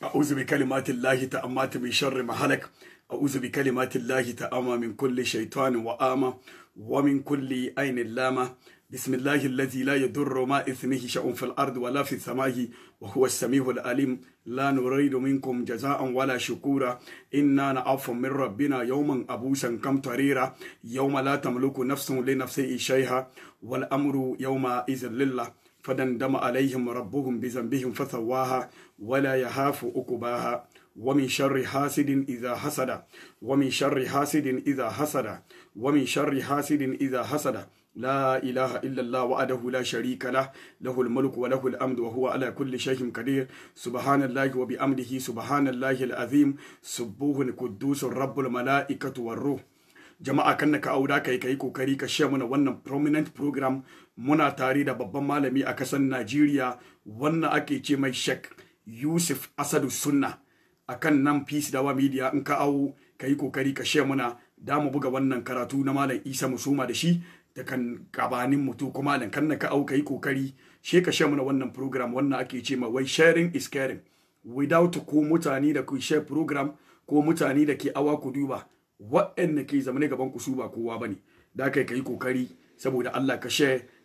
أعوذ بكلمات الله تأمات من شر ما هلك أعوذ بكلمات الله تأمى من كل شيطان وآمى ومن كل أين اللامة بسم الله الذي لا يضر ما إثمه شيء في الأرض ولا في السماء وهو السميع العليم لا نريد منكم جزاء ولا شكورا إنا نعف من ربنا يوما أبوسا كم تريرا يوم لا تملك نفس لنفسه شيئا والأمر يوم إذن لله فدندم عليهم ربهم بذنبهم فسواها ولا يخاف عقباها ومن شر حاسد إذا حسد ومن شر حاسد إذا حسد ومن شر حاسد إذا حسد لا إله إلا الله وحده لا شريك له له الملك وله الأمد وهو على كل شيء قدير سبحان الله وبأمره سبحان الله العظيم سبوه قدوس رب الملائكة والروح jama'a kan ka auda kai kai kokari ka share mana wannan prominent program muna tare da babban malami a kasar Najeriya wannan ake ce mai Sheikh Yusuf Asadu Sunna kan nan Peace Dawa Media in ka awo ka yi kokari ka she muna da mu buga wannan karatu na malam Isa Musuma da shi da kan gabanin mutu kuma malam kan ka awo ka yi kokari she ka she muna wannan program wannan ake ce mai wai sharing is caring without ku mutane da ku share program ko mutane da ke awa ku duba waɗanda ke ne gaban ku su ba kowa bane da kai ka yi kokari saboda Allah ka share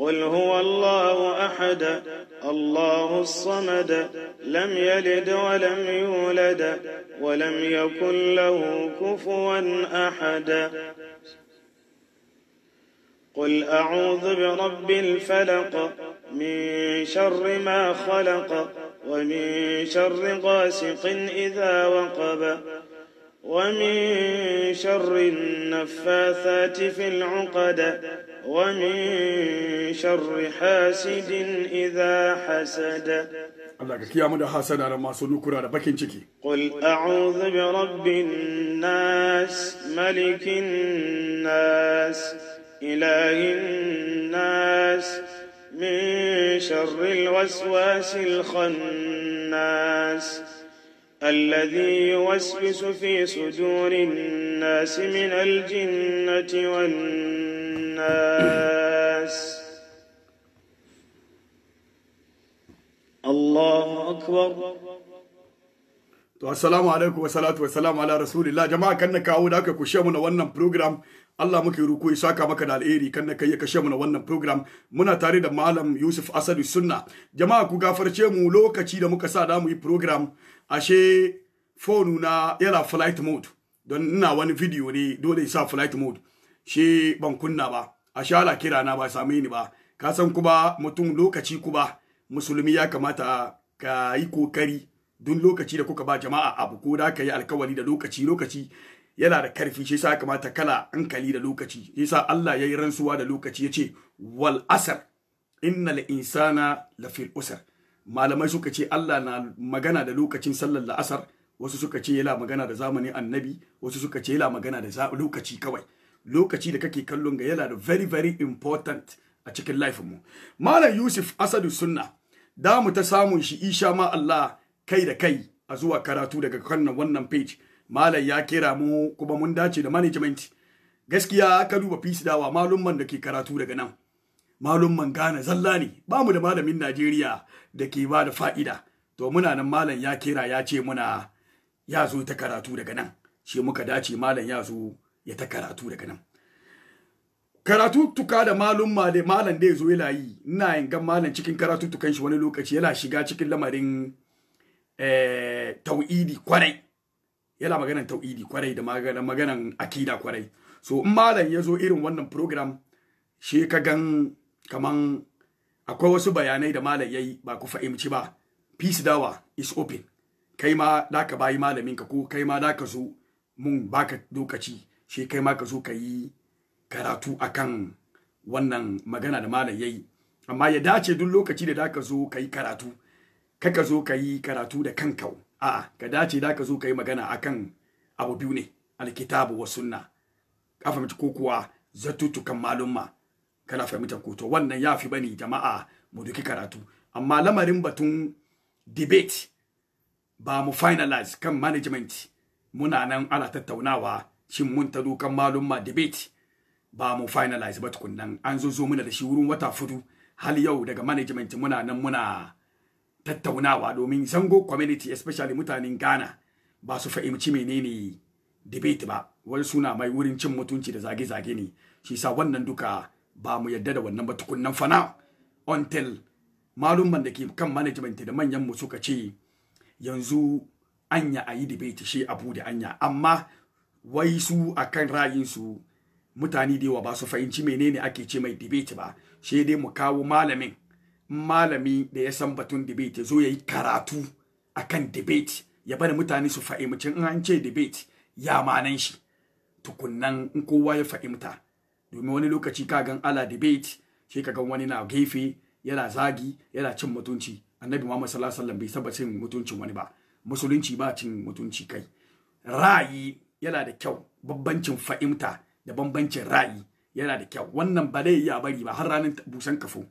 قل هو الله احد الله الصمد لم يلد ولم يولد ولم يكن له كفوا احد قل اعوذ برب الفلق من شر ما خلق ومن شر غاسق اذا وقب ومن شر النفاثات في العقد ومن شر حاسد إذا حسد قل أعوذ برب الناس ملك الناس إله الناس من شر الوسواس الخناس الذي يوسوس في صدور الناس من الجنة والناس الناس الله أكبر To assalamu alaikum wa salam ala rasulillah jama'a kan na kawo da aka kushe mu na wannan program Allah muke ruku ya saka maka da alheri kan na kai ya kashe mu na wannan program muna tare da malam Yusuf Asadu Sunna jama'a ku gafarce mu lokaci da muka sa da mu yi program ashe phone na yana flight mode don ina wani video ne dole ya sa flight mode shi ban kunna ba a shala kira na ba same ni ba ka san kuma mutum lokaci kuma musulmi ya kamata ka yi kokari duk lokaci da kuka ba jama'a abu ko da ka yi alkawari da lokaci lokaci yana da karfi shi sa kamata kala hankali da lokaci shi yasa Allah ya yi rantsuwa da lokaci yace wal asr innal insana fil usr malamai suka ce Allah na magana da lokacin sallar la'asar wasu suka ce yana magana da zamanin annabi wasu suka ce yana magana da lokaci kawai lokaci da kake kallon ga yana da very very important a cikin life mu malam yusuf asadu sunna da mu ta samun shi isha ma Allah kai da kai a zuwa karatu daga kannan wannan page malam ya kira mu kuma mun dace da management gaskiya aka duba fisi dawa malumman da ke karatu daga nan malumman Ghana zalla ne ba mu da malamin Najeriya da ke ba da fa'ida to muna nan malam ya kira ya ce muna ya zo ta karatu daga nan shi muka dace malam ya zo ya ta karatu daga nan karatu tuka da malum male malan da zo yana yi ina yin gan malam cikin karatu tukan shi wani lokaci yana shiga cikin lamarin eh, tau'idi kwarai yana maganan tau'idi kwarai da maganan akida kwarai so in malan zo irin wannan program shi ka gan kaman akwai wasu bayanai da malam yi ba ku fahimci ba peace dawa is open kai ma da ka bayi malamin ka ko kai ma da ka zo mun baka lokaci shi kai ma ka zo ka yi karatu akan wannan magana da malam yayi amma ya dace duk lokaci da zaka zo ka yi karatu kaka zo ka yi karatu da kanka a'a ka dace da ka zo ka yi magana akan abu biyu ne alkitabu wa sunna ka fahimci ko kuwa zatutukan malumma kana fahimta ko to wannan ya fi bani jama'a mu duki karatu amma lamarin batun debate ba mu finalize kan management muna nan ana tattaunawa shin mun ta dukan ma debate ba mu finalize ba tukunnan an zo zo muna da shi wurin wata fudu hal yau daga management muna nan muna tattaunawa domin zango community especially mutanen Ghana ba su fahimci menene debate ba wani suna mai wurin cin mutunci da zage-zage ne shi sa wannan duka ba mu yadda da wannan ba tukunan nan fana until man da ke kan management da manyan mu suka ce yanzu anya a yi debate shi abu da anya amma wai su akan ra'ayinsu mutane da yawa ba su fahimci menene ake ce mai debate ba shi dai mu kawo malamin malami da ya san batun debate zo ya yi karatu akan debate ya bada mutane su fahimci in an ce debate ya manan shi tukunnan in kowa ya fahimta domin wani lokaci ka gan ala debate shi ka gan wani na gefe yana zagi yana cin mutunci annabi muhammad sallallahu alaihi wasallam bai saba cin mutuncin wani ba musulunci ba cin mutunci kai ra'ayi yana da kyau bambancin fahimta da bambancin ra'ayi yana da kyau wannan ba zai iya bari ba har ranar busan kafo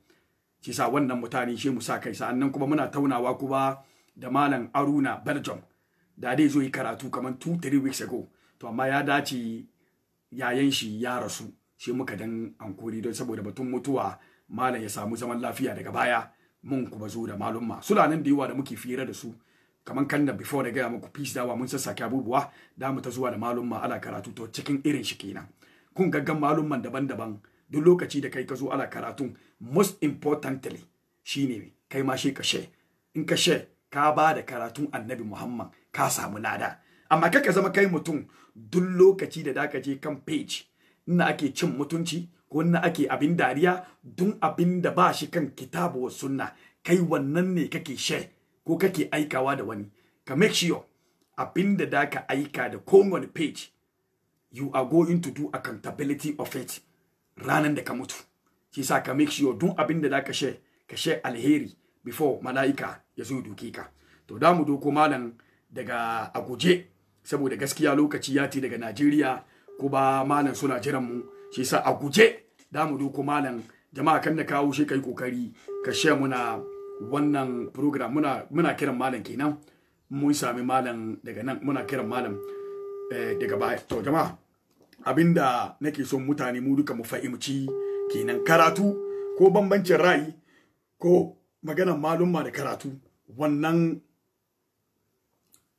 shi sa wannan mutane shi mu sa kai sa'annan kuma muna taunawa kuma da malam Aruna Belgium da dai zo yi karatu kamar 2-3 weeks ago to amma ya dace yayan shi ya rasu shi muka dan ankuri don saboda batun mutuwa malam ya samu zaman lafiya daga baya mun kuma zo da malumma sulanan nan da yawa da muke fira da su kamar kan da before da gaya muku peace dawa mun sassake abubuwa da mu ta zuwa da malumma ala karatu to cikin irin shi kenan kun gaggan malumman daban-daban duk lokaci da kai ka zo ala karatu most importantly shine kai ma shi ka she in ka she ka ba da karatun annabi muhammad ka samu lada amma kai ka zama kai mutum duk lokaci da daka je kan page ina ake cin mutunci ko ina ake abin dariya dun abin da ba shi kan kitabu wa sunna kai wannan ne kake share ko kake aikawa da wani ka make sure abinda da ka aika da kowane page you are going to do accountability of it ranan da ka mutu shi sa ka make sure duk abin da ka share ka share alheri before mala'ika ya zo duke ka to da mu doko malam daga aguje saboda gaskiya lokaci ya ti daga Najeriya ba malam suna jiran mu shi sa aguje da mu doko malam jama'a kan da kawo shi kai kokari ka share muna wannan program muna muna kiran malam kenan mun sami malam daga nan muna kiran malam eh, daga baya to jama'a abinda nake son mutane mu duka mu fahimci kenan karatu ko bambancin ra'ayi ko maganan malumma da karatu wannan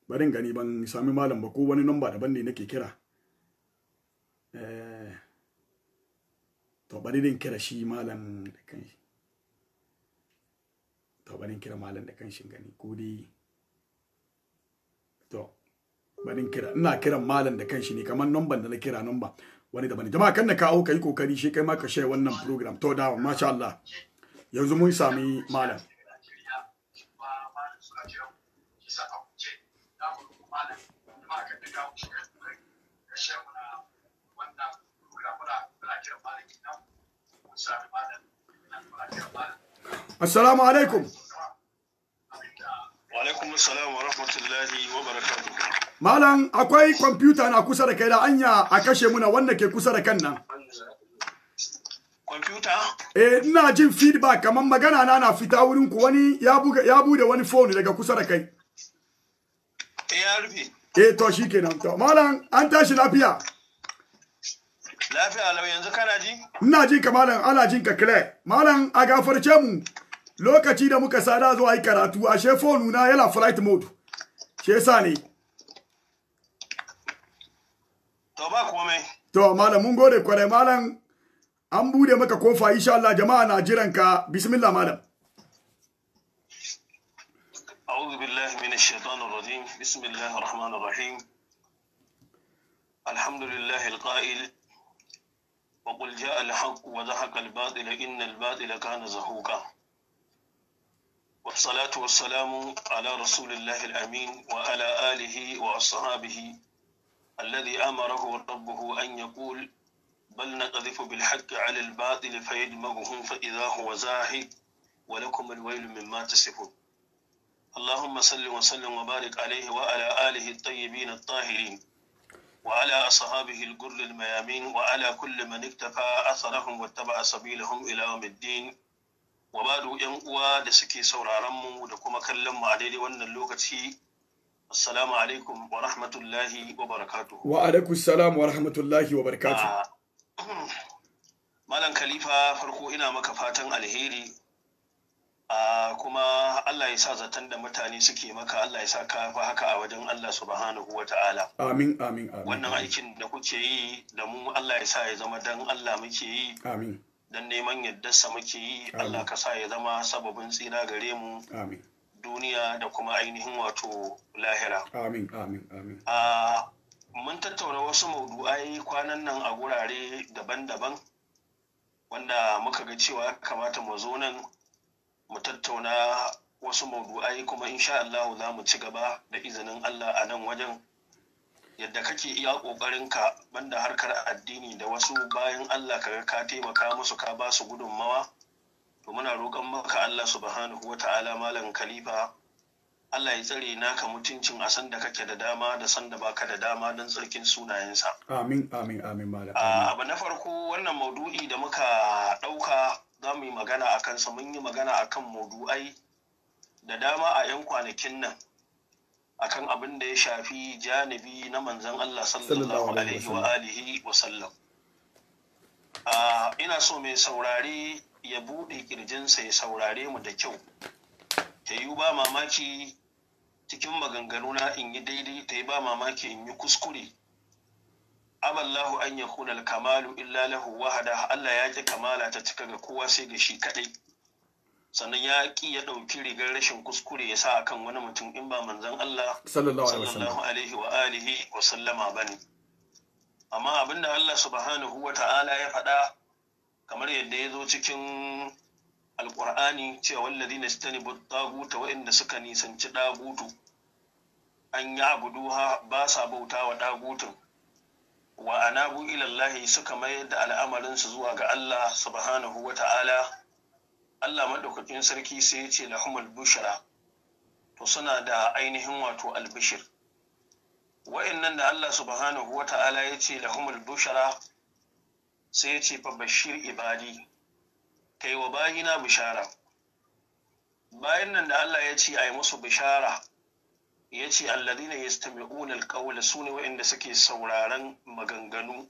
barin gani ban sami malam ba ko wani namba daban ne nake kira eh, to bari din kira shi malam da kanshi to barin kira malam da kanshin gani ko dai to barin kira ina kiran malam da kanshi ne kamar number da na kira number wani daban jama'a kan na kawo kai kokari shi kai ma ka share wannan program to da masha Allah yanzu mun sami malam Assalamu alaikum. alaikum wa rahmatullahi wa malam akwai kwamfuta na kusa da kai da anya a kashe muna wanda ke kusa da kan nan kwamfuta eh ina jin feedback kamar magana na na fita wurin ku wani ya buga ya bude wani phone daga kusa da kai eh eh to shikenan to malam an tashi lafiya lafiya lau yanzu kana ji ina jin ka malam ala jin ka clear malam a gafarce mu lokaci da muka sada zo a yi karatu ashe fonu na yana flight mode shi yasa ne to ba komai to malam mun gode kwarai malam an bude maka kofa insha Allah jama'a na jiran ka bismillah malam أعوذ بالله من الشيطان الرجيم بسم الله الرحمن الرحيم الحمد لله القائل وقل جاء الحق وزهق الباطل إن الباطل kana zahuka والصلاة والسلام على رسول الله الأمين وعلى آله وأصحابه الذي أمره ربه أن يقول بل نقذف بالحق على الباطل فيدمغه فإذا هو زاهد ولكم الويل مما تصفون اللهم صل وسلم وبارك عليه وعلى آله الطيبين الطاهرين وعلى أصحابه الجر الميامين وعلى كل من اكتفى أثرهم واتبع سبيلهم إلى يوم الدين wa badu yan uwa da suke sauraron mu da kuma kallon mu a daidai wannan lokaci assalamu alaikum wa rahmatullahi wa barakatu. wa alaikum salam wa rahmatullahi wa barakatu. Ah, malam khalifa farko ina maka fatan alheri ah, kuma Allah ya sa zaton da mutane suke maka Allah ya sa ka fa haka a wajen Allah subhanahu wa ta'ala amin amin amin wannan aikin da kuke yi da mu Allah ya sa ya zama dan Allah muke yi amin don neman sa muke yi Allah ka sa ya zama sababin tsira gare mu duniya da kuma ainihin wato lahira. Amin, amin, amin. Mun tattauna wasu maudu'ai kwanan nan a gurare daban-daban wanda muka ga cewa kamata mu zo nan mu tattauna wasu maudu'ai kuma insha Allah za mu ci gaba da izinin Allah a nan wajen yadda kake iya ƙoƙarin ka banda harkar addini da wasu bayan Allah ka ga ka taimaka musu ka ba su gudunmawa to muna roƙon maka Allah subhanahu wa ta'ala malam khalifa Allah ya tsare naka mutuncin a san da kake da dama da san da baka da dama don tsarkin sunayensa. Amin amin amin malam. Ah, abu na farko wannan maudu'i da muka ɗauka za mu yi magana a kansa mun yi magana a kan maudu'ai da dama a 'yan kwanakin nan. akan abin da ya shafi janibi na manzon Allah sallallahu alaihi wa alihi wa sallam ina so mai saurare ya buɗe kirjinsa ya saurare mu da kyau ta yi ba mamaki cikin maganganu na in yi daidai ta yi ba mamaki in yi kuskure aballahu an ya kamalu illa lahu wahada Allah ya ƙi kamala ta cika ga kowa sai da shi kaɗai sannan ya ki ya ɗauki rigar rashin kuskure ya sa akan wani mutum in ba manzon Allah sallallahu alaihi wa alihi wa sallama bane amma abinda Allah subhanahu wa ta'ala ya faɗa kamar yadda ya zo cikin alƙur'ani cewa walladina istanibu taguta waɗanda suka nisanci ɗagutu an yi abuduha ba sa bauta wa ɗagutun wa anabu ilallahi suka mayar da al'amarinsu zuwa ga Allah subhanahu wa ta'ala Allah madaukakin sarki sai ya ce lahumul bushra to suna da ainihin wato albishir wa'annan da Allah subhanahu ta'ala ya ce lahumul bushra sai ya ce fa bashir ibadi kai wa bayina bishara bayan nan da Allah ya ce ai musu bishara ya ce alladina yastami'una alqawla sune wa'anda suke sauraron maganganu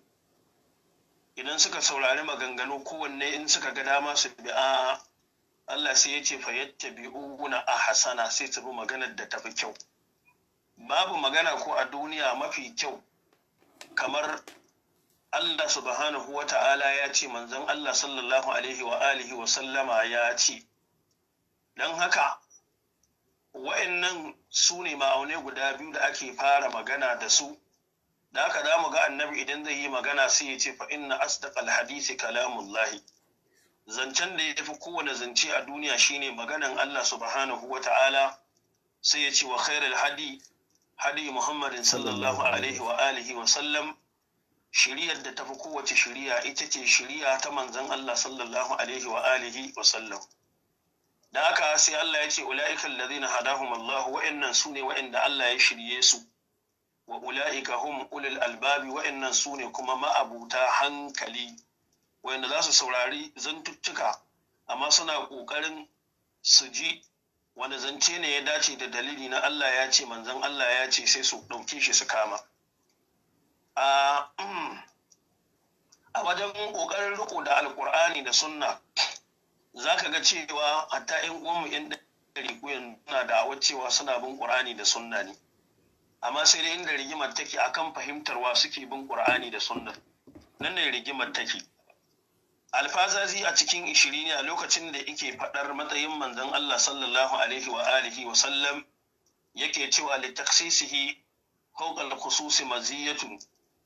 idan suka saurari maganganu kowanne in suka ga dama su bi a Allah sai ya ce fa a Hassana sai ta bi maganar da tafi kyau babu magana ko a duniya mafi kyau kamar Allah subhanahu wa ta'ala ya ce manzon Allah sallallahu alaihi wa alihi wa sallama ya ce don haka wa'annan su ne ma'aunai guda biyu da ake fara magana da su da haka za mu ga annabi idan zai yi magana sai ya ce fa inna asdaqal hadisi kalamullahi zancen da ya fi kowane zance a duniya shine maganan Allah subhanahu wa ta'ala sai ya ce wa khairul hadi hadi Muhammadin sallallahu alaihi wa alihi wa sallam shiriyar da ta fi kowace shiriya ita ce shiriya ta manzon Allah sallallahu alaihi wa alihi wa sallam da haka sai Allah ya ce ula'ika alladhina hadahum Allah wa'annan sune wa'anda Allah ya shirye su wa ula'ika hum ulul albabi wa'annan sune kuma ma'abuta hankali wanda za su saurari zantuttuka amma suna ƙoƙarin su ji wanda zance ne ya dace da dalili na Allah ya ce manzon Allah ya ce sai su ɗauke shi su kama a wajen ƙoƙarin riko da alƙur'ani da sunna za ka ga cewa hatta 'yan uwanmu 'yan rikuyan na da cewa suna bin ƙur'ani da sunna ne amma sai dai inda rigimar take akan fahimtarwa suke bin ƙur'ani da sunna nan ne rigimar take alfazazi a cikin ishirini a lokacin da yake faɗar matsayin manzon Allah sallallahu alaihi wa alihi wa sallam yake cewa li taksisihi fawqa al-khusus maziyatun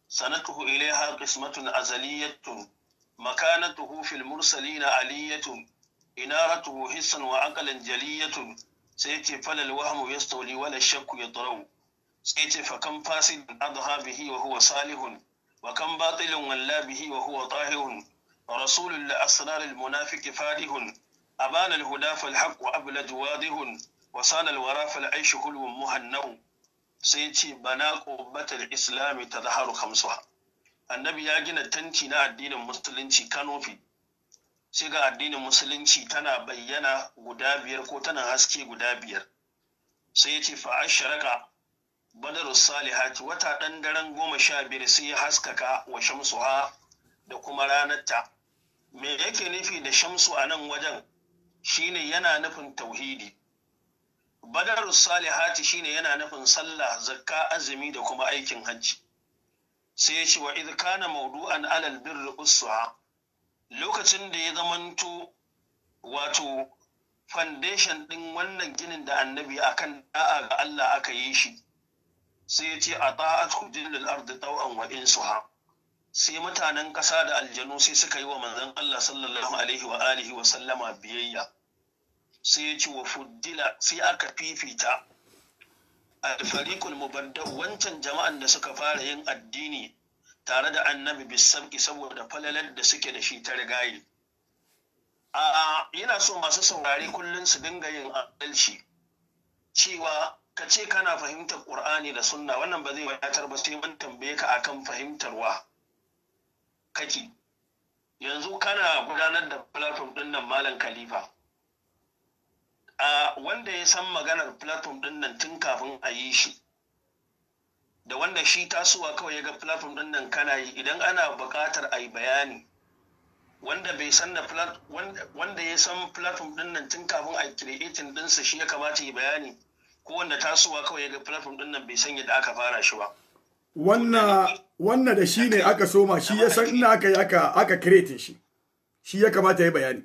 sanatuhu ilaiha qismatun azaliyatun makanatuhu fil mursalin aliyatun inaratuhu hissan wa aqlan jaliyatun sai yace falal wahmu yastawli wala shakku yadrau sai yace fa kam fasidun adha bihi wa huwa salihun wa kam batilun walla bihi wa huwa tahirun rasulun la asrarul munafiki Fadihun, abana alhuda fal haqq wa ablaj wadihun wa sana alwara muhannahu sai ce bana qubbatul islami tadhaharu khamsuha annabi ya gina tanti na addinin musulunci kanofi sai ga addinin musulunci tana bayyana guda biyar ko tana haske guda biyar sai ya ce fa'asharaka badar salihati wata ɗan daren goma sha biyar sai ya haskaka wa shamsuha da kuma ranar ta. me yake nufi da shamsu a nan wajen shine yana nufin tauhidi badar salihati shine yana nufin sallah zakka azumi da kuma aikin hajji sai ya ce wa idh kana mawdu'an alal birri usha lokacin da ya zamanto wato foundation din wannan ginin da annabi akan da'a ga Allah aka yi shi sai ya ce a ta'at ardi taw'an wa insuha sai mutanen ƙasa da aljanu sai suka yi wa manzon Allah sallallahu alaihi wa alihi wa sallama biyayya sai ya ci wa fuddila sai aka fifita alfarikul mubadda wancan jama'an da suka fara yin addini tare da annabi bisabki saboda falalar da suke da shi ta rigayi a yana so masu saurari kullum su dinga yin adalci cewa ka ce kana fahimtar ƙur'ani da sunna wannan ba zai wayatar ba sai mun tambaye ka akan fahimtarwa kake yanzu kana gudanar da platform ɗinnan, nan malam khalifa a wanda ya san maganar platform din nan tun kafin a yi shi da wanda shi tasowa kawai ya ga platform din nan kana yi idan ana buƙatar a yi bayani wanda bai san da wanda ya san platform din nan tun kafin a creating sa shi ya kamata yi bayani ko wanda tasowa kawai ya ga platform din nan bai san yadda aka fara shi ba wannan da shi ne aka soma shi ya san ina aka yi aka kiretin shi shi ya kamata ya bayani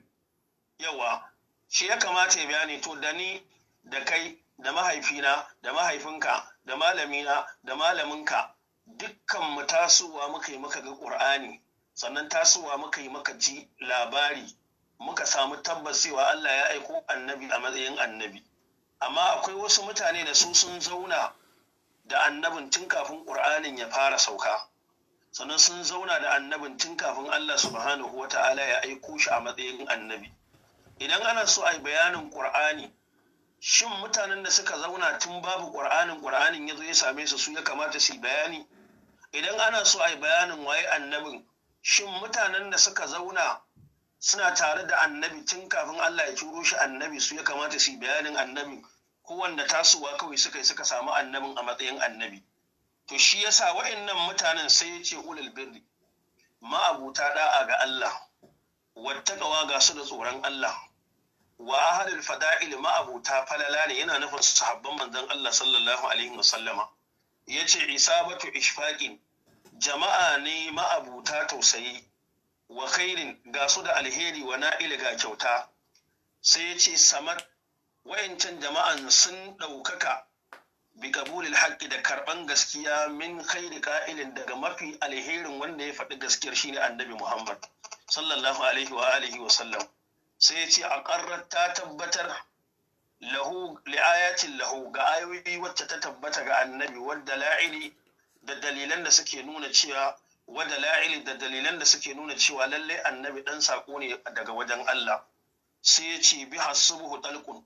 yawa shi ya kamata ya bayani to da ni da kai da mahaifina da mahaifinka da malamina da malaminka dukkan mu tasowa muka yi muka ga ƙur'ani sannan tasowa muka yi muka ji labari muka samu tabbas Allah ya aiko annabi a matsayin annabi amma akwai wasu mutane da su sun zauna da annabin tun kafin ƙur'anin ya fara sauka sannan sun zauna da annabin tun kafin Allah subhanahu wa ta'ala ya aiko shi a matsayin annabi idan ana so a yi bayanin ƙur'ani shin mutanen da suka zauna tun babu ƙur'anin ƙur'anin ya zo ya same su su ya kamata su yi bayani idan ana so a yi bayanin waye annabin shin mutanen da suka zauna suna tare da annabi tun kafin Allah ya turo shi annabi su ya kamata su yi bayanin annabin wanda tasowa kawai suka yi suka samu annabin a matsayin annabi to shi yasa wa'annan mutanen sai ya ce ulul birri ma'abuta da'a ga Allah wattaqawa ga su da tsoron Allah wa ahadul fada'il ma'abuta falala ne yana nufin sahabban manzon Allah sallallahu alaihi wa sallama yace isabatu ishfaqin jama'a ne ma'abuta tausayi wa khairin ga su da alheri wa na'il ga kyauta sai ya ce samad wayancan jama'an sun ɗaukaka bi kabulil haƙƙi da karɓan gaskiya min khairi ka'ilin daga mafi alherin wanda ya faɗi gaskiyar shine annabi Muhammad sallallahu alaihi wa alihi wa sallam sai ce a aqarrat ta tabbatar lahu li'ayatin lahu ga ayoyi wacce ta tabbata ga annabi wadda la'ili da dalilan da suke nuna cewa wadda la'ili da dalilan da suke nuna cewa lalle annabi dan sako ne daga wajen Allah sai ce bi hasubuhu talqun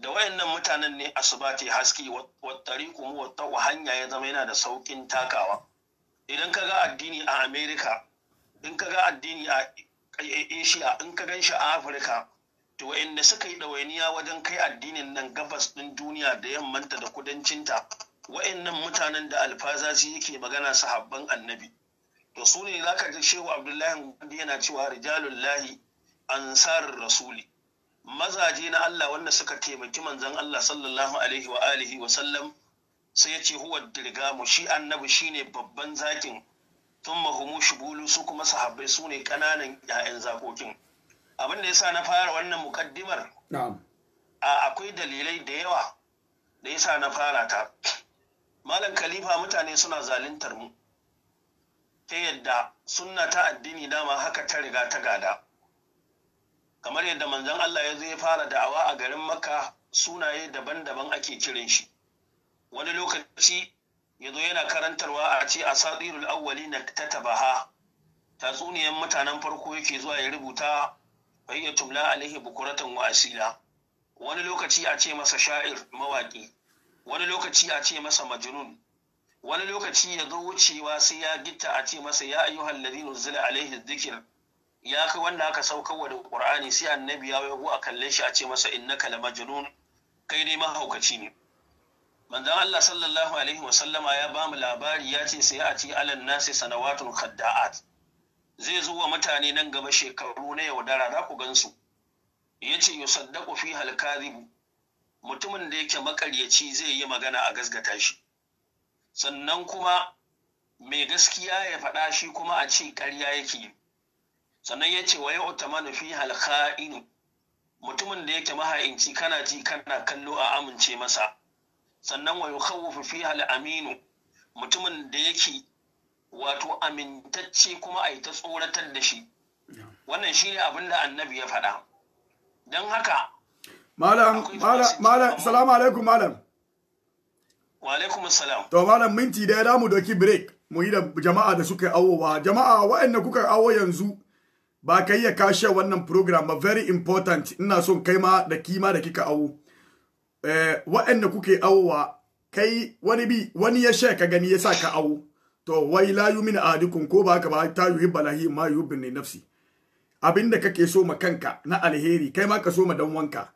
da wayannan mutanen ne asibati haske wattari kuma wata hanya ya zama yana da saukin takawa idan ka ga addini a america in ka ga addini a asia in ka gan shi a afirka to wayanda suka yi ɗawainiya wajen kai addinin nan gabas ɗin duniya da yammanta da kudancinta wayannan mutanen da alfazasi yake magana sahabban annabi to su ne za ka ji shehu abdullahi yana cewa rijalullahi ansarin rasuli mazaje na Allah wanda suka taimaki manzan Allah sallallahu alaihi wa alihi wa sallam sai ya ce huwa dirgamu shi annabi shine babban zakin tun mahumu shubulu su kuma sahabbai su ne ƙananan 'ya'yan zakokin abin da yasa na fara wannan mukaddimar a akwai dalilai da yawa da yasa na fara ta malam khalifa mutane suna zaluntar mu ta yadda sunna ta addini dama haka ta riga ta gada kamar yadda manzon Allah ya zo ya fara da'awa a garin Makka sunaye daban-daban ake kiran shi wani lokaci ya zo yana karantarwa a ce a sadirul awwali na Tabaha. tatsuniyar mutanen farko yake zuwa ya rubuta ya tumla alaihi bukuratan wa asila wani lokaci a ce masa sha'ir mawaƙi wani lokaci a ce masa majnun wani lokaci ya zo wucewa sai ya gitta a ce masa ya ayyuhal ladhi nuzila alaihi dhikr ya kai wanda aka wa da qur'ani sai annabi ya yago a kalle shi a ce masa innaka la majnun kai ne mahaukaci ne manzon Allah sallallahu alaihi wa sallama ya ba mu labari ya ce sai a ci alan nasi sanawatun khadda'at zai zo wa mutane nan gaba shekaru na yaudara za ku gansu ya ce yusaddaqu fi halkazibu mutumin da yake makaryaci zai yi magana a gasgata shi sannan kuma mai gaskiya ya faɗa shi kuma a ce ƙarya yake yi. sannan ya ce waye otamanu fi halka'inu mutumin da yake maha'inci kana ji kana kallo a amince masa sannan wa yukhawwafu fi aminu mutumin da yake wato amintacce kuma a yi ta tsoratar da shi wannan ne abin da annabi ya faɗa don haka malam malam salamu alaikum malam wa alaikum salam to malam minti da ya damu doki break mu yi da jama'a da suka yi awowa jama'a waɗanda kuka awo yanzu ba ka iya kashe wannan program ba very important ina son kai ma da kima da kika awo eh waɗanda kuke awowa kai wani bi wani ya sha ka gani yasa ka awo to wai la yumin adikun ko ba ka ba ta yuhibba lahi ma yuhibbin ni nafsi abinda kake so ma kanka na alheri kai ma ka so ma dan wanka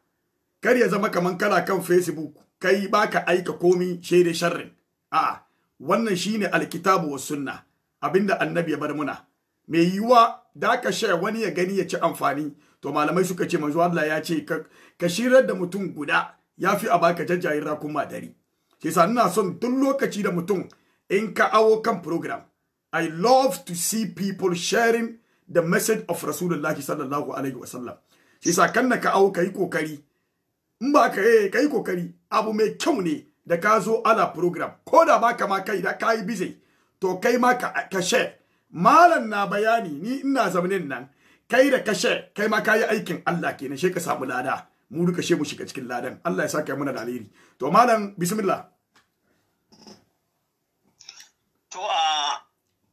kar ya zama kaman kana kan facebook kai baka aika komi shaidai sharrin a'a wannan shine alkitabu was sunna abinda annabi ya bar muna mai yiwuwa da aka share wani ya gani ya ci amfani to malamai suka ce manzo Allah ya ce ka shirar da mutum guda ya fi a baka jajayen rakun madari shi sa ina son duk lokaci da mutum in ka awo kan program I love to see people sharing the message of Rasulullah sallallahu alaihi wasallam shi sa kan ka awo kai kokari in ba ka eh, yi kai kokari abu mai kyau ne da ka zo ala program ko da baka ma kai da kai busy to kai ma ka share malam na bayani ni ina zamanin nan kai da kashe kai ma kayi aikin Allah kenan she ka samu lada mu duka she shiga cikin ladan Allah ya saka mana da alheri to malam bismillah to a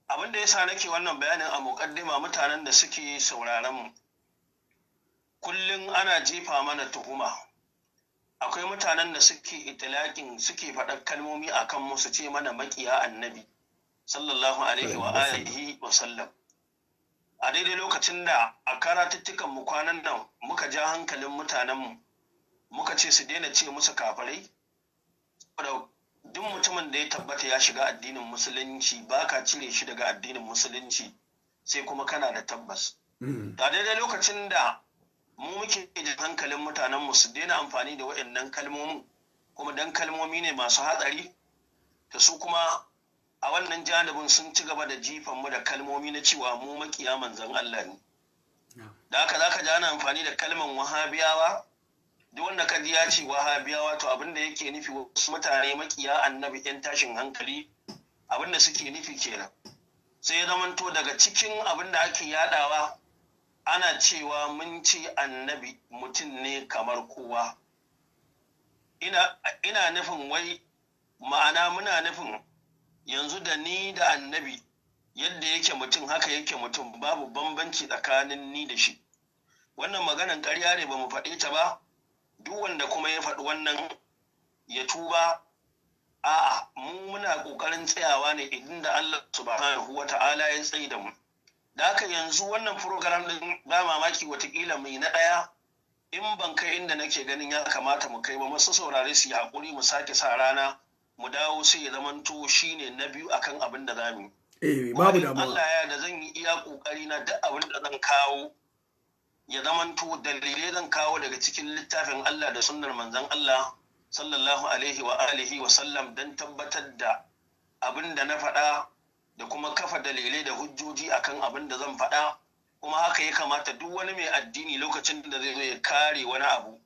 abin da yasa nake wannan bayanin a mukaddima mutanen da suke sauraron mu kullun ana jefa mana tuhuma akwai mutanen da suke itilakin suke faɗar kalmomi akan mu su ce mana makiya annabi sallallahu alaihi wa alihi wa sallam a daidai lokacin da a karatuttukan mu kwanan nan muka ja hankalin mutanen mu muka ce su daina ce musu kafirai duk mutumin da ya tabbata ya shiga addinin musulunci baka cire shi daga addinin musulunci sai kuma kana da tabbas da hmm. daidai lokacin da mu muke ji hankalin mutanen mu su daina amfani da waɗannan kalmomin kuma dan kalmomi ne masu hatsari ta su kuma a wannan janibin sun ci gaba da jifan mu da kalmomi na cewa mu makiya manzan Allah ne da haka zaka ji ana amfani da kalman wahabiyawa duk wanda ka ji ya ce wahabiyawa to abin da yake nufi wasu mutane makiya annabi yan tashin hankali abin da suke nufi kenan sai ya zamanto daga cikin abin da ake yadawa ana cewa mun ci annabi mutum ne kamar kowa ina nufin wai ma'ana muna nufin yanzu da ni da annabi yadda yake mutum haka yake mutum babu bambanci tsakanin ni da shi wannan maganan karya ne ba mu faɗe ta ba duk wanda kuma ya faɗi wannan ya tuba a'a mu muna ƙoƙarin tsayawa ne idan da Allah subhanahu wa ta'ala ya tsayi da mu da haka yanzu wannan program din ba mamaki watakila mai na ɗaya in ban kai inda nake ganin ya kamata mu kai ba masu saurare su yi haƙuri mu sake sa rana mu dawo sai ya zamanto shine na biyu akan abin da zamu eh babu damuwa Allah ya da zan yi iya kokari na duk abin da zan kawo ya zamanto dalilai zan kawo daga cikin littafin Allah da sunnar manzon Allah sallallahu alaihi wa alihi wa sallam dan tabbatar da abin da na faɗa da kuma kafa dalilai da hujjoji akan abin da zan faɗa kuma haka ya kamata duk wani mai addini lokacin da zai zo ya kare wani abu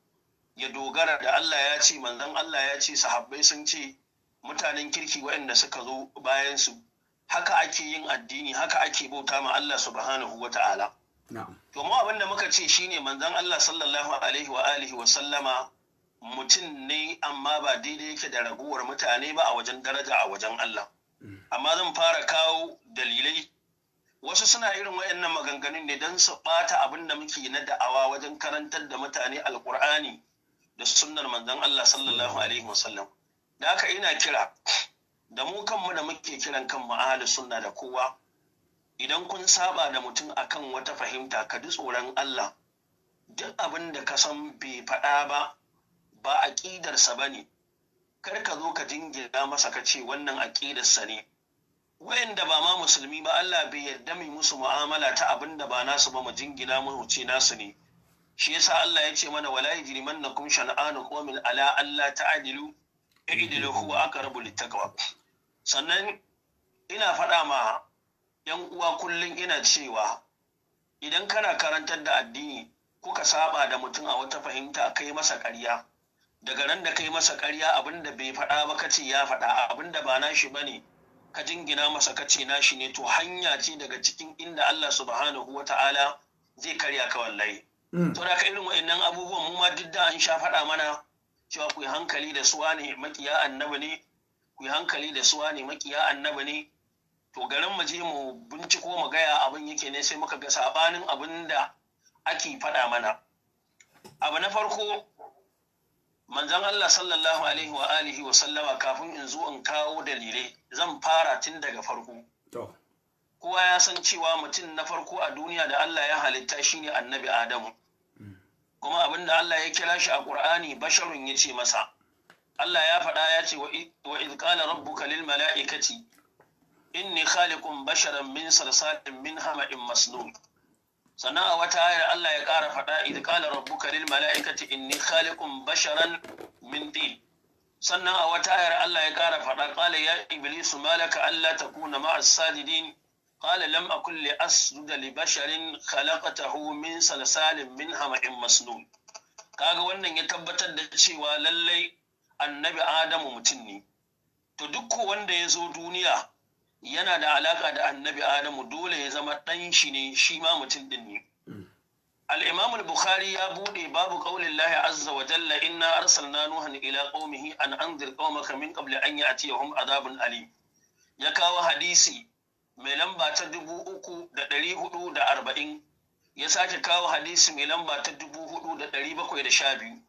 ya dogara da Allah ya ce manzon Allah ya ce sahabbai sun ce mutanen kirki waɗanda suka zo bayan su haka ake yin addini haka ake bauta ma Allah subhanahu wa ta'ala to mu abin da muka ce shine manzon Allah sallallahu alaihi wa alihi wa sallama mutum ne amma ba daidai yake da raguwar mutane ba a wajen daraja a wajen Allah mm. amma zan fara kawo dalilai wasu suna irin waɗannan maganganun ne don su ɓata abin da muke na da'awa wajen karantar da mutane alƙur'ani da sunnar manzon Allah sallallahu alaihi Sallam. da haka ina kira da mu kanmu da muke kiran kanmu ahli sunna da kowa idan kun saba da mutum akan wata fahimta ka ji tsoron Allah duk abin da ka san bai faɗa ba ba aƙidarsa ba ne kar ka zo ka jingira masa ka ce wannan aƙidarsa ne wayanda ba ma musulmi ba Allah bai yarda mai musu mu'amala ta abin da ba nasu ba mu jingina mu ce nasu ne shi yasa Allah ya ce mana wala yajrimannakum shan'anu qawmin ala alla ta'dilu idil aka rabu littaqwa sannan ina faɗa ma yan uwa kullum ina cewa idan kana karantar da addini kuka saba da mutum a wata fahimta kai masa ƙarya daga ran da kai masa ƙarya abin da bai faɗa ba kace ya faɗa abin da ba nashi bane ka jingina masa kace nashi ne to hanya ce daga cikin inda Allah subhanahu wata'ala zai karya ka wallahi mm. to da ka irin wa'annan abubuwan mu ma duk da an sha faɗa mana cewa ku yi hankali da suwa ne makiya annaba ne ku yi hankali da suwa ne makiya annaba ne to garin mu je mu binciko mu gaya abin yake ne sai muka ga sabanin abin da ake faɗa mana abu na farko manzon Allah sallallahu alaihi wa alihi wa sallama kafin in zo in kawo dalilai zan fara tun daga farko kowa ya san cewa mutum na farko a duniya da Allah ya halitta shine annabi Adamu kuma abin da Allah ya kira shi a ƙur'ani, basharun ya ce masa Allah ya faɗa ya ce wa idh qala rabbuka lil mala'ikati inni khaliqun basharan min salsalin min hama'in masnun sannan a wata ayar Allah ya ƙara faɗa idh qala rabbuka lil mala'ikati inni khaliqun basharan min tin sannan a wata ayar Allah ya ƙara faɗa qala ya iblisu malaka alla takuna ma'as sajidin قال لم أكن لأسجد لبشر خلقته من صلصال من همأ مسنون كاغا wannan ya tabbatar da cewa lallai annabi Adamu mutum ne to duk wanda ya zo duniya yana da alaka da annabi Adamu dole ya zama ɗan shi ne shi ma mutum ɗin ne mm. al-Imam bukhari ya bude babu qaulin Allah azza wa jalla inna arsalna nuhan ila qaumihi an anzir qaumaka min qabli an ya'tiyahum adabun Ali. ya kawo hadisi mai lamba ta dubu uku da ɗari hudu da arba'in ya sake kawo hadisi mai lamba ta dubu hudu da ɗari bakwai da sha biyu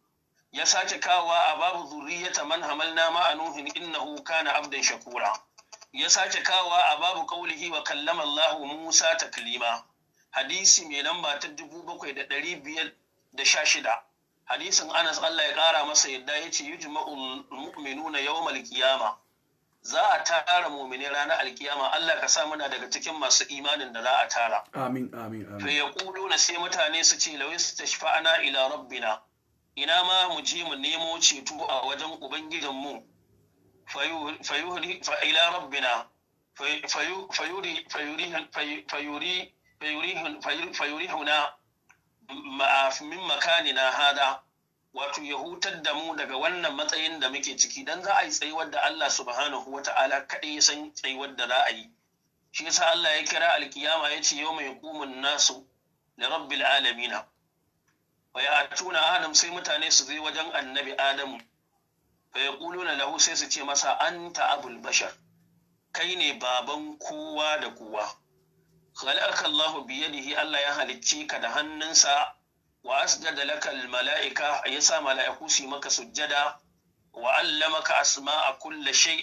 ya sake kawowa a babu zuriyata man hamalna a nuhin innahu kana abdan shakura ya sake kawowa a babu qaulihi wa kallama Allahu Musa Kalima. hadisi mai lamba ta dubu bakwai da ɗari biyar da sha shida hadisin Anas Allah ya ƙara masa yadda ya ce yujma'ul mu'minuna yawmal qiyamah za a tara mumini ranar alkiyama Allah ka sa muna daga cikin masu imanin da za a tara amin amin amin ya yaqulu na sai mutane su ce lawis ana ila rabbina ina ma mu je mu nemo ceto a wajen Ubangijinmu. mu fayuri fa ila rabbina fayuri min hada wato ya hutar da mu daga wannan matsayin da muke ciki dan za a yi tsayuwar da Allah subhanahu ta'ala kaɗai ya san tsayuwar da za a yi shi yasa Allah ya kira alkiyama ya ce yau mai kumun nasu da rabbil alamina wa ya tuna adam sai mutane su zai wajen annabi adamu fa ya na lahu sai su ce masa anta abul bashar kai ne baban kowa da kowa khalaqaka Allah biyadihi Allah ya halicce ka da hannunsa wa asjada lakal mala'ika yasa mala'iku su maka sujjada wa allamaka asma'a kulli shay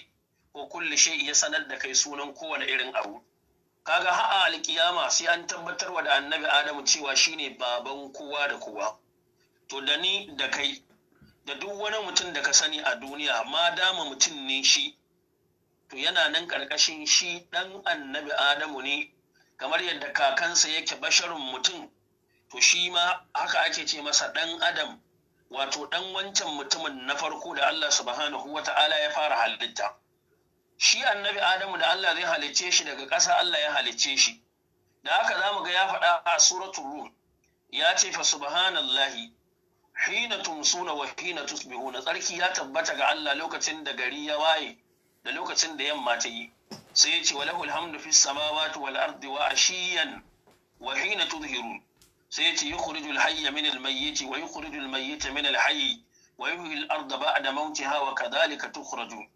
ko kulli shay ya sanar da kai sunan kowane irin abu kaga ha'a alkiyama sai an tabbatar wa da annabi adamu cewa shine baban kowa da kowa to da ni da kai da duk wani mutum da ka sani a duniya ma dama mutum ne shi to yana nan ƙarƙashin shi ɗan annabi adamu ne kamar yadda kakansa yake basharin mutum to shi ma haka ake ce masa ɗan adam wato ɗan wancan mutumin na farko da Allah subhanahu wa ta'ala ya fara halitta shi annabi adamu da Allah zai halicce shi daga ƙasa Allah ya halicce shi da haka za mu ga ya faɗa a suratul ruh ya ce fa subhanallahi hina tumsuna wa hina tusbihuna tsarki ya tabbata ga Allah lokacin da gari ya waye da lokacin da yamma ta yi sai ya ce wa lahul hamdu fis samawati wal ardi wa ashiyan wa hina tudhirun sai ya ce yukhrijul hayya min al-mayyit wa yukhrijul mayyita min al-hayy wa yuhyi al-ardha ba'da mawtiha ka kadhalika tukhrajun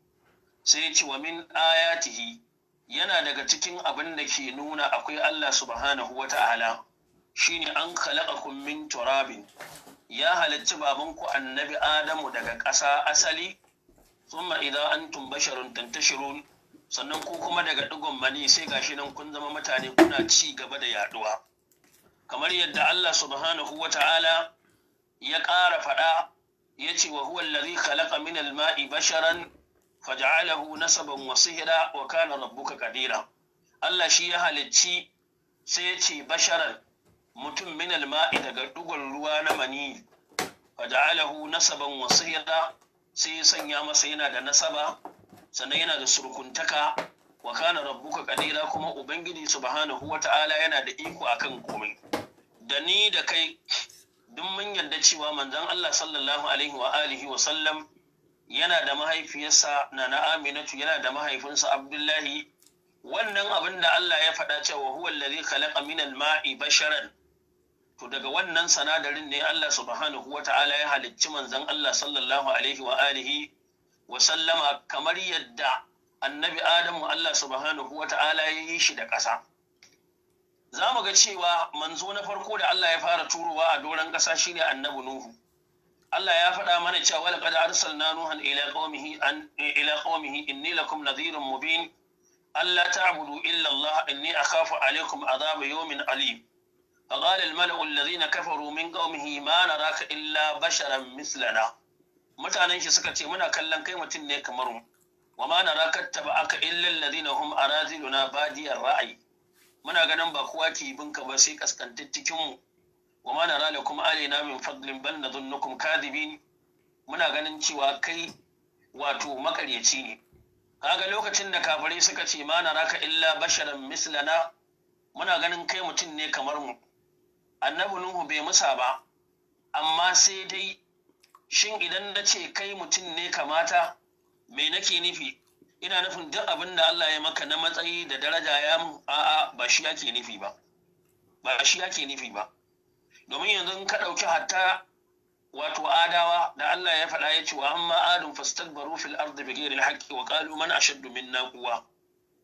sai ya ce wa min ayatihi yana daga cikin abin da ke nuna akwai Allah subhanahu wa ta'ala shine an khalaqakum min turabin ya halarci babanku annabi Adamu daga ƙasa asali thumma idza antum basharun tantashirun sannan ku kuma daga digon mani sai gashi nan kun zama mutane kuna ci gaba da yaduwa kamar yadda Allah subhanahu wa ta'ala ya ƙara faɗa ya ce wa huwa allazi khalaqa min al-ma'i basharan faj'alahu nasaban wa sihra wa kana rabbuka qadira Allah shi ya halicci sai ya ce basharan mutum min al-ma'i daga dugon ruwa na mani faj'alahu nasaban wa sihra sai ya sanya masa yana da nasaba sannan yana da surkuntaka wa kana rabbuka kadira kuma ubangiji subhanahu wata'ala yana da iko akan komai da ni da kai duk mun yarda cewa manzon Allah sallallahu alaihi wa alihi wa sallam yana da mahaifiyarsa nana Aminatu yana da mahaifinsa Abdullahi wannan abin da Allah ya faɗa cewa huwa allazi khalaqa min al-ma'i basharan to daga wannan sanadarin ne Allah subhanahu wata'ala ya halicci manzon Allah sallallahu alaihi wa alihi wa sallama kamar yadda annabi adamu Allah subhanahu wa ta'ala ya yi shi da ƙasa za mu ga cewa manzo na farko da Allah ya fara turowa a doron ƙasa shine annabi nuhu Allah ya faɗa mana cewa laqad arsalna nuhan ila qaumihi an ila qaumihi inni lakum nadhirun mubin alla ta'budu illa Allah inni akhafu alaykum adhab yawmin alim فقال الملأ الذين كفروا من قومه ما نراك إلا بشرا مثلنا mutanen shi suka ce muna kallon kai mutum ne kamar mu wa ma nara kattaba aka illal ladina hum araziluna badiyar ra'ayi muna ganin ba kowa ke bin ka ba sai kaskantattikin mu wa ma nara lakum alaina min fadlin bal nadhunnukum kadibin muna ganin cewa kai wato makaryaci ne kaga lokacin da kafirai suka ce ma ka illa basharan mislana muna ganin kai mutum ne kamar mu annabi nuhu bai musa ba amma sai dai shin idan na ce kai mutum ne kamata me nake nufi ina nufin duk abin da Allah ya maka na matsayi da daraja ya mu a'a ba shi ake nufi ba ba shi ake nufi ba domin yanzu ka ɗauki hatta wato adawa da Allah ya faɗa ya ce wa amma adun fastakbaru fil ardi bighairi alhaqqi wa qalu man ashaddu minna quwwa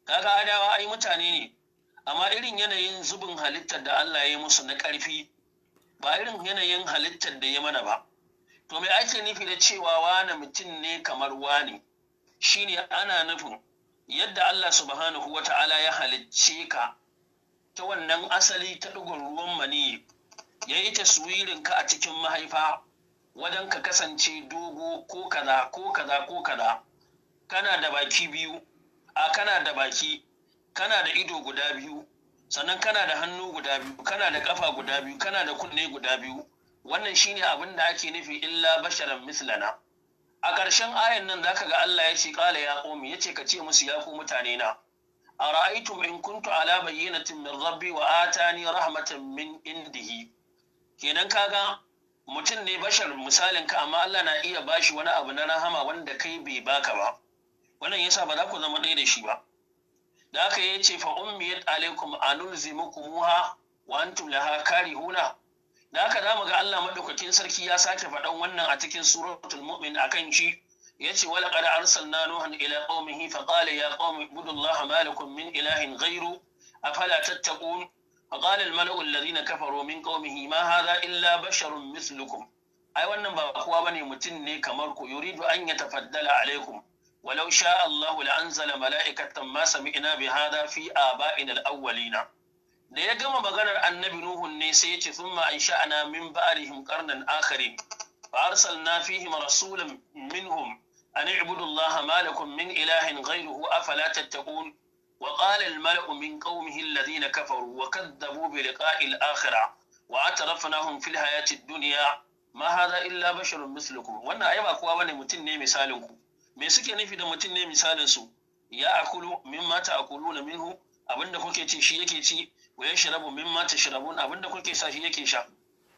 kaga adawa ai mutane ne amma irin yanayin zubin halittar da Allah ya yi musu na ƙarfi ba irin yanayin halittar da ya mana ba to me ake nufi da cewa wani mutum ne kamar wani shine ana nufin yadda Allah subhanahu wa ta'ala ya halicce ka ta wannan asali ta ɗigon ruwan mani ya yi taswirin ka a cikin mahaifa wajen ka kasance dogo ko kaza ko kaza ko kaza kana da baki biyu a kana da baki kana da ido guda biyu sannan kana da hannu guda biyu kana da kafa guda biyu kana da kunne guda biyu wannan shine abin da ake nufi illa basharan mislana a ƙarshen ayan nan zaka ga Allah ya ce ƙala ya ƙomi ya ce ka ce musu ya ku mutane na a ra'aitum in kuntu ala bayyinatin min rabbi wa atani rahmatan min indihi kenan kaga mutum ne bashar misalin ka amma Allah na iya bashi wani abu na rahama wanda kai bai baka ba wannan yasa ba za ku zama ɗaya da shi ba da aka yi ce fa ummiyat alaikum anulzimukumuha wa antum laha karihuna da haka za mu ga Allah maɗaukakin sarki ya sake faɗan wannan a cikin suratul mu'min akan shi yace wala qad arsalna nuhan ila qaumihi fa qala ya qaumi ibudullaha ma lakum min ilahin ghayru afala tattaqun فقال الملأ الذين كفروا من قومه haza illa إلا بشر مثلكم wannan ba kowa bane mutum ne kamar ku yuridu an yatafaddala alaikum walau sha Allah la'anzala mala'ikatan ma sami'na bi hadha fi aba'ina awwalina da ya gama maganar annabi nuhun ne sai ya ce sun ansha'na min ba'dihim qarnan akharin fa arsalna fihim rasulan minhum an i'budu Allah ma min ilahin ghayruhu afala tattaqun wa qala al-mala'u min qaumihi alladhina kafaru wa kadzabu bi liqa'i al-akhirah wa atrafnahum fil hayati ad-dunya ma hadha illa basharun mislukum wannan ai ba kowa bane mutum ne misalin ku me suke nufi da mutum ne misalin su ya akulu mimma ta'kuluna minhu abinda kuke ci shi yake ci wa min mimma tashrabun abinda kuke sa shi yake sha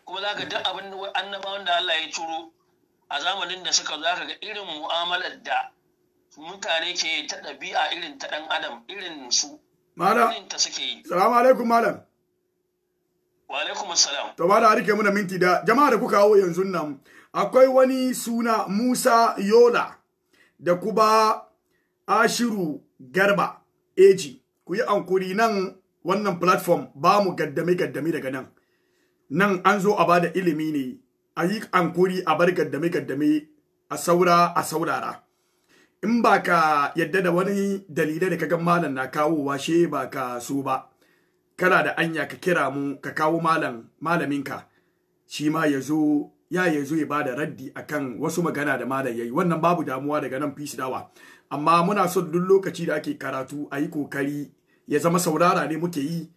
kuma zaka duk abin annaba wanda Allah ya turo a zamanin da suka zaka ga irin mu'amalar da mutane ke ta ɗabi'a irin ta ɗan adam irin su malam ta suke yi salamu alaikum malam wa alaikum assalam to ba da rike muna minti da jama'a da kuka hawo yanzu nan akwai wani suna Musa Yola da kuma Ashiru Garba Eji ku yi ankuri nan wannan platform ba mu gaddame gaddame daga nan nan an zo a bada ilimi ne a yi ankuri a bar gaddame gaddame a saura a saurara in ba ka yadda da wani dalilai da ka ga malam na kawowa washe ba ka so ba kana da anya ka kira mu ka kawo malam malaminka shi ma ya zo ya ya zo ya ba da raddi akan wasu magana da malam yayi wannan babu damuwa daga nan fisi dawa amma muna son duk lokaci da ake karatu a yi kokari ya zama saurara ne muke yi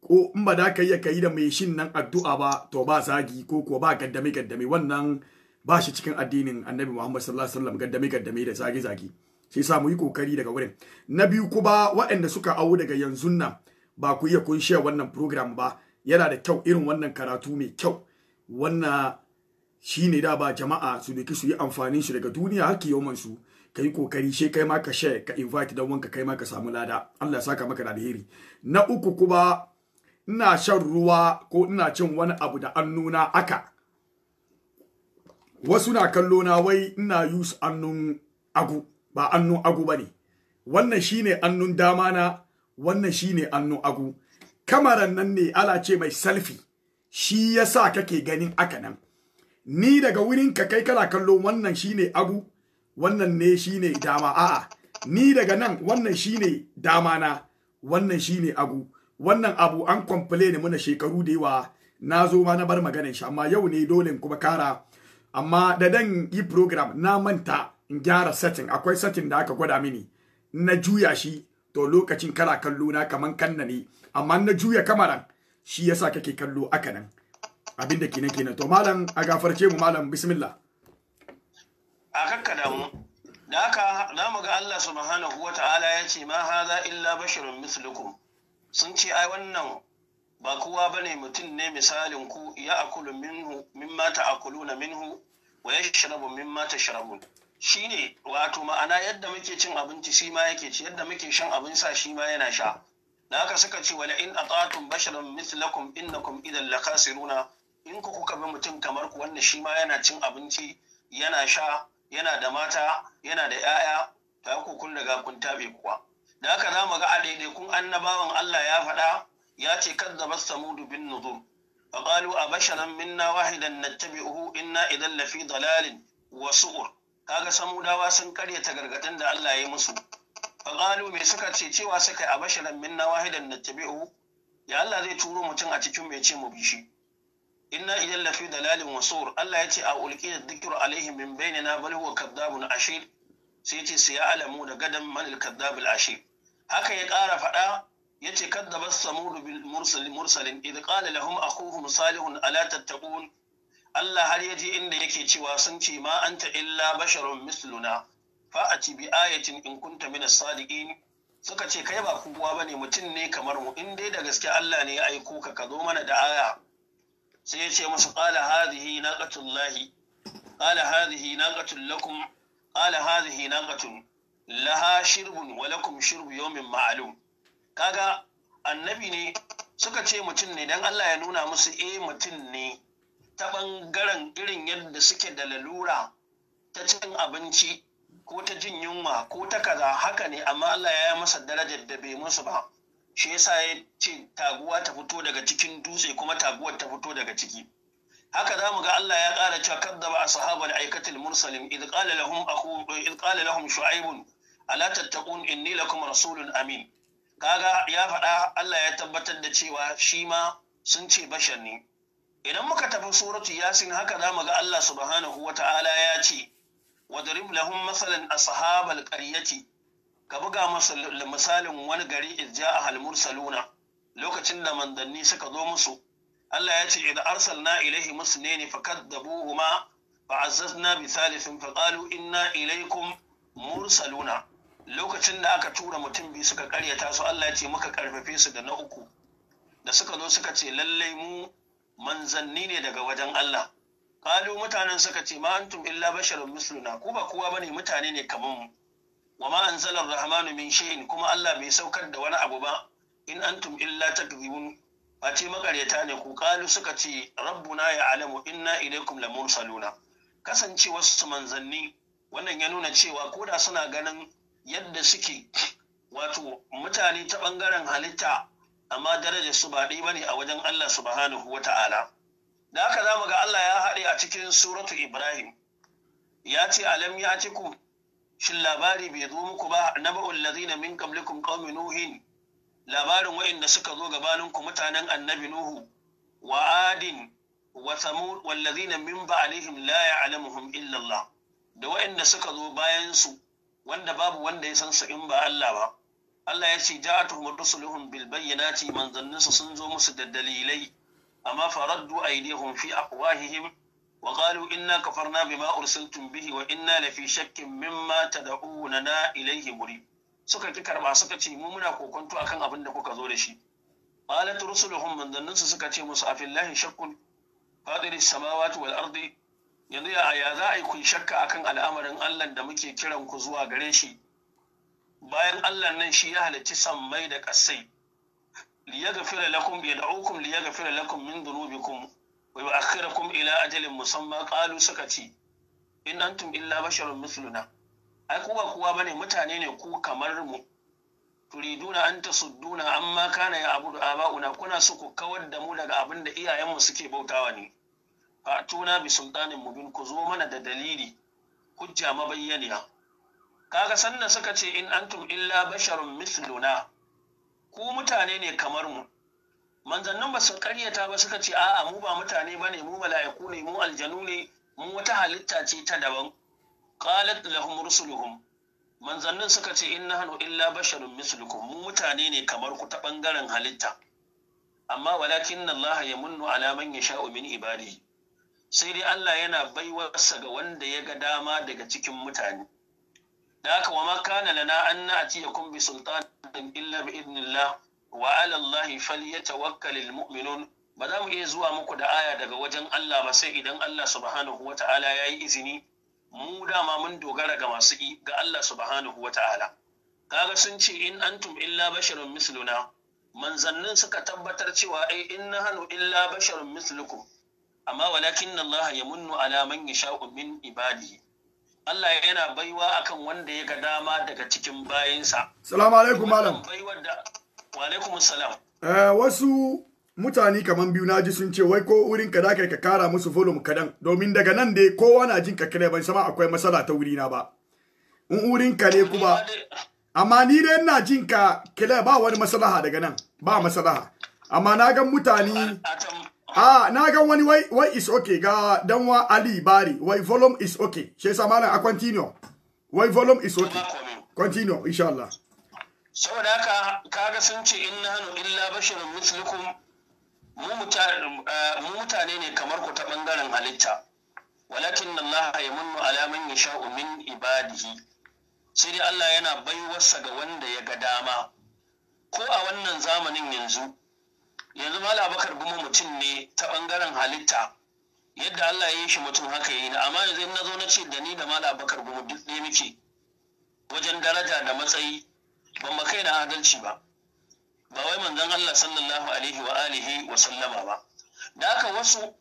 ko in ba da ka iya kai da mai shin nan addu'a ba to ba zagi ko ko ba gaddame gaddame wannan ba shi cikin addinin annabi Muhammad sallallahu alaihi wasallam gaddame gaddame da zagi zagi sai sa mu yi kokari daga wurin na biyu kuma waɗanda suka awo daga yanzu nan ba ku iya kun share wannan program ba yana da kyau irin wannan karatu mai kyau wannan shine da ba jama'a su ne su yi amfanin shi daga duniya har su ka yi kokari she kai ma ka share ka invite dan wanka kai ma ka samu lada Allah ya saka maka da alheri na uku kuma ina shan ruwa ko ina cin wani abu da nuna aka wasu na kallo na wai ina use annun agu ba annun agu bane wannan shine annun dama na wannan shine annun agu kamaran nan ne ala ce mai selfie shi yasa kake ganin aka nan ni daga wurin ka kai kana kallo wannan shine agu wannan ne shine dama a'a ni daga nan wannan shine dama na wannan shine agu wannan abu an complain muna shekaru da yawa na zo ma na bar maganar shi amma yau ne dole kuma kara amma da dan yi program na manta in gyara setting akwai setting da aka gwada mini na juya shi to lokacin kana kallo na kaman kanna ne amma na juya kamaran shi yasa kake kallo aka nan abinda kenan kenan to malam a gafarce mu malam bismillah a kakka damu da haka za mu ga Allah subhanahu wa ta'ala ya ce ma haza illa basharun mislukum sun ce ai wannan ba kowa ne mutum ne misalin ku ya akulu minhu mimma na minhu wa yashrabu mimma Shi ne, wato ma'ana yadda muke cin abinci shi ma yake ci yadda muke shan abin sa shi ma yana sha da haka suka ce wala in atatum basharun mislakum innakum idan lakasiruna in ku kuka bi mutum kamar ku wanda shi ma yana cin abinci yana sha yana da mata yana da 'ya'ya ta ku kun daga kun tabe kuwa da haka za mu ga a daidai kun annabawan Allah ya faɗa ya ce kazzaba samudu bin nuzur faqalu abasharan minna wahidan nattabi'uhu inna idan lafi dalalin wa su'ur kaga samudawa sun karya ta gargadin da Allah ya musu faqalu me suka ce cewa suka abasharan minna wahidan nattabi'uhu ya Allah zai turo mutum a cikin mai ce mu bishi inna idan lafi dalalin wasur Allah ya ce a ulki da dhikru alaihim min na bal huwa kadhabun ashir sai ya su sai alamu da gadan man al ashir haka ya ƙara faɗa ya ce kaddabat samud bil mursalin idh qala lahum akhuhum salihun ala tattaqun Allah har yaje inda yake cewa sun ce ma anta illa basharun misluna cibi'a bi ayatin in kunta min as-sadiqin suka ce kai ba kowa bane mutum ne kamar mu in dai da gaske Allah ne ya aiko ka ka zo mana da aya sai ya ce musu qala hadhihi naqatullahi na ƙatun lakum na ƙatun laha shirbun wa lakum shirbu min ma'alum kaga annabi ne suka ce mutum ne dan Allah ya nuna musu e mutum ne ta ɓangaren irin yadda suke da lalura ta cin abinci ko ta jin yunwa ko ta kaza haka ne amma Allah ya yi masa darajar da bai musu ba shi yasa ya ce taguwa ta fito daga cikin dutse kuma taguwar ta fito daga ciki haka zamu ga Allah ya ƙara cewa kaddaba ashabal aikatil mursalin id qala lahum akhu id qala lahum shu'aib ala tattaqun inni lakum rasulun amin kaga ya faɗa Allah ya tabbatar da cewa shi ma sun ce bashar ne idan muka tafi suratu yasin haka zamu ga Allah subhanahu wata'ala ya ce wadrib lahum masalan ashabal qaryati ka buga masa misalin wani gari ija a halmursaluna lokacin da mandanni suka zo musu Allah ya ce idan arsalna ilaihi musnini fakaddabuhuma fa'azzazna bi thalithin faqalu inna ilaikum mursaluna lokacin da aka tura mutum biyu suka karyata su Allah ya ce muka karfafe su da na uku da suka zo suka ce lallai mu manzanni ne daga wajen Allah kalu mutanen suka ce ma antum illa basharun misluna ku ba kowa ne mutane ne kamar mu wa ma anzalar rahmanu min shayin kuma Allah bai saukar da wani abu ba in antum illa takzibun ce makaryata ne ku kalu suka ce rabbuna ya alamu inna ilaikum la mursaluna kasancewar su manzanni wannan ya nuna cewa koda suna ganin yadda suke wato mutane ta bangaren halitta amma darajar su ba ɗaya bane a wajen Allah subhanahu wata'ala da haka zamu ga Allah ya haɗe a cikin suratu Ibrahim ya ce alam ya ku shin labari bai zo muku ba naba'ul ladina min qablikum qaumi nuhin labarin wa'inda suka zo gabaninku mutanen annabi nuhu wa adin wa samud wallazina min ba'alihim la ya'lamuhum illa Allah da wa'inda suka zo bayan su wanda babu wanda ya san su in ba Allah ba Allah ya ce ja'atuhum rusuluhum bil bayyinati manzanninsu sun zo musu da dalilai amma faraddu aydihum fi afwahihim وقالوا إنا كفرنا بما أرسلتم به وإنا لفي شك مما تدعوننا إليه مريب suka ki karba suka ce mu muna kokonto akan abin da kuka zo da shi qalat rusuluhum manzannin su suka ce musu afillahi shakkun fadiri samawati wal ardi yanzu ya aya za a yi kun shakka akan al'amarin Allah da muke kiran ku zuwa gare shi bayan Allah nan shi ya halicci sammai da kasai liyagfira lakum bi yad'ukum liyagfira lakum min dhunubikum wa yu'akhkhirukum ila ajalin musamman ƙalu suka ce in antum illa basharun mithluna ai ku ba kowa bane mutane ne ku kamar mu turiduna an tasudduna amma kana ya abudu aba'una kuna so ku kawar da mu daga abin da iyayenmu suke bautawa ne fatuna bi sultanin bin ku zo mana da dalili hujja mabayyaniya kaga sannan suka ce in antum illa basharun mithluna ku mutane ne kamar mu manzannin ba su karyata ba suka ce a'a mu ba mutane ba ne mu mala'iku ne mu aljanu ne mu wata halitta ce ta daban qalat lahum rusuluhum manzannin suka ce inna hanu illa basharun mislukum mu mutane ne kamar ku ta bangaren halitta amma walakin Allah ya munnu ala man yasha'u min ibadi sai dai Allah yana baiwarsa ga wanda ya ga dama daga cikin mutane da haka wa makana kana lana an na'tiyakum bi sultanin illa bi idnillah wa ala Allahi falyatawakkalul mu'minun ba za mu iya zuwa muku da aya daga wajen Allah ba sai idan Allah subhanahu wata'ala ya yi izini mu dama mun dogara ga masu ga Allah subhanahu wata'ala kaga sun ce in antum illa basharun misluna manzannin suka tabbatar cewa ai in nahanu illa basharun mislukum amma walakin Allah ya munnu ala man yasha'u min ibadihi Allah yana baiwa akan wanda ya ga dama daga cikin bayinsa. Salamu alaikum malam. Baiwar da Eh, wasu mutane kaman biyu na ji sun ce wai ko wurin ka zaka ka kara musu volume kadan domin daga nan dai kowa na jin ka kare ban sama akwai matsala ta wuri na ba. In wurin ka ne kuma amma ni dai ina jin ka kare ba wani maslaha daga nan ba maslaha amma na ga mutane Ah, na ga wani wai wai is okay ga danwa Ali Bari wai volume is okay shi yasa malam a continue wai volume is okay continue insha Allah saboda haka kaga sun ce in na hannu, illa bashirin, mislikum," eh, mu mutane ne kamar ku ta bangaren halitta walakin na ya munnu alamun ya sha umin ibadihi sai dai Allah yana baiwarsa ga wanda ya ga dama ko a wannan zamanin yanzu yanzu Malam Bakar Gumo mutum ne ta ɓangaren halitta yadda Allah ya yi shi mutum haka yi ni, amma yanzu na zo na ce da ni da Malam Bakar Gumo duk ɗaya muke wajen daraja da matsayi ban ma na adalci ba ba wai manzon Allah sallallahu alaihi wa alihi wa sallama ba da haka wasu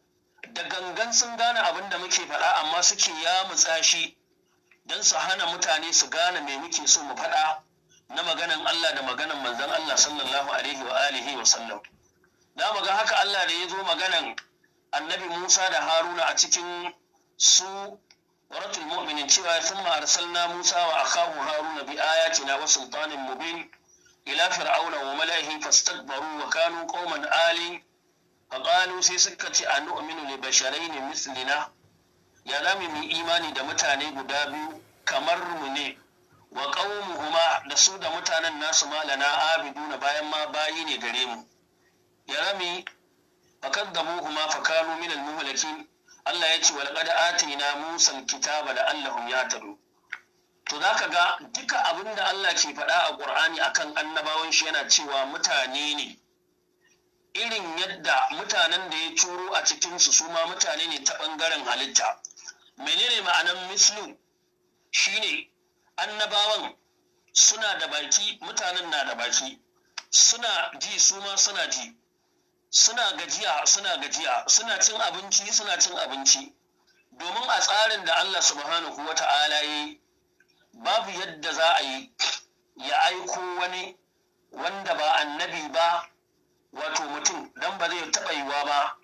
da gangan sun gane abin da muke faɗa amma suke ya mutsa shi don su hana mutane su gane me muke so mu faɗa na maganan Allah da maganan manzon Allah sallallahu alaihi wa alihi wa sallam da mu ga haka Allah da ya zo maganan annabi Musa da Haruna a cikin su suratul mu'minin cewa thumma arsalna musa wa akahu haruna bi ayatina wa sultanin mubin ila fir'auna wa mala'ihi fastakbaru wa kanu qauman ali faqalu sai suka ce a nu'minu li basharain mislina ya zamu mu imani da mutane guda biyu kamar mu ne wa qaumuhuma da su da mutanen nasu malana abiduna bayan ma bayi ne gare mu ya rami fakaddamuhuma fakanu minal muhlakin Allah ya ce walqad atina Musa Kitaba da ya taɗo. to za ka ga duka abin da Allah ke faɗa a Ƙur'ani akan annabawan shi yana cewa mutane ne irin yadda mutanen da ya turo a cikinsu su ma mutane ne ta ɓangaren halitta menene ma'anan mislu shine annabawan suna da baki mutanen na da baki suna ji su ma suna ji suna gajiya suna gajiya suna cin abinci suna cin abinci domin a tsarin da Allah subhanahu wa ta'ala yi babu yadda za a yi ya aiko wani wanda ba annabi ba wato mutum don ba zai taɓa yiwa ba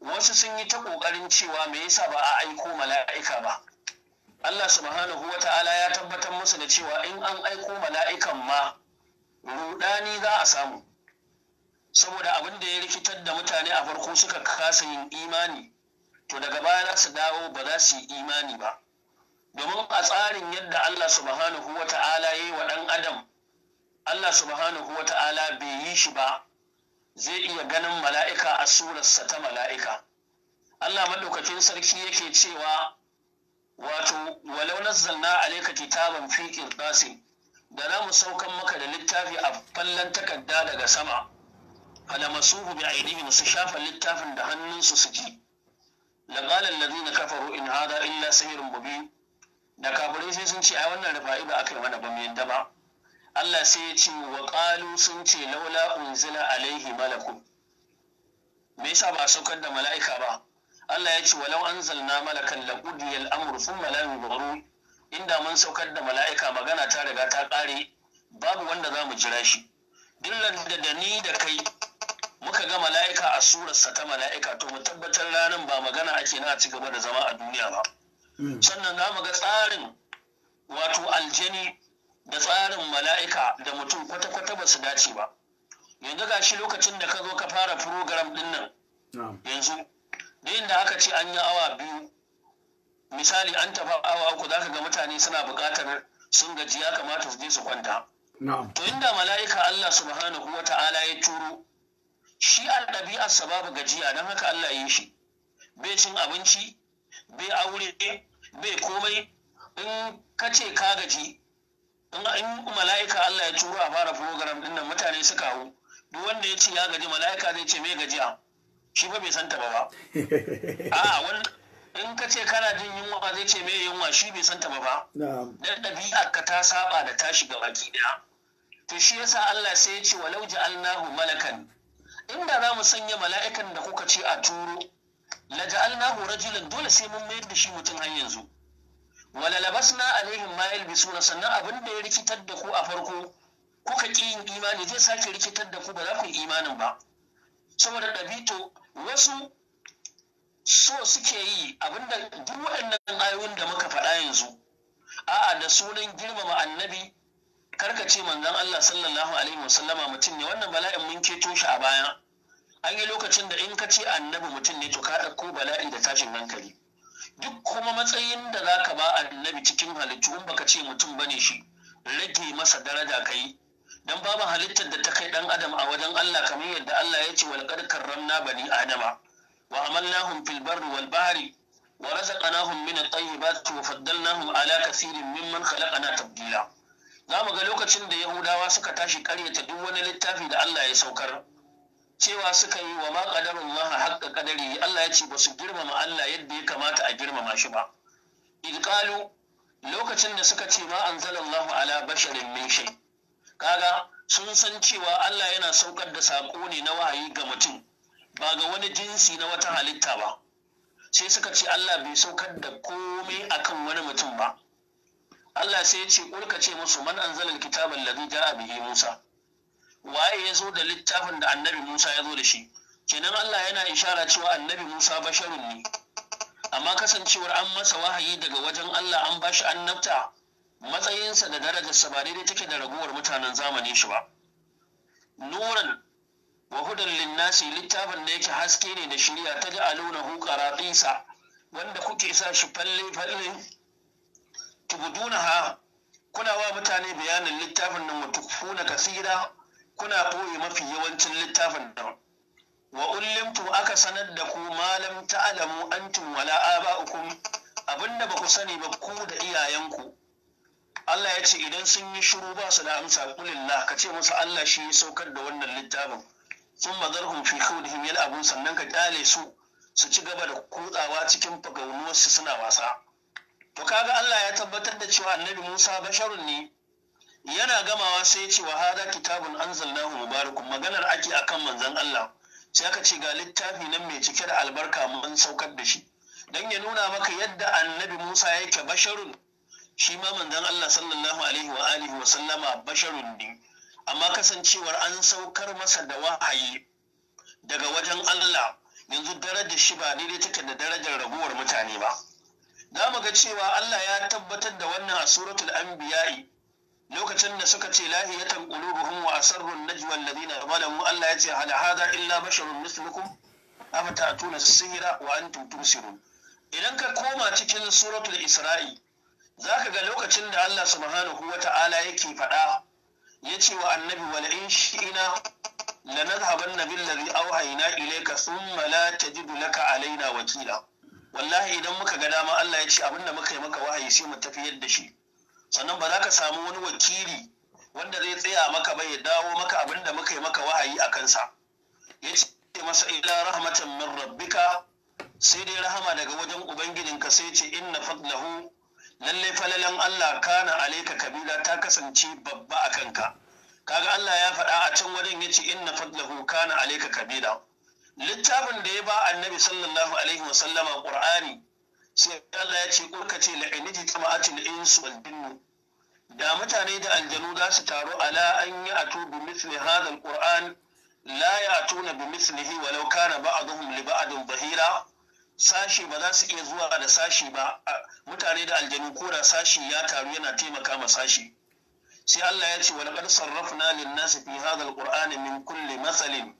wasu sun yi ta ƙoƙarin cewa me yasa ba a aiko mala'ika ba Allah subhanahu wa ta'ala ya tabbatar musu da cewa in an aiko mala'ikan ma ruɗani za a samu saboda abin da ya rikitar da mutane a farko suka kasa yin imani to daga baya za su dawo ba za su yi imani ba domin a tsarin yadda Allah subhanahu wa ta'ala ya yi wa ɗan adam Allah subhanahu wa ta'ala bai yi shi ba zai iya ganin mala'ika a surarsa ta mala'ika Allah maɗaukakin sarki yake cewa wato walau nazzalna alayka kitaban fi qirtasin da na mu saukan maka da littafi a fallan takarda daga sama falamasuhu bi aidihim su shafa littafin da hannunsu su ji laqala na kafaru in hada illa sihrun mubin da kafirai sai sun ce ai wannan rufa'i ba aka yi mana ba mu yadda ba Allah sai ya ce wa qalu sun ce laula unzila alaihi malakun me yasa ba a saukar da mala'ika ba Allah ya ce walau anzalna malakan laqudiyal amru thumma la yunzaru inda mun saukar da mala'ika magana ta riga ta kare babu wanda za mu jira shi dillan da da ni da kai muka ga mala'ika a surarsa ta mala'ika to mu tabbatar ranar ba magana ake na ci gaba da zama a duniya ba hmm. sannan za mu ga tsarin wato aljani da tsarin mala'ika da mutum kwata-kwata ba su dace ba yanzu ga shi lokacin da ka zo ka fara program din nan yanzu da aka ce an yi awa biyu misali an tafa awa uku za ka ga mutane suna buƙatar sun gaji ya kamata su je su kwanta to inda mala'ika Allah subhanahu wa ta'ala ya turo shi a ɗabi'arsa babu gajiya don haka Allah ya yi shi bai cin abinci bai aure bai komai in ka ce ka gaji in mala'ika Allah ya turo a fara program din nan mutane suka hau duk wanda ya ce ya gaji mala'ika zai ce mai gajiya shi fa bai san ta ba a wani in ka ce kana jin yunwa zai ce mai yunwa shi bai san ta ba dan ɗabi'ar ka ta saba da tashi gaba gida. daya to shi yasa Allah sai ya ce walau ja'alnahu malakan inda za mu sanya mala'ikan da kuka ce a turo hu rajulan dole sai mun mayar da shi mutum har yanzu wala labasna alaihim ma yalbisuna sannan abin da ya rikitar da ku a farko kuka ki yin imani zai sake rikitar da ku ba za ku yi imanin ba saboda ɗabito wasu so suke yi abinda duk waɗannan ayoyin da muka faɗa yanzu a'a da sunan girmama annabi karka ce manzan Allah sallallahu alaihi wasallama mutum ne wannan bala'in mun keto shi a baya an yi lokacin da in ka ce annabi mutum ne to ka ɗauko bala'i da tashin hankali duk kuma matsayin da za ka ba annabi cikin halittu in baka ce mutum ba ne shi rage masa daraja kai dan babu halittar da ta kai dan adam a wajen Allah kamar yadda Allah ya ce wal qad karramna bani adama wa amalnahum fil barri wal bahri wa razaqnahum min at-tayyibati wa faddalnahum ala kathirin mimman khalaqna tabdila za mu ga lokacin da yahudawa suka tashi karyata duk wani littafi da Allah ya saukar cewa suka yi wa ma qadarun ma ƙadari, Allah ya ce ba su girmama Allah yadda ya kamata a girmama shi ba ilƙalu lokacin da suka ce ma allahu ala basharin min shai kaga sun san cewa Allah yana saukar da saƙo ne na wahayi ga mutum ba ga wani jinsi na wata halitta ba sai suka ce Allah bai saukar da komai akan wani mutum ba Allah sai ya ce ƙulka ce musu man anzala kitaban alladhi ja'a bihi Musa waye ya zo da littafin da annabi Musa ya zo da shi kenan Allah yana ishara cewa annabi Musa basharun ne amma kasancewar an masa wahayi daga wajen Allah an bashi annabta matsayinsa da darajarsa ba daidai take da raguwar mutanen zamani shi ba nuran wa hudan linnasi littafin da yake haske ne da shirya ta ji ja'alunahu qaratisa wanda kuke sa shi falle falle tubudunaha kuna wa mutane bayanin littafin nan wa tukfuna kasira kuna ɓoye mafi yawancin littafin nan wa ullimtu aka sanar da ku malam ta'lamu antum wala aba'ukum abinda ba sani ba ku da iyayenku Allah ya ce idan sun yi shiru ba su da amsa kulillah ka ce musu Allah shi ya saukar da wannan littafin sun mazarhum fi khawdihim yal'abun sannan ka kyale su su ci gaba da kutsawa cikin fagaunuwarsu suna wasa to kaga Allah ya tabbatar da cewa annabi Musa basharun ne yana gamawa sai ya ce wa hada kitabun anzalnahu mubarakun maganar ake akan manzon Allah sai aka ce ga littafi nan mai cike da albarka mun saukar da shi dan ya nuna maka yadda annabi Musa yake basharun shi ma manzon Allah sallallahu alaihi wa alihi wa sallama basharun ne amma kasancewar an saukar masa da wahayi daga wajen Allah yanzu darajar shi ba daidai take da darajar raguwar mutane ba za mu ga cewa Allah ya tabbatar da wannan a suratul anbiya'i lokacin da suka ce lahiyatan qulubuhum wa asarrun najwa alladhina zalamu Allah ya ce hal hada illa basharun mislukum afata'tuna sihra wa antum tubsirun idan ka koma cikin suratul isra'i zaka ga lokacin da Allah subhanahu Ta'ala yake faɗa ya wa annabi wal in shi'ina lanadhhabanna billadhi awhayna ilayka thumma la tajidu laka alaina wakila wallahi idan muka ga dama Allah ya ce abinda muka yi maka wahayi sai mu tafiyar da shi sannan ba za ka samu wani wakili wanda zai tsaya maka bai ya dawo maka abinda muka yi maka wahayi a kansa ya ce masa ila rahmatan min rabbika sai dai rahama daga wajen ubangijinka sai ce inna fadlahu lalle falalan Allah kana Alayka kabila ta kasance babba a kanka kaga Allah ya faɗa a can wajen ya yace inna fadlahu kana Alayka kabila littafin da ya ba annabi sallallahu alaihi wasallama qur'ani sai Allah ya ce kurka ce la'iniji tsama'atul insu wal jinnu da mutane da aljanu za su taru ala an yi atu bi misli hadha alquran la ya'tuna bi mislihi walau kana ba'dhum li ba'dhin zahira sashi ba za su iya zuwa da sashi ba mutane da aljanu ko da sashi ya taru yana taimaka ma sashi sai Allah ya ce wa laqad sarrafna lin-nasi fi hadha alquran min kulli masalin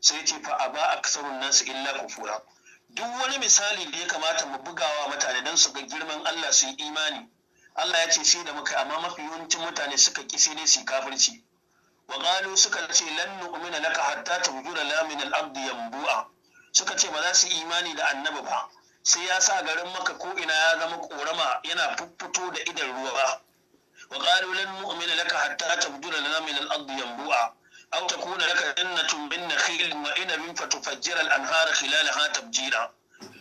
sai ce fa a ba aba aksarun nasu illa kufura duk wani misali da ya kamata mu bugawa mutane don su ga girman Allah su yi imani Allah ya ce sai da muka amma mafi yawancin mutane suka ki sai dai su kafirci wa qalu suka ce lan nu'mina laka hatta tawjura la min al-ard yanbu'a suka ce ba za su yi imani da annabi ba sai ya sa garin maka ko ina ya zama korama yana fuffuto da idan ruwa ba wa qalu lan nu'mina laka hatta tawjura lana min al-ard yanbu'a aw takuna laka jannatun min nakhilin wa inabin fatufajjira al-anhara khilalaha tabjira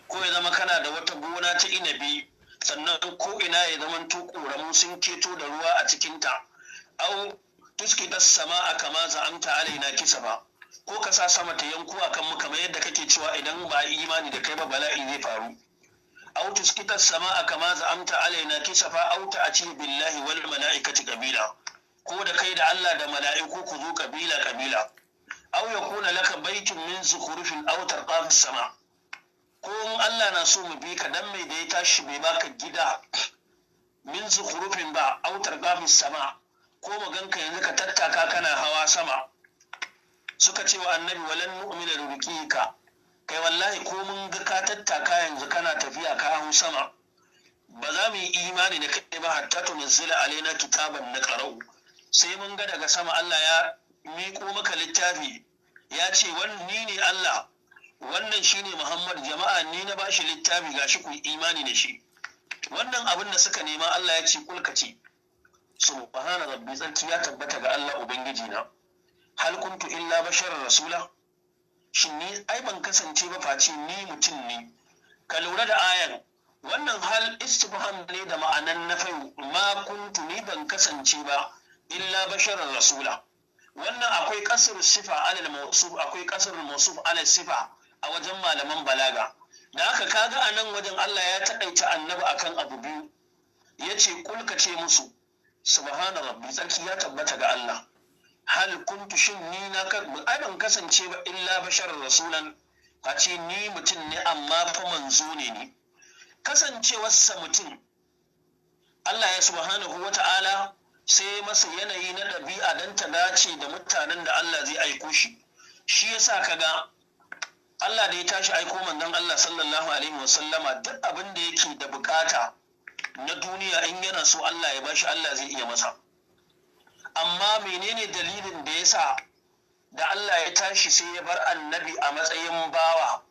ko ya zama kana da wata gona ta inabi sannan ko ina ya zama to koramu sun keto da ruwa a cikin ta aw sama a kama za'amta alaina kisaba ko ka sa sama ta yanku akan mu kamar yadda kake cewa idan ba imani da kai ba bala'i zai faru aw sama a kama za'amta alaina kisafa aw ta'ti billahi wal mala'ikati kabila ko da kai da Allah da mala'iku ku zo kabila kabila aw yakuna laka baitun min zukhrufin aw tarqa sama ko in Allah na so mu bi ka dan mai da ya tashi bai baka gida min zukhrufin ba aw tarqa sama ko maganka yanzu ka tattaka kana hawa sama suka ce wa annabi walan nu'mina ruqika kai wallahi ko mun ga ka tattaka yanzu kana tafiya ka hau sama ba za mu yi imani da kai ba hatta tunzila alaina kitaban na qara'u sai mun ga daga sama Allah ya miƙo maka littafi ya ce ni ne Allah wannan shine Muhammad jama'a ni na bashi littafi ga shi ku imani da shi wannan abin da suka nema Allah ya ce kulka ce subhana rabbi zanci ya tabbata ga Allah ubangiji na hal illa bashar rasula shin ni ai ban kasance ba face ni mutum ne ka lura da ayan wannan hal istifham ne da ma'anan na ma kuntu ni ban kasance ba illa basharar rasula wannan akwai kasar sifa alal mawsuf akwai kasar mawsuf alal sifa a wajen malaman balaga da haka kaga a nan wajen Allah ya taƙaita annabi akan abu biyu yace kul ka ce musu subhana rabbi tsarki ya tabbata ga Allah hal kuntu shin ni na ai ban kasance ba illa bashar rasulan ka ce ni mutum ne amma fa manzo ne ni kasancewarsa mutum Allah ya subhanahu wa ta'ala sai masa yanayi na ɗabi'a don ta dace da mutanen da Allah zai aiko shi shi ka ga? Allah da ya tashi aiko manzon Allah sallallahu alaihi wasallama duk abin da yake da bukata na duniya in yana so Allah ya bashi Allah zai iya masa amma menene dalilin da ya sa da Allah ya tashi sai ya bar annabi a matsayin bawa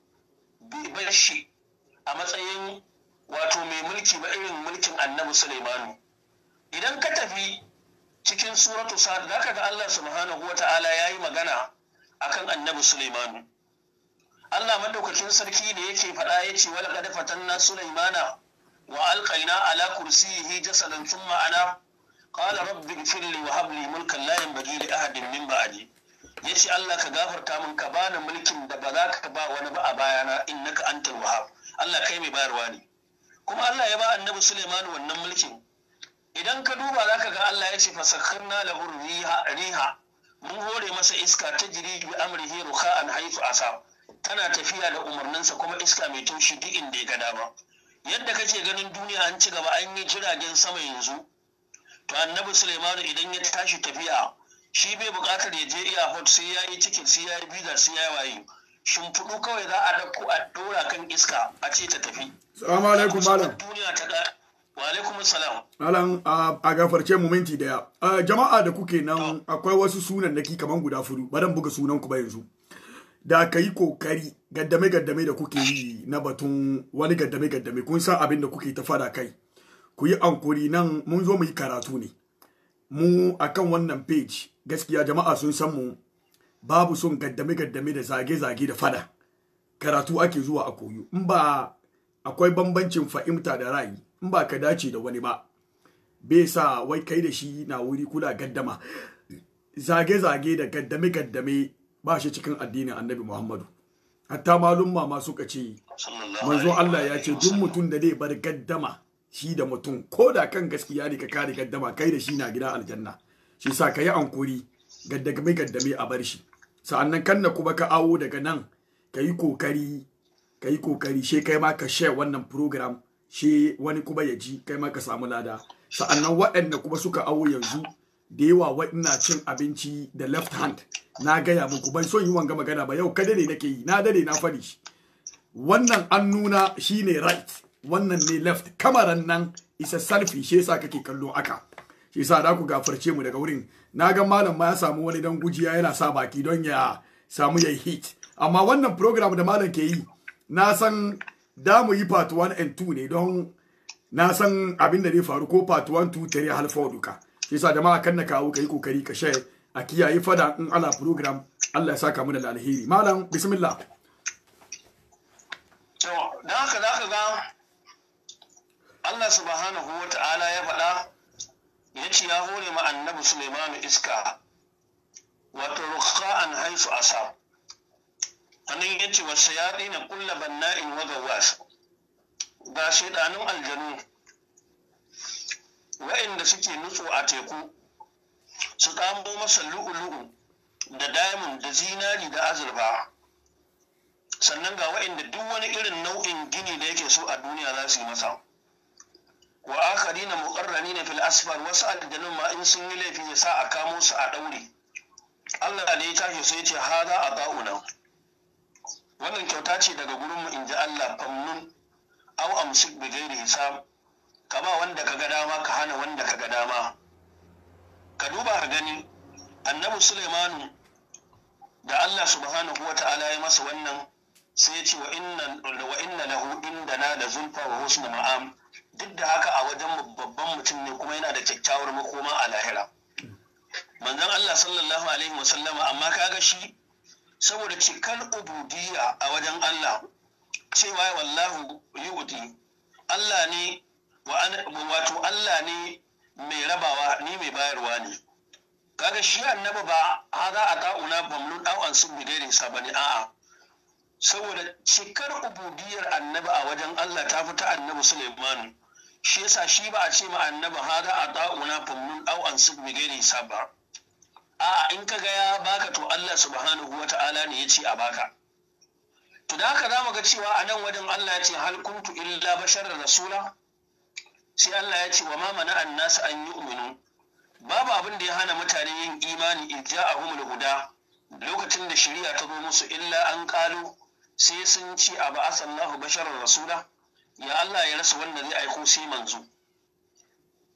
bai bar shi a matsayin wato mai mulki ba irin mulkin annabi Sulaimanu idan ka tafi cikin suratu sa'ad zaka ga Allah subhanahu ya yi magana akan annabi Sulaiman Allah madaukakin sarki da yake faɗa yace wal qad na Suleimana wa alqaina ala kursiyihi jasadan sun ma'ana? ƙala rabbi ighfir li wa hab layin mulkan la yanbaghi li ahadin min Ya yace Allah ka gafarta min ka bani mulkin da ba za ka ba wani ba a bayana innaka antal wahhab Allah kai mai bayarwa ne kuma Allah ya ba annabi Sulaiman wannan mulkin idan ka duba za ka ga Allah ya ce fasakharna lahu riha mun hore masa iska ta jiri bi amrihi rukha'an haifu asa tana tafiya da umarninsa kuma iska mai taushi duk inda ya ga dama yadda kake ganin duniya an ci gaba an yi jiragen sama yanzu to annabi Suleimanu idan ya tashi tafiya shi bai buƙatar ya je airport sai ya yi ticket sai ya yi visa sai ya waye shimfiɗu kawai za a ɗauko a ɗora kan iska a ce ta tafi. Salamu alaikum malam. Duniya ta Alan a gafarce mu minti daya. Jama'a da kuke nan akwai wasu sunan ki kaman guda fudu, badan buga sunan ku ba yanzu. Da ka yi kokari gaddame gaddame da kuke yi na batun wani gaddame gaddame kun san abin da kuke ta fada kai. Ku yi ankuri nan mun zo mu yi karatu ne. Mu akan wannan page gaskiya jama'a sun san mu babu son gaddame gaddame da zage zage da fada. Karatu ake zuwa a koyo. In ba akwai bambancin fahimta da ra'ayi in ba ka dace da wani ba bai sa wai kai da shi na wuri kula gaddama zage-zage da gaddame-gaddame ba shi cikin addinin annabi muhammadu hatta malum ma suka ce manzo Allah ya ce duk mutum da zai bar gaddama shi da mutum ko da kan gaskiya ne ka kare gaddama kai da shi na gida aljanna shi sa ka yi ankuri gaddame gaddame a bar shi sa'annan kan na kuma ka awo daga nan ka yi kokari ka kokari she kai ma ka share wannan program shi wani kuma ya ji kai ma ka samu lada sa'annan waɗanda kuma suka awo yanzu da yawa waɗanda cin abinci da left hand na gaya muku ban son yi wanga magana ba yau kada ne nake yi na dare na fari wannan an nuna shi ne right wannan ne left kamaran nan isa salfi shi yasa kake kallo aka shi yasa da ku gafarce mu daga wurin na ga malam ma ya samu wani dan gujiya yana sa baki don ya samu yayi hit amma wannan program da malam ke yi na san da mu yi part 1 and 2 ne don na san abin da zai faru ko part 1 2 3 har 4 duka shi yasa jama'a kan na kawo kai kokari ka share a kiyaye fada in ana program Allah ya saka mu da alheri malam bismillah to da haka da ka ga Allah subhanahu wataala ya faɗa ya ce ya hore ma annabi Sulaiman iska wato an haifu asab annan ya ce wasu yaɗi na kulla banna'in wa gawas ga shaidanun aljanu wa'inda suke nutso a teku su kamo masa lu'ulu'u da diamond da zinari da azurfa sannan ga wa'inda duk wani irin nau'in gini da yake so a duniya za su yi masa wa na muqarranina fil asfar wasu aljanun ma in sun yi laifi ya sa a kamo su a daure Allah ne ya tashi sai ce haza a gauna. wannan kyauta ce daga gurin mu ji Allah famnun au amsik bi gairi hisab ka ba wanda ka ga dama ka hana wanda ka ga dama ka duba ka gani annabi Sulaimanu da Allah subhanahu wa ta'ala ya masa wannan sai ya ce wa inna wa inna lahu indana da zulfa wa husna ma'am duk da haka a wajen babban mutum ne kuma yana da kyakkyawar makoma a lahira manzon Allah sallallahu alaihi wa sallama amma kaga shi saboda cikar ubudiyya a wajen Allah cewa wallahu yu'ti Allah ne wato Allah ne mai rabawa ni mai bayarwa ne kaga shi annabi ba haza a ta'una bamlun aw an sun bidai sa bane a'a saboda cikar ubudiyar annabi a wajen Allah ta fita annabi Sulaiman shi yasa shi ba a ce ma annabi haza a ta'una bamlun aw an sun bidai sa ba a in ka ga ya baka to Allah subhanahu wa ta'ala ne ya ce a baka to da haka za mu ga cewa a nan wajen Allah ya ce hal kuntu illa basharar rasula sai Allah ya ce wa ma mana an nasu an yi uminu babu abin da ya hana mutane yin imani in ja humul huda lokacin da shari'a ta zo musu illa an kalu sai sun ce a ba asallahu basharar rasula ya Allah ya rasu wanda zai aiko sai manzo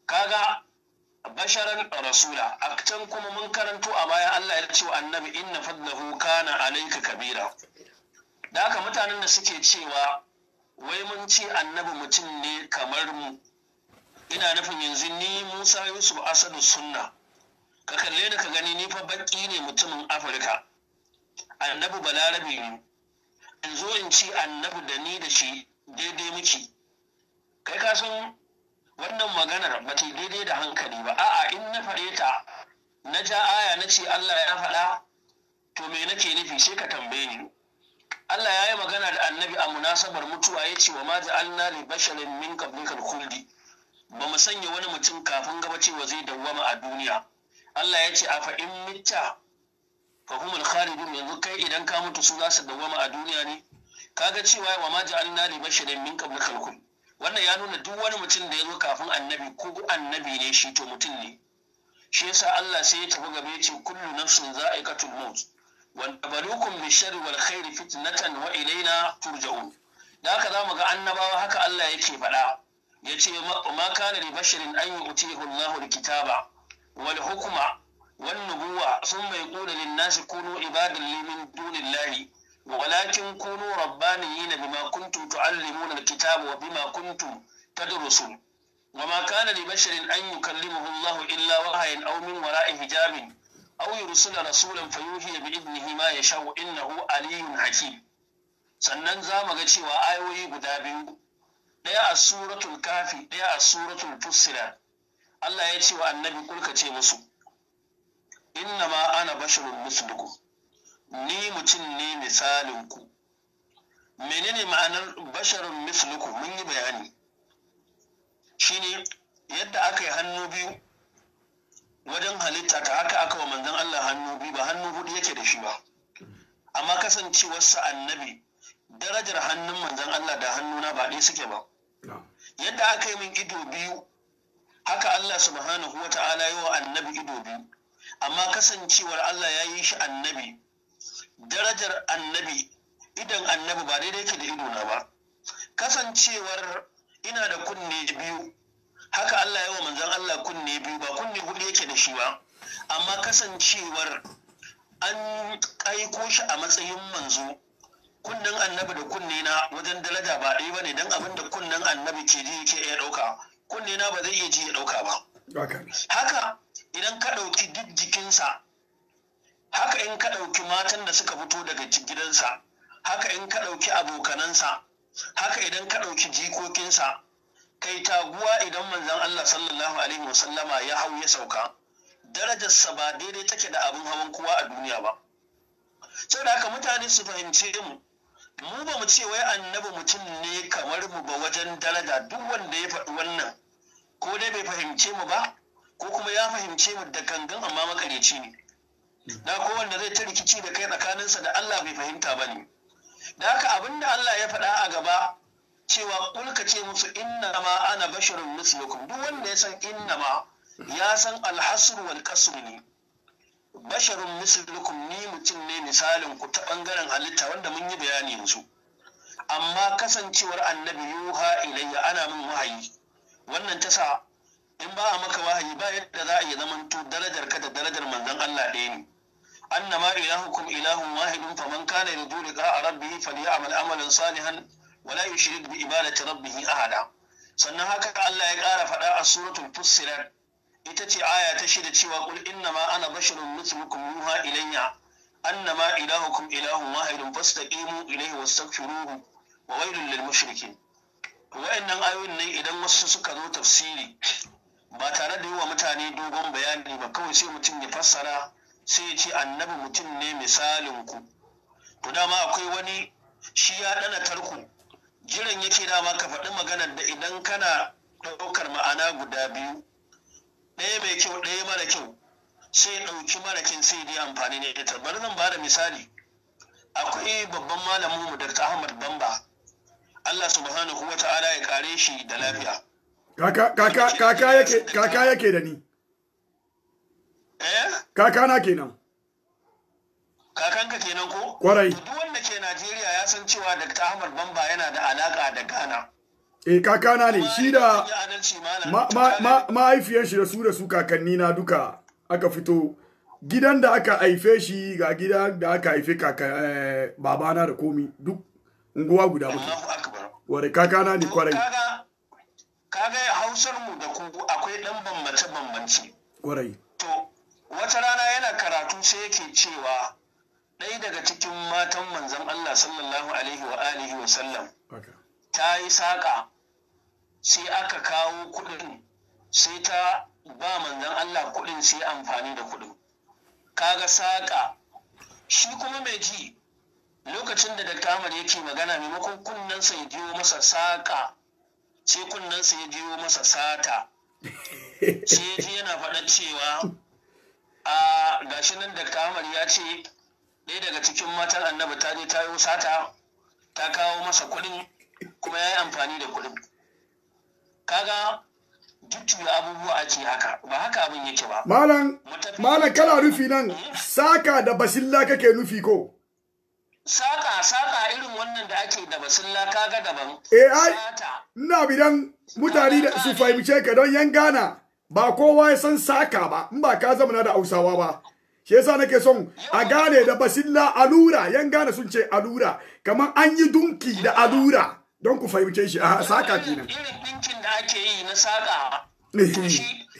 kaga basharan rasula a can kuma mun karanto a baya Allah ya ce wa annabi inna fadlahu kana alayka kabira da haka mutanen da suke cewa wai mun ce annabi mutum ne kamar mu ina nufin yanzu ni Musa Yusuf Asadu Sunna ka kalle ni ka gani ni fa baki ne mutumin Afirka annabi balarabe ne in zo in ci annabi da ni da shi daidai muke kai ka san wannan maganar ba ta daidai da hankali ba a'a in na faɗe ta na ja aya na ce Allah ya faɗa to me nake nufi sai ka tambaye ni Allah ya yi magana da annabi a munasabar mutuwa ya ce wa ma ja'alna li basharin min qablikal khuldi ba mu sanya wani mutum kafin gaba cewa zai dawwama a duniya Allah ya ce a fa in mitta fa humul khalidun yanzu kai idan ka mutu su za su dawwama a duniya ne Ka ga cewa wa ma ja'alna li basharin min qablikal khuldi wannan ya nuna duk wani mutum da ya zo kafin annabi ko annabi ne shi to mutum ne shi yasa Allah sai ya tafi gaba ya ce kullu nafsin za'iqatul maut wa nabalukum bi sharri wal khairi fitnatan wa ilayna turja'un da haka zamu ga annabawa haka Allah yake faɗa yace ma kana li basharin an yu'tihi Allahu alkitaba kitaba wal hukma wan nubuwa thumma yaqulu lin-nasi kunu ibadan li min dunillahi walakin kunu rabbaniyi na bima kuntu tu an limunan kitabu ta da rusu wa ma kana kalli mu illa wa hayan aumin wa ra'in hijabin auyi rusu na rasulan fayuhi ya bi ibni hima ya shago wa'in na hu aliyun haki sannan zamu ga cewa ayoyi guda biyu ɗaya a suratun kafi ɗaya a suratun fusira allah ya ce wa annabi kulka musu in na ana bashirin musu duku ni mutum ne misalin ku menene ma'anar basharun misluku mun yi bayani shine yadda aka yi hannu biyu wajen halitta ta haka aka wa manzon Allah hannu biyu ba hannu hudu yake da shi ba amma kasancewarsa annabi darajar hannun manzon Allah da hannuna ba ɗaya suke ba yadda aka yi min ido biyu haka Allah subhanahu wa ta'ala yi wa annabi ido biyu amma kasancewar Allah ya yi shi annabi darajar annabi idan annabi ba daidai ke da idona ba kasancewar ina da kunne biyu haka Allah yawa manzan Allah kunne biyu ba kunne hudu yake da shi ba amma kasancewar an aiko shi a matsayin manzo kunnen annabi da kunne na wajen daraja ba ɗaya bane don abin da kunnen annabi ke ji yake iya ɗauka kunne na ba zai iya ji ya ɗauka ba haka idan ka ɗauki duk jikinsa haka in ka ɗauki matan da suka fito daga gidansa haka in ka ɗauki abokanansa haka idan ka ɗauki jikokinsa kai taguwa idan manzon Allah sallallahu alaihi wasallama ya hau ya sauka darajarsa ba daidai take da abin hawan kowa a duniya ba saboda haka mutane su fahimce mu mu ba mu ce wai annabi mutum ne kamar mu ba wajen daraja duk wanda ya faɗi wannan ko dai bai fahimce mu ba ko kuma ya fahimce mu da gangan amma makareci ne da kowanne zai ta rikici da kai tsakaninsa da Allah bai fahimta ba ne da haka abin da Allah ya faɗa a gaba cewa kulka ce musu inna ma ana basharun mislukum duk wanda ya san inna ma ya san alhasr wal ne basharun mislukum ni mutum ne misalin ku ta bangaren halitta wanda mun yi bayani yanzu amma kasancewar annabi yuha ilayya ana min wahayi wannan ta sa in ba a maka wahayi ba yadda za a yi zamanto darajar ka da darajar manzon Allah ɗaya ne annama ilahukum ilahun wahidun da kana a liqa'a rabbih falyamal amalan salihan wala yushrik bi ibadati rabbih ahada sannan haka Allah ya ƙara faɗa a suratul fussilat ita ce aya ta shida cewa qul innama ana basharun mithlukum yuha ilayya annama ilahukum ilahun wahidun fastaqimu ilayhi wastaghfiruhu wa wailul lil mushrikin wa'annan ayoyin nan idan wasu suka zo tafsiri ba tare da yi wa mutane dogon bayani ba kawai sai mutum ya fassara sai ya ce annabi mutum ne misalin ku to dama akwai wani shi ya ɗana tarku jiran yake dama ka faɗi maganar da idan kana ɗaukar ma'ana guda biyu ɗaya mai kyau ɗaya mara kyau sai ɗauki mara kyau sai dai amfani ne ita bari zan ba da misali akwai babban malamin mu Dr. Ahmad Bamba Allah subhanahu wa ta'ala ya kare shi da lafiya kaka kaka kaka yake kaka yake da ni Eh? kakana kenan kakanka kenan ko kwarai duk wanda ke Najeriya ya san cewa Dr. Ahmad Bamba yana da alaka da Ghana eh kakana ne shi da mahaifiyar shi da su da su kakanni na duka aka fito gidan da aka haife shi ga gidan da aka haife kaka eh, babana da komi duk unguwa guda muke ware kakana ne kwarai kaga ya hausar mu da ku akwai dan bambance bambance kwarai to wata rana yana karatu sai yake cewa ɗaya daga cikin matan manzan Allah sallallahu alaihi wa alihi wa sallam ta yi saƙa sai aka kawo kuɗin sai ta ba manzan Allah kuɗin sai amfani da kuɗin kaga saƙa shi kuma mai ji lokacin da dakta Ahmad yake magana maimakon kunnensa ya jiyo masa saƙa sai kunnensa ya jiyo masa sata sai ya ji yana faɗa cewa a gashi nan da kamar ya ce ɗaya daga cikin matan annabi ta je ta yi sata ta kawo masa kuɗin kuma ya yi amfani da kuɗin kaga jujjuya abubuwa ake haka ba haka abin yake ba malam malam kana nufi nan eh? saka da basilla kake nufi ko saka saka irin wannan da ake da basilla kaga daban eh ai ina bidan mutane da su fahimce ka don yan gana ba kowa ya san saka ba in ba ka zama da hausawa ba shi yasa nake son a gane da basilla alura yan gane sun ce alura kamar an yi dunki da alura don ku fahimce shi a saka kenan irin dinkin da ake yi na saka eh.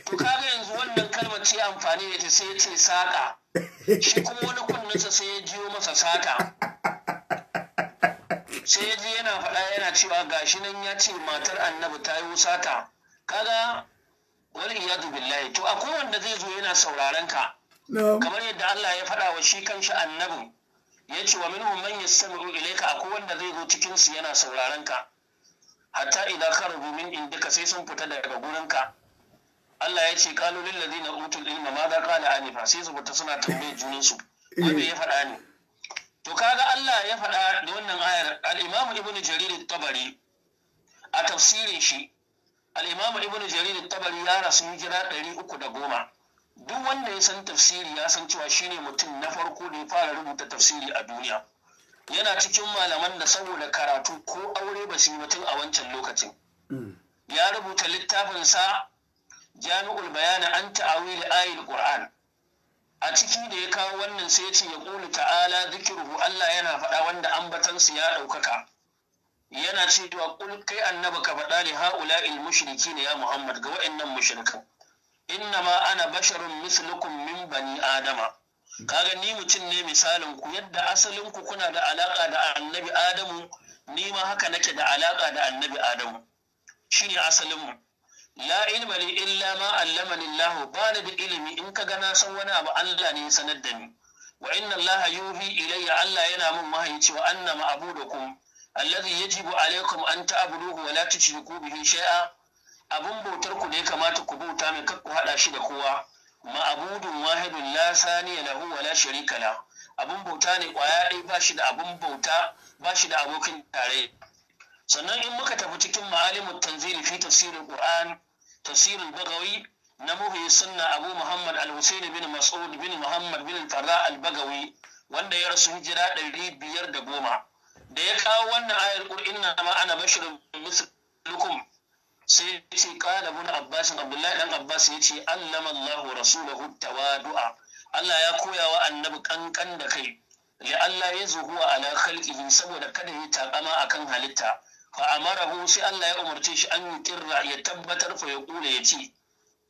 to kaga yanzu wannan kalmar ce amfani da ta sai ya ce saka shi kuma wani kunnensa sai ya jiyo masa saka sai ya ji yana faɗa yana cewa gashi nan ya ce matar annabi ta yi sata kaga wani iyadu billahi to a wanda zai zo yana sauraron ka kamar yadda Allah ya faɗa wa shi kanshi annabin ya ce wa minhum man yastami'u ilayka A kowanne zai zo cikin su yana sauraron ka hatta idan karabu min indaka sai sun fita daga gurin ka Allah ya ce qalu lil ladina utul ilma ma qala anifa sai su fita suna tambayar junin su wanda ya faɗa ne to kaga Allah ya faɗa da wannan ayar al-Imam Ibn Jarir at-Tabari a tafsirin shi al'imamu ibn jarir tabari ya rasu hijira ɗari uku da goma duk wanda ya san tafsiri ya san cewa shine mutum na farko da ya fara rubuta tafsiri a duniya yana cikin malaman da saboda karatu ko aure ba su yi mutum a wancan lokacin mm. ya rubuta littafinsa jami'ul bayani an ta'awili ayil qur'an a ciki da ya kawo wannan sai ya ce ya ƙulu ta'ala zikiruhu Allah yana faɗa wanda ambatansu ya ɗaukaka yana cewa kul kai annaba ka faɗa li ha'ula'il mushriki ne ya Muhammad ga wa'annan mushrikan innama ana basharun mislukum min bani adama kaga ni mutum ne misalin ku yadda asalin ku kuna da alaka da annabi adamu ni ma haka nake da alaka da annabi adamu shine asalin mu la ilma li illa ma allamani Allah ba ni da ilimi in ka gana san wani abu Allah ne sanar da ni wa inna Allah yuhi ilayya Allah yana min wahayi cewa annama abudukum ya yajibu alaikum an ta'buduhu wa la tushriku bihi shai'a. abun bautar ku ne kamata ku bauta mai ku haɗa shi da kowa ma'abudun wahidun la saniya lahu wa la sharika la abun bauta ne kwaya ɗaya ba shi da abun bauta ba da abokin tare sannan in muka tafi cikin ma'alimin tanzili fi tafsirin qur'an tafsirin bagawi na muhi sunna abu muhammad al-husaini bin mas'ud bin muhammad bin farra al-bagawi wanda ya rasu hijira ɗari biyar da goma da ya kawo wannan ayar qur na ma ana basharun mislukum sai ya ce qala ibn abbas abdullahi dan abbas ya ce allama allah rasulahu tawadu'a Allah ya koya wa annabi kankan da kai Ya Allah ya zuhuwa ala khalqihi saboda kada ya takama akan halitta fa amarahu sai Allah ya umarce shi an yuqirra ya tabbatar fa ya yace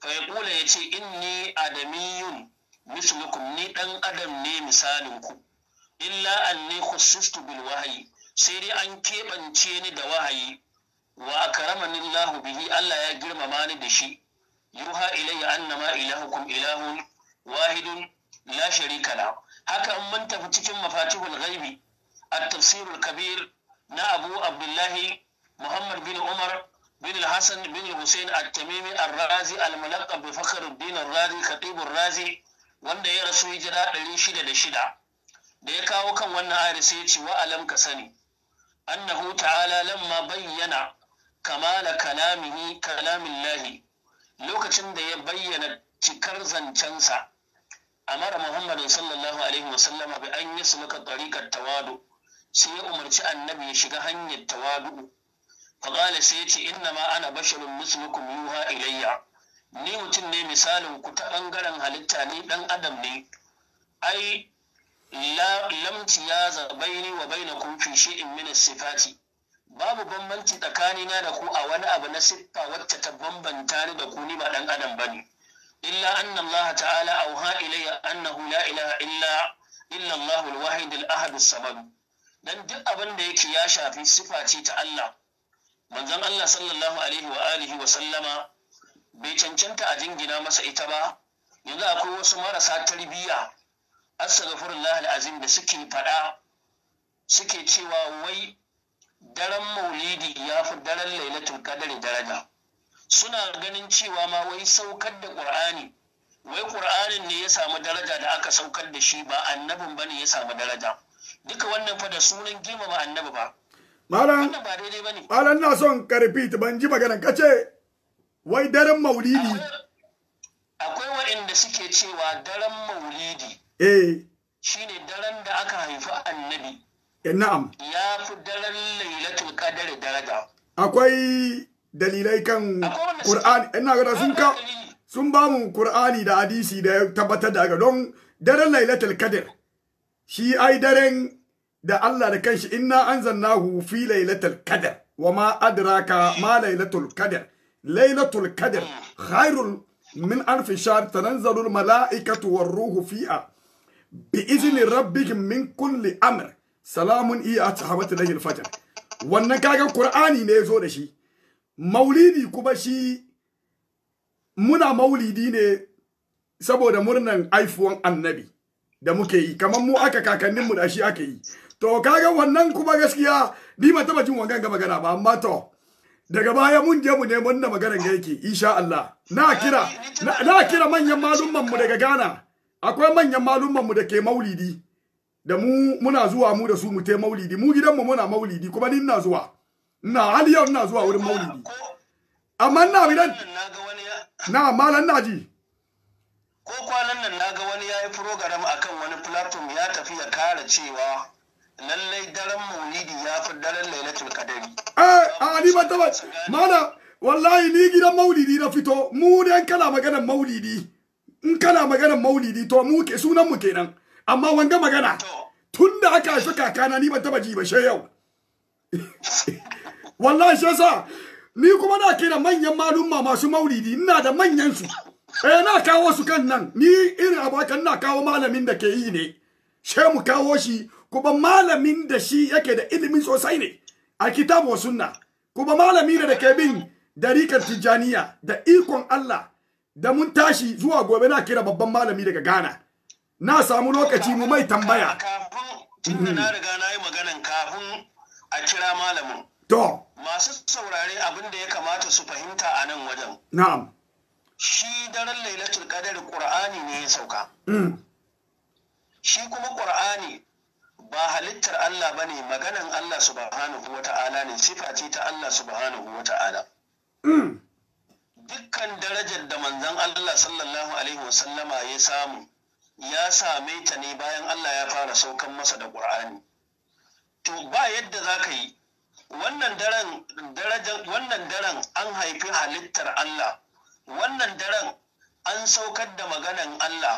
fa yaqula yace inni adamiyun mislukum ni dan adam ne misalin ku illa anni khussistu bil wahyi sai dai an keɓance ni da wahayi wa akramani bihi Allah ya girmama ni da shi yuha ilayya annama ilahukum ilahun wahidun la sharika la haka an mun tafi cikin mafatihul ghaibi at-tafsir kabir na Abu Abdullahi Muhammad bin Umar bin Hassan bin Hussein at-Tamimi ar-Razi al bi Fakhruddin ar-Razi khatib razi wanda ya rasu hijira 606 da ya kawo kan wannan ayar sai ya ce wa alam ka sani An annahu ta'ala ma bayyana kamala kalamihi kalamin lahi lokacin da ya bayyana cikar zancensa amara muhammadin sallallahu alaihi wasallama bi an yi suluka tariƙar tawadu sai ya umarci annabi ya shiga hanyar tawadu faƙala sai ya ce inna ma ana basharun mislukum yuha ilayya ni mutum ne misalin ku ta ɓangaren halitta ne, ɗan adam ne ai lamci ya zabaini wa baina kun fi shi'in min sifati babu bambanci tsakanina da ku a wani abu na siffa wacce ta bambanta ni da ku ni ba dan adam bane illa anna Allah ta'ala auha ilayya annahu la ilaha illa illa Allah al as-samad dan duk abin da yake ya shafi siffa ce ta Allah manzon Allah sallallahu alaihi wa alihi wa sallama bai cancanta a jingina masa ita ba yanzu akwai wasu marasa tarbiyya astaghfirullah alazim da suke fada suke cewa wai daren maulidi ya fi daren lailatul Kadare daraja suna ganin cewa ma wai saukar da qur'ani wai qur'anin ne ya samu daraja da aka saukar da shi ba annabin bane ya samu daraja duka wannan fa da sunan girmama annabi ba malam ba daidai bane malam na son karfi ban ji maganar kace wai daren maulidi akwai waɗanda suke cewa daren maulidi eh shine daren da aka haifi annabi eh, na'am ya fi daren lailatul qadr daraja akwai dalilai kan Qur'ani eh, ina ga sun ka sun ba mu Qur'ani da hadisi da ya tabbatar da don daren lailatul qadr shi ai daren da Allah da kanshi inna anzalnahu fi lailatul qadr wa ma adraka ma lailatul qadr lailatul qadr khairul min alf shahr tanzalul malaikatu war ruhu fiha bi'izinin rabbikin min kulli amr salamun iya a tahamatu lahil fajar wannan kagan kur'ani ne zo da shi maulidi kuma shi muna maulidi ne saboda murnan aifuwan annabi da muke yi kamar mu aka kakanninmu da shi aka yi to kaga wannan kuma gaskiya ni ma taba jin wangan ga magana ba amma to daga baya mun je mu neman da maganar ga yake insha Allah na kira na kira manyan malumman mu daga Ghana akwai manyan malumanmu da ke maulidi da mu muna zuwa mu da su mu te maulidi mu gidanmu muna maulidi kuma ni ina zuwa ina hali yau ina zuwa wurin maulidi amma ina bidan na malan na ji ko kwanan nan naga wani yayi program akan wani platform ya tafi ya kara cewa lallai daren maulidi ya fi daren lailatul qadari eh a ni ban ba mana wallahi ni gidan maulidi na fito mu dan kana maganar maulidi in kana maganar maulidi to mu ke sunan mu kenan amma wanga magana tun da aka haifi kakana ni ban taba ji ba she yau wallahi shi yasa ni kuma na kira manyan malumma masu maulidi ina da manyan su eh na kawo su kan nan ni irin abakan na kawo malamin da ke yi ne she mu kawo shi kuma malamin da shi yake da ilimi sosai ne a kitabu wa sunna kuma malami ne da ke bin dariƙar tijjaniya da ikon Allah da mun tashi zuwa gobe na kira babban malami daga Ghana na samu lokaci mu mai tambaya kafin na riga na yi maganan kafin a kira malamin to masu saurare abin da ya kamata su fahimta a nan wajen na'am shi daren lailatul qadar qur'ani ne ya sauka mm. shi kuma qur'ani ba halittar Allah bane maganan Allah subhanahu wata'ala ne sifa ce ta Allah subhanahu wata'ala mm. dukkan darajar da manzan Allah sallallahu alaihi wasallama ya samu ya same ta ne bayan Allah ya fara saukan masa da ƙur'ani, to ba yadda za ka yi wannan daren an haifi halittar Allah wannan daren an saukar da maganan Allah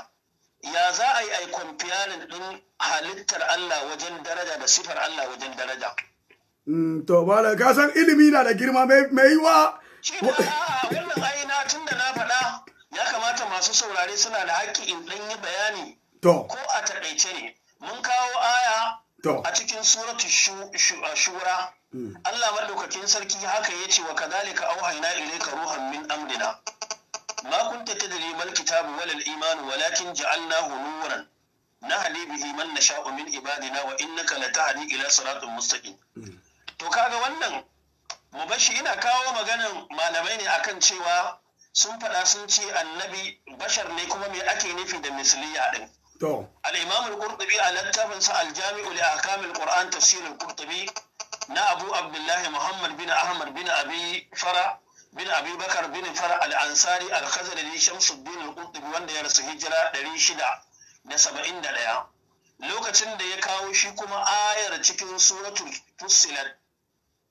ya za a yi a kwamfiyarin ɗin halittar Allah wajen daraja da sifar Allah wajen daraja. Mm, to ba da kasan ilimi na da girma mai yiwa shi da a'a wannan aina, tun da na faɗa ya kamata masu saurare suna da haƙƙi in ɗan yi bayani ko a taƙaice ne mun kawo aya a cikin suratu shura hmm. Allah madaukakin sarki haka ya ce wa kadhalika auhayna ilayka ruhan min amrina ma kunta tadri mal kitabu wal iman walakin ja'alnahu nuran nahdi bihi man nasha'u min ibadina wa innaka latahdi ila siratin mustaqim hmm. to kaga wannan bashi ina kawo maganin malamai ne akan cewa sun faɗa sun ce annabi bashar ne kuma me ake nufi da misliya din to al a littafin sa al-jami'u li ahkam quran tafsir al na abu abdullahi muhammad bin ahmad bin abi fara bin abi bakar bin fara al-ansari al-khazali shamsuddin al-qurtubi wanda ya rasu hijira 671 lokacin da ya kawo shi kuma ayar cikin suratul fussilat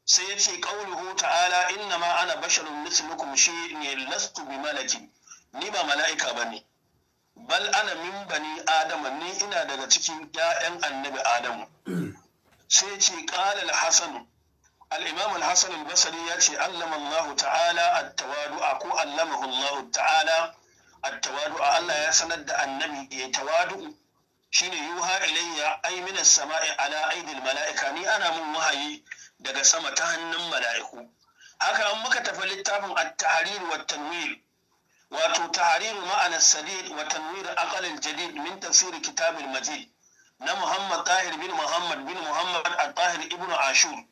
sai ya ce ƙauluhu ta'ala inna ma ana basharun mislukum shi ne lastu bi malaki ni ba mala'ika ba ne bal ana min bani adama ni ina daga cikin 'ya'yan annabi adamu sai ya ce ƙalal hasan al-imam al-hasan al-basri ya ce allama Allah ta'ala at ko allamahu Allah ta'ala at-tawadu'a Allah ya sanar da annabi ya tawadu'u shine yuha ilayya ay min as-sama'i ala aidil mala'ika ni ana mun wahayi daga sama ta hannun mala'iku haka an muka tafi littafin at-tahrir wa tanwir wato tahrir ma'ana sadid wa tanwir aqal al-jadid min tafsir kitab al-majid na Muhammad Tahir bin Muhammad bin Muhammad al-Tahir ibn Ashur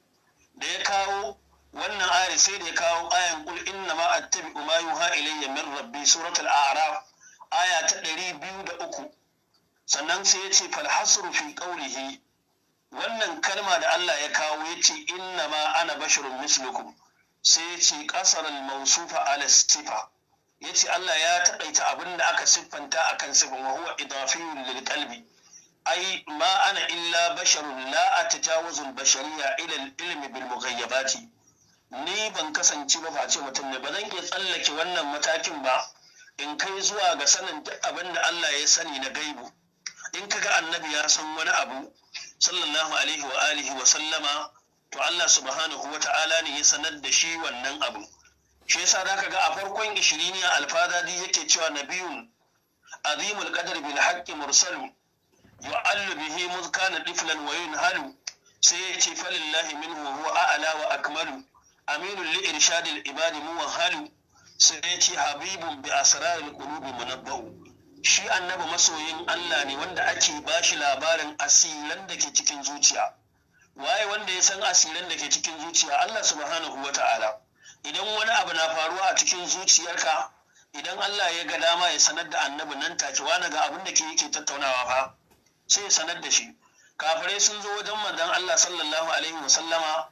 da ya kawo wannan ayar sai da ya kawo ayan qul inna ma attabi'u ma yuha ilayya min rabbi suratul a'raf aya ta ɗari biyu da uku sannan sai ya ce falhasru fi qawlihi wannan kalma da Allah ya kawo ya ce inna ma ana basharun mislukum sai ya ce ƙasar mausufa ala stifa ya ce Allah ya taƙaita abin da aka siffanta a kan siffin wa huwa idafiyun lil qalbi ai ma ana illa basharun la atajawazul bashariya ila ilmi bil mughayyabati ni ban kasance ba face mutum ne ba zan iya tsallake wannan matakin ba in kai zuwa ga sanin duk abin da Allah ya sani na gaibu in kaga annabi ya san wani abu sallallahu alaihi wa alihi wa sallama to Allah subhanahu wa ta'ala ne ya sanar da shi wannan abu shi yasa zaka ga a farkon ishiriniya alfadadi yake cewa nabiyun azimul qadar bil haqqi mursalu yu'allu bihi muzkana diflan wa yunhalu sai ya ce falillahi minhu huwa a'la wa akmalu aminul li irshadil ibadi muwahhalu sai ya ce habibun bi asraril qulubi munabba'u shi annabi masoyin Allah ne wanda ake ba shi labarin asiran da ke cikin zuciya waye wanda ya san asirin da ke cikin zuciya Allah subhanahu wa idan wani abu na faruwa a cikin zuciyarka idan Allah ya ga dama ya sanar da annabi nan take wani ga abin da ke yake tattaunawa fa sai ya sanar da shi kafirai sun zo wajen manzon Allah sallallahu alaihi wa sallama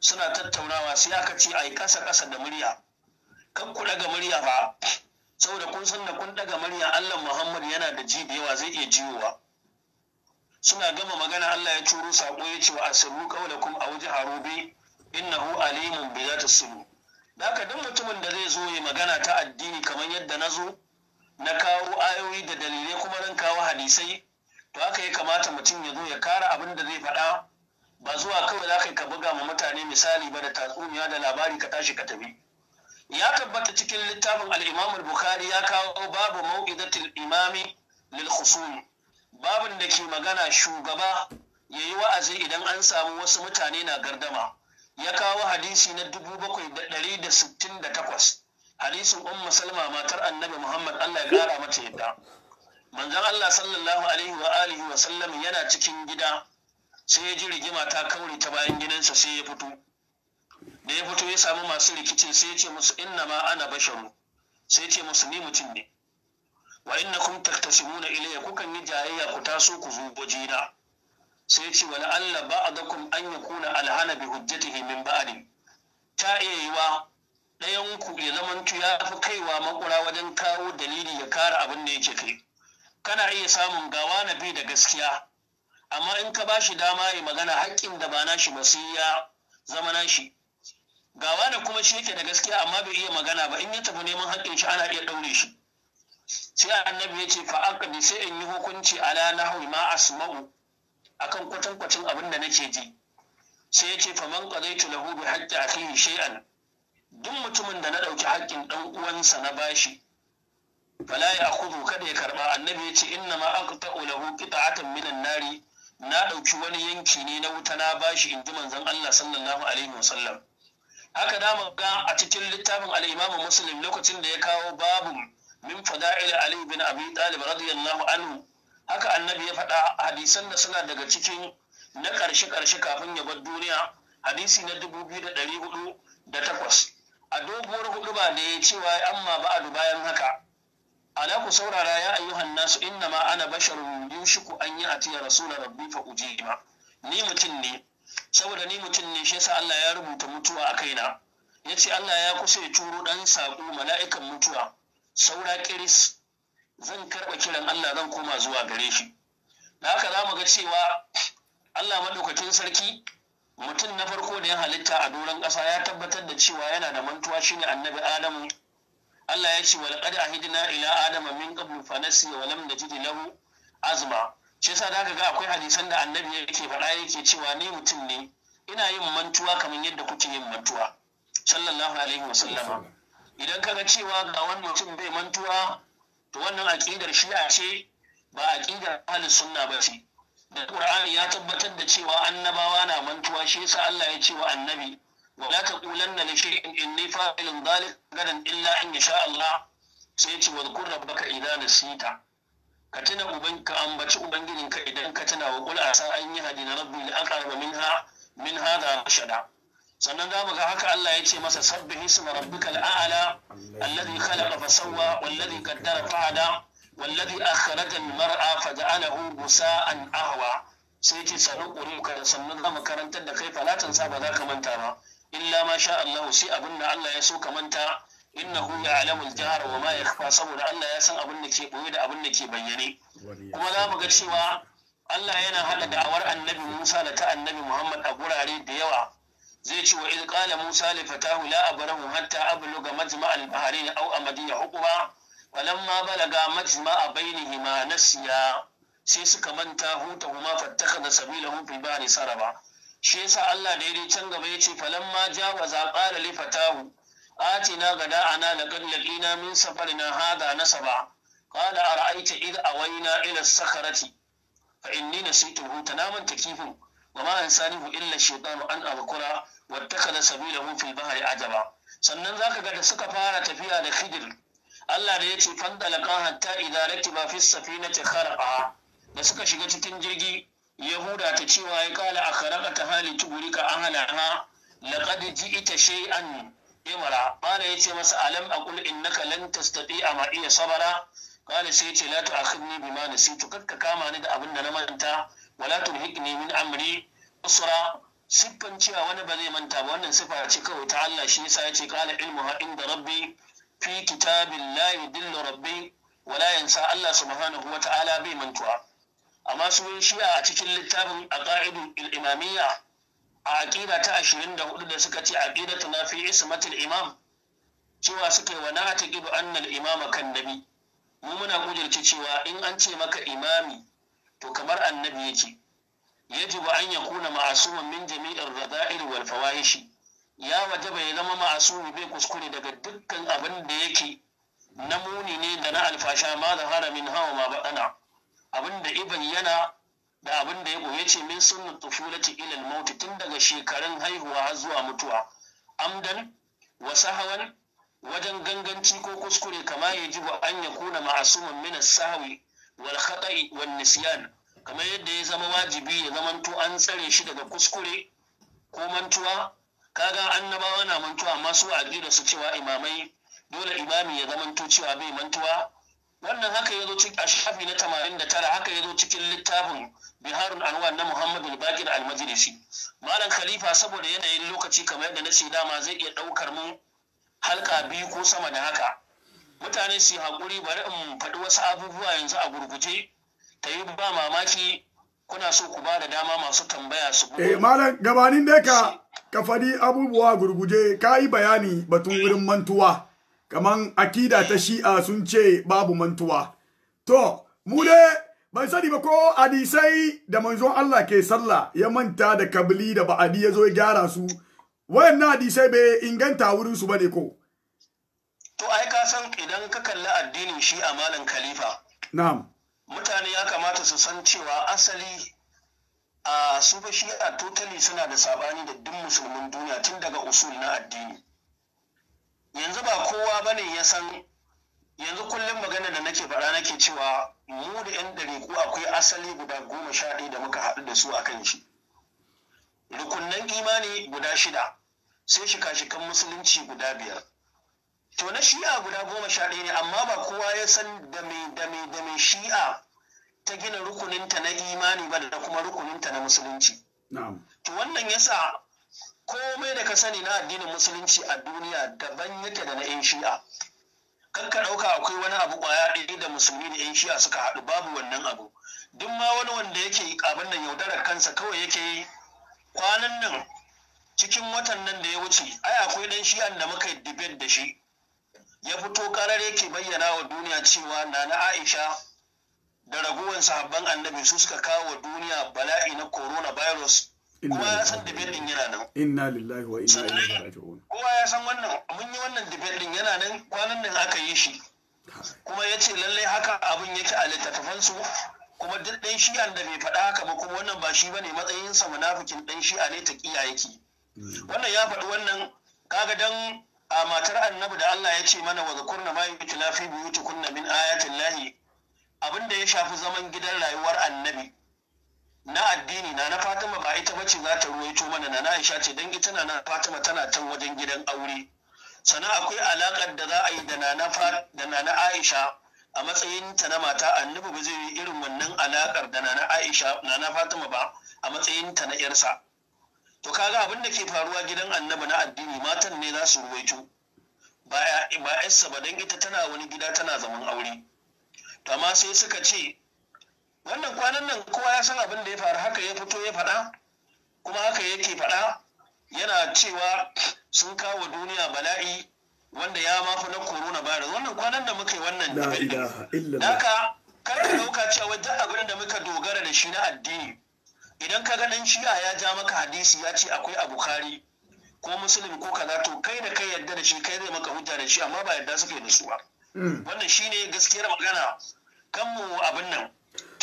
suna tattaunawa sai aka ce ai kasa kasa da murya kan kuɗa ga murya fa saboda kun san da kun daga murya Allah Muhammad yana da ji da yawa zai iya jiwowa suna gama magana Allah ya curo sako ya ce wa asirru qawlakum aw jaharubi innahu alimun bi zati sulu haka duk mutumin da zai zo ya magana ta addini kamar yadda na zo na kawo ayoyi da dalilai kuma nan kawo hadisai to haka ya kamata mutum ya zo ya kara abin da zai faɗa ba zuwa kawai za ka buga ma mutane misali ba da tatsuniya da labari ka tashi ka tafi ya tabbata cikin littafin al bukhari ya kawo babu mau'izatul imami lil khusum babin da ke magana shugaba yayi wa'azi idan an samu wasu mutane na gardama ya kawo hadisi na 768 hadisin ummu salma matar annabi muhammad allah ya kara mata yadda manzon allah sallallahu alaihi wa alihi wa sallam yana cikin gida sai ya ji rigima ta kaure ta bayan gidansa sai ya fito da ya fito ya samu masu rikicin sai ya ce musu inna ma ana basharu sai ya ce musu ni mutum ne wa innakum taktasimuna ilayya kukan yi jayayya ku taso ku zo na. sai ya ce ba alla ba'dakum an yakuna alhana bi hujjatihi min ba'di ta iya yiwa ɗayan ku ya zamantu ya fi kaiwa makura wajen kawo dalili ya kara abin da yake kai kana iya samun gawa na bi da gaskiya amma in ka ba shi dama ya magana haƙƙin da ba nashi ba sai ya zama nashi gawa da kuma shi yake da gaskiya amma bai iya magana ba in ya tafi neman haƙƙin shi ana iya ɗaure shi sai annabi ya ce fa aka aqdi sai in yi hukunci ala nahwi ma asma'u akan kwatankwacin abin da nake ji sai ya ce fa man qadaitu lahu bi haqqi akhihi shay'an duk mutumin da na ɗauki haƙƙin ɗan uwansa na bashi fala ya Kudu kada ya karba annabi ya ce na ma aqta'u lahu qita'atan minan nari na ɗauki wani yanki ne na wuta na bashi in ji manzon Allah sallallahu alaihi wasallam haka da mu ga a cikin littafin al-Imam Muslim lokacin da ya kawo babu min fada'il Ali bin Abi Talib radiyallahu anhu haka annabi ya faɗa hadisan da suna daga cikin na ƙarshe ƙarshe kafin ya bar duniya hadisi na dubu biyu da ɗari hudu da takwas a doguwar hudu ba da ya cewa amma ba'adu bayan haka ala ku saurara ya ayyuhan nasu inna ma ana basharun yushiku an yi atiya rasula rabbi fa ujiba ni mutum ne saboda ni mutum ne shi yasa Allah ya rubuta mutuwa a kaina ya ce Allah ya kusa ya turo ɗan saƙo mala'ikan mutuwa saura kiris zan karɓa kiran Allah zan koma zuwa gare shi da haka za mu ga cewa Allah maɗaukakin sarki mutum na farko da ya halitta a doron ƙasa ya tabbatar da cewa yana da mantuwa shine annabi Adamu Allah ya ce a hidina ila adama min qablu fa nasiya wa lam najid lahu azma shi yasa da ga akwai hadisan da annabi yake faɗa yake cewa ni mutum ne ina yin mantuwa kamar yadda kuke yin mantuwa sallallahu alaihi wa sallama idan kaga cewa ga wani mutum bai mantuwa to wannan aqidar shi'a ce ba aqidar ahlus sunna ba ce da qur'ani ya tabbatar da cewa annabawa na mantuwa shi yasa Allah ya ce wa annabi wala taqulanna li shay'in inni fa'ilun dhalik gadan illa in sha Allah sai ya ce wa dhkur rabbaka idza nasita ka tuna uban ka ambaci ubangijin ka idan ka tuna wa a asa an yi hadina rabbi li aqrab minha min hada rashada sannan za mu ga haka Allah ya ce masa sabbi hisma rabbikal a'la alladhi khalaqa fa sawwa walladhi qaddara fa hada walladhi akhraja al-mar'a fa ja'alahu busa'an ahwa sai ce sanin ƙurinka da sannan za mu karantar da kai falatansa ba za ka manta ba illa ma sha Allah sai abin da Allah ya so ka manta innahu huya alamun jihar wa ma yakhfa saboda Allah ya san abin da ke boye da abin da ke bayyane kuma za mu ga cewa Allah yana haɗa da'awar annabi Musa da ta annabi Muhammad a gurare da yawa zai ce wa iz qala Musa li fatahu la abrahu hatta abluga majma' al-bahrain aw ya hukuma. falamma balaga majma' bainihima nasiya sai suka manta huta huma fattakhadha sabilahu fi bari saraba shi yasa Allah da ya can gaba ya ce falamma jawaza qala li fatahu atina gada ana laqad laqina min safarina hadha nasaba qala ara'aita id awayna ila as-sakhrati fa inni nasituhu tanaman takifin wa ma ansanihu illa shaytanu an da wattakhadha sabilahu fil bahri ajaba sannan zaka ga da suka fara tafiya da khidir Allah da ya yace fandalaka hatta idza rakiba fi safinati kharaqa da suka shiga cikin jirgi yahuda ta cewa ya kala a kharaqata hali tuburika ahalaha laqad ji'ita shay'an imara eh, bala ya ce masa alam in innaka lan tastati'a ma iya sabara bala sai ya ce la tu'akhidni bima nasitu kakka kama ni da abin da na manta wala tulhiqni min amri usra siffan cewa wani ba zai manta ba wannan siffa ce kawai ta Allah shi yasa ya ce ilmu ilmuha inda rabbi fi kitabin la yudillu rabbi wala yansa Allah subhanahu wa ta'ala bai mantuwa amma su shi'a a cikin littafin aqaidul imamiyya a aƙida ta ashirin da hudu da suka ce aƙida ta nafi ismatul imam cewa suka yi wa na ta gibu annal imama kan dami? mu muna ƙudurci cewa in an ce maka imami to kamar annabi yaji ba an ya kuna ma'asuman min jami'in rada'ir wal fawahishi ya wajaba ya zama ma'asumi bai kuskure daga dukkan abin da yake na muni ne da na alfasha ma da haramin hawa ma baɗana abin da iban yana da abin da ya ɓoye ce min sunnin tufulati ilal mauti tun daga shekarun haihuwa har zuwa mutuwa amdan wasu hawan, wajen ganganci ko kuskure kama ya ji ba an ya kuna ma'asuman min sahawi wal khata'i wal nisyan kamar yadda ya zama wajibi ya zamanto an tsare shi daga kuskure ko mantuwa kaga annabawa na mantuwa amma su da su cewa imamai dole imami ya zamanto cewa bai mantuwa wannan haka ya zo a shafi na tamanin da tara haka ya zo cikin littafin biharun anwar na muhammadu bakir almajirisi malam khalifa saboda yanayin lokaci kamar yadda na ce dama zai iya ɗaukar mun halka biyu ko sama da haka mutane su haƙuri bari in faɗi wasu abubuwa yanzu a gurguje ta yi ba mamaki kuna so ku ba da dama masu tambaya su eh malam gabanin da ka ka faɗi abubuwa gurguje ka yi bayani batun wurin mantuwa kaman akida ta shi'a sun ce babu mantuwa to mu ne ban sani ba ko hadisai da manzon Allah ke sallah ya manta da kabili da ba'adi ya zo ya gyara su wayannan hadisai bai inganta wurin su bane ko to ai ka san idan ka kalli addinin shi a malam khalifa na'am mutane ya kamata su san cewa asali a su ba totally suna da sabani da duk musulmin duniya tun daga usul na addini yanzu ba kowa ba ne ya san yanzu kullum magana da nake faɗa nake cewa mu da 'yan ɗariƙu akwai asali guda goma sha ɗaya da muka haɗu da su a kan shi rukunnan imani guda shida sai shika-shikan musulunci guda biyar to na shi'a guda goma sha ɗaya ne amma ba kowa ya san da mai da mai da mai shi'a ta gina rukuninta na imani ba da kuma rukuninta na musulunci to wannan yasa komai da ka sani na addinin musulunci a duniya daban yake da na 'yan shi'a kan ka ɗauka akwai wani abu ƙwaya ɗaya da musulmi da 'yan shi'a suka haɗu babu wannan abu duk ma wani wanda yake abin nan yaudarar kansa kawai yake yi kwanan nan cikin watan nan da ya wuce ai akwai ɗan shi'an da muka yi dibet da shi ya fito karar yake bayyana wa duniya cewa na na aisha da raguwan sahabban annabi su suka kawo wa duniya bala'i na coronavirus virus kowa ya san yana nan inna lillahi wa inna ilaihi raji'un kowa ya san wannan mun yi wannan defending yana nan kwanan nan aka yi shi kuma ya ce lallai haka abin yake a littattafan su kuma duk ɗan shi'an da bai faɗa haka ba kuma wannan ba shi bane sa munafikin ɗan shi'a ne ta kiya yake hmm. wannan ya faɗi wannan kaga dan a matar annabi da Allah ya ce mana wa zakurna ma yutla fi kunna min ayatin lahi abinda ya shafi zaman gidan rayuwar annabi na addini na na fatima ba ita bace za ta ruwaito mana na aisha ce dan ita na fatima tana can wajen gidan aure sannan akwai alakar da za a yi da nana aisha a matsayin ta na mata annabi ba zai yi irin wannan alakar da nana aisha nana fatima ba a matsayin ta na yarsa to kaga abin da ke faruwa gidan annabi na addini matan ne za su ruwaito ba yarsa ba dan ita tana wani gida tana zaman aure to amma sai suka ce wannan kwanan nan kowa ya san abin da ya faru haka ya fito ya faɗa kuma haka yake faɗa yana cewa sun kawo duniya bala'i wanda ya mafi na corona virus wannan kwanan da muka yi wannan da kar ka dauka cewa duk abin da muka dogara da shi na addini idan ka ga ɗan shi'a ya ja maka hadisi ya ce akwai a bukari ko musulmi ko kaza to kai da kai yadda da shi kai zai maka hujja da shi amma ba yadda suke da su ba mm. wannan shine gaskiyar magana kan mu abin nan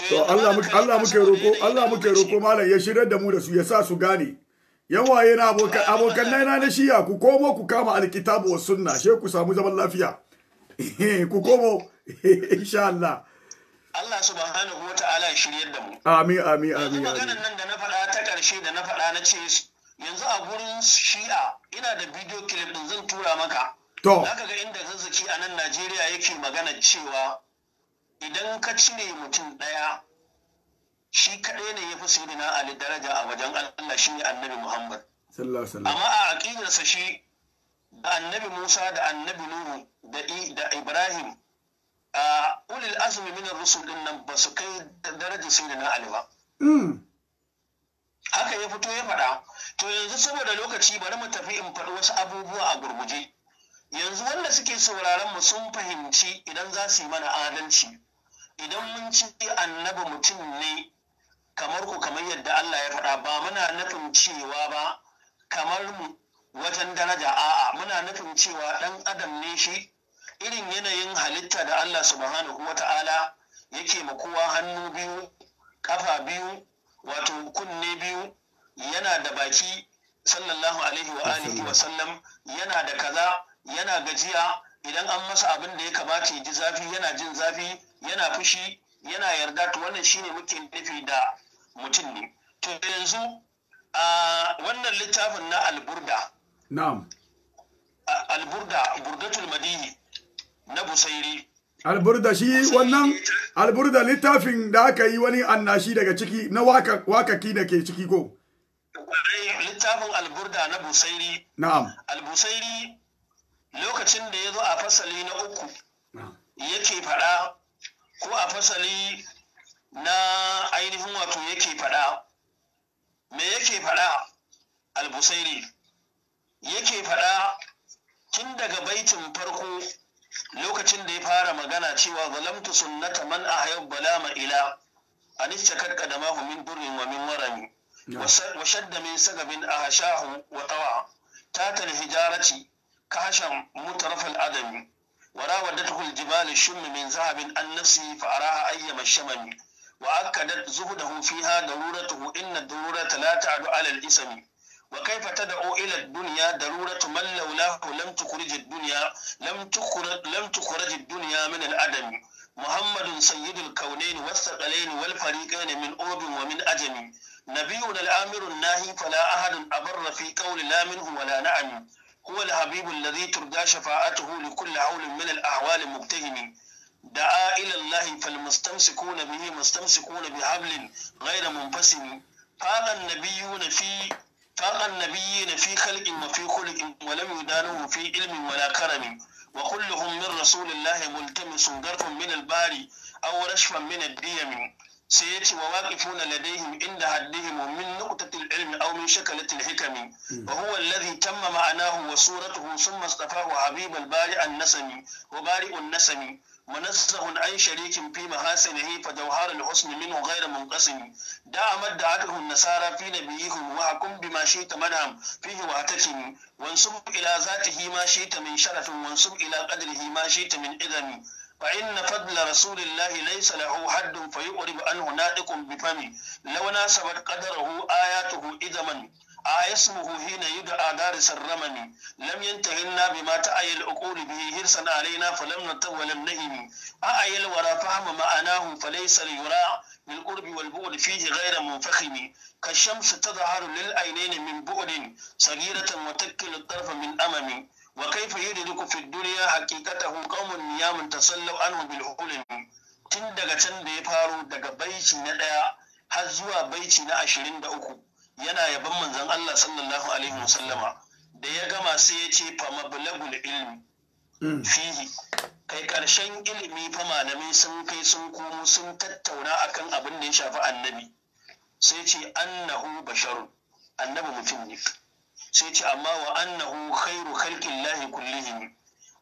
to Allah muka Allah muka roko Allah muka roko malam ya shirar da mu da su ya sa su gane yan waye na abokan abokan na na shiya ku komo ku kama alkitabu wa sunna she ku samu zaman lafiya ku komo insha Allah Allah subhanahu wa ta'ala ya shiryar da mu amin amin amin maganar nan da na faɗa ta ƙarshe da na faɗa na ce yanzu a gurin shi'a ina da bidiyo clip din zan tura maka to zaka ga inda zazzaki a nan Najeriya yake magana cewa idan ka cire mutum ɗaya shi kaɗai ne ya fi sayyidina Ali daraja a wajen Allah shi ne annabi Muhammad. Amma a aƙidarsa shi da annabi Musa da annabi Nuhu da Ibrahim a ulil azumi minar rusul din nan ba su kai darajar sayyidina Ali ba. Mm. Haka ya fito ya faɗa. To yanzu saboda lokaci bari mu tafi in faɗi wasu abubuwa a gurguje. Yanzu wanda suke sauraron mu sun fahimci idan za su yi mana adalci. idan mun ci annabi mutum ne kamar ku kamar yadda Allah ya faɗa ba muna nufin cewa ba kamar mu wajen daraja a'a muna nufin cewa ɗan adam ne shi irin yanayin halitta da Allah subhanahu wa ta'ala yake kowa hannu biyu kafa biyu wato kunne biyu yana da baki sallallahu alaihi wa alihi wa sallam yana da kaza yana gajiya idan an masa abin da ya kamata ya ji zafi yana jin zafi yana fushi yana yarda to wannan shine muke nufi da mutum ne to yanzu a wannan littafin na alburda na'am alburda burdatul madini na busairi alburda shi wannan alburda littafin da aka yi wani annashi daga ciki na wakaki da ke ciki ko littafin alburda na busairi na'am albusairi lokacin da ya zo a fasali na uku yake faɗa ko a fasali na ainihin wato yake faɗa me yake faɗa albusairi yake faɗa tun daga baitin farko lokacin da ya fara magana cewa zalamtu sunnata man Bala balama ila anista kaddamahu min burrin wa min warami wa shadda min sagabin ahashahu wa tawa tatal hijarati ka hashan mutarafal adami وراودته الجبال الشم من ذهب عن فأراها أيما الشمم وأكدت زهده فيها ضرورته إن الضرورة لا تعد على الإسم وكيف تدعو إلى الدنيا ضرورة من لولاه لم تخرج الدنيا لم تخرج لم تخرج الدنيا من العدم محمد سيد الكونين والثقلين والفريقين من أوب ومن أجم نبينا الآمر الناهي فلا أحد أبر في قول لا منه ولا نعم هو الحبيب الذي ترجى شفاعته لكل عول من الأحوال مبتهم دعا إلى الله فالمستمسكون به مستمسكون بحبل غير منفسم فاق النبيون في فاق النبيين في خلق وفي خلق ولم يدانوه في علم ولا كرم وكلهم من رسول الله ملتمس درف من الباري أو رشفا من الديم sai ya ce wa waƙifu na ladaihim inda haddihim min nuqtatil ilmi aw min shakalatil hikami hmm. wa huwa alladhi tamma ma'anahu wa suratuhu thumma astafahu habibal bari an nasami wa bari un nasami munazzahun an sharikin fi mahasinihi fa dawhar al husn minhu ghayra munqasim da amadda akhu nasara fi nabiyihim wa hakum bima shita madam fihi wa hatakin wansub ila zatihi ma shita min sharafin wansub ila qadrihi ma shita min idami فإن فضل رسول الله ليس له حد فيؤرب عنه نادق بفمي لو ناسبت قدره آياته من آيسمه آه حين يدعى دارس سرمني لم ينتهينا بما تأي العقول به هرسا علينا فلم نتو ولم نهم أأي الورى فهم معناه فليس ليراع بالقرب والبعد فيه غير منفخم كالشمس تظهر للعينين من بعد صغيرة وتكل الطرف من أمم wa kaifa yudriku fi dunya haqiqatahu qaumun niyamun tasallu anhu bil tun daga can da ya faro daga baici na ɗaya har zuwa baici na ashirin da uku yana yaban manzon Allah sallallahu alaihi wasallama da ya gama sai ya ce fa mablagul ilmi mm. fihi kai karshen ilimi fa malamai sun kai sun komo sun tattauna akan abin da ya shafi annabi sai ce annahu basharun annabi mutum ne sai ce amma wa annahu khairu lahi kullihim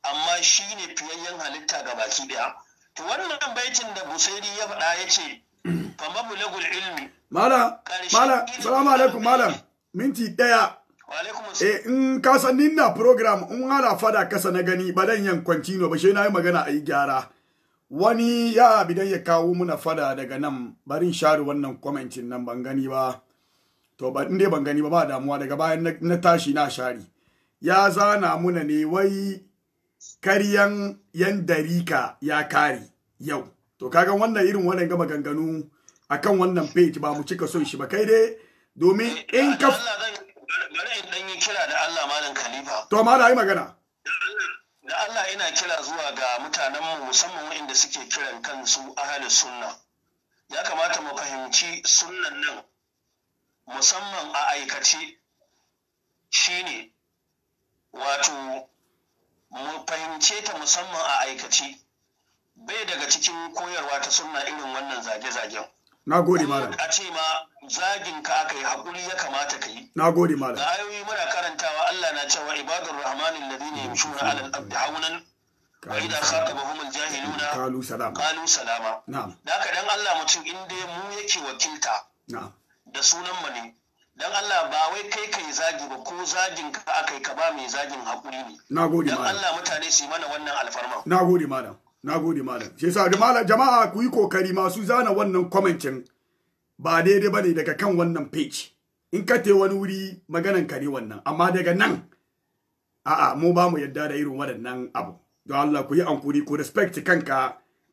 amma shine fiyayyen halitta ga baki daya to wannan baitin da Busairi ya faɗa yace fa mablagul ilmi mala mala salamu alaikum malam minti daya eh in ka san na program in ala fada kasa na gani ba dan yan kwantino ba shi na yi magana a yi gyara wani ya bidan ya kawo muna fada daga nan barin share wannan kwamentin nan ban gani ba to ba inda ban gani ba ba damuwa daga bayan na tashi na shari ya zana muna ne wai karyan yan darika ya kare yau to kaga wannan irin wannan gama ganganu akan wannan page ba mu cika son shi ba kai dai domin in ka bari in dan yi kira da Allah malam khalifa to amma da yi magana da Allah ina kira zuwa ga mutanenmu musamman waɗanda suke kiran kansu ahalus sunna ya kamata mu fahimci sunnan nan musamman a aikace shine wato mu fahimce ta musamman a aikace bai daga cikin koyarwa ta suna irin wannan zage-zagen na gode malam a ce ma zagin ka aka yi haƙuri ya kamata ka yi na gode malam da ayoyi muna karantawa Allah na cewa ibadur rahmanin ladina yamshuna alal abdi haunan wa idza khatabahum aljahiluna qalu salama qalu salama na'am da haka dan Allah mutum in dai mu yake wakilta na'am da sunan mu ne dan Allah ba wai kai kai zagi ba ko zagin ka yi ka ba mai zagin hakuri ne nagode malam dan Allah mutane su mana wannan alfarma nagode malam nagode malam shi malam jama'a ku yi kokari masu zana wannan commentin ba daidai bane daga kan wannan page in ka te wani wuri maganan ka ne wannan amma daga nan a'a mu ba mu yadda da irin wadannan abu don Allah ku yi ankuri ku respect kanka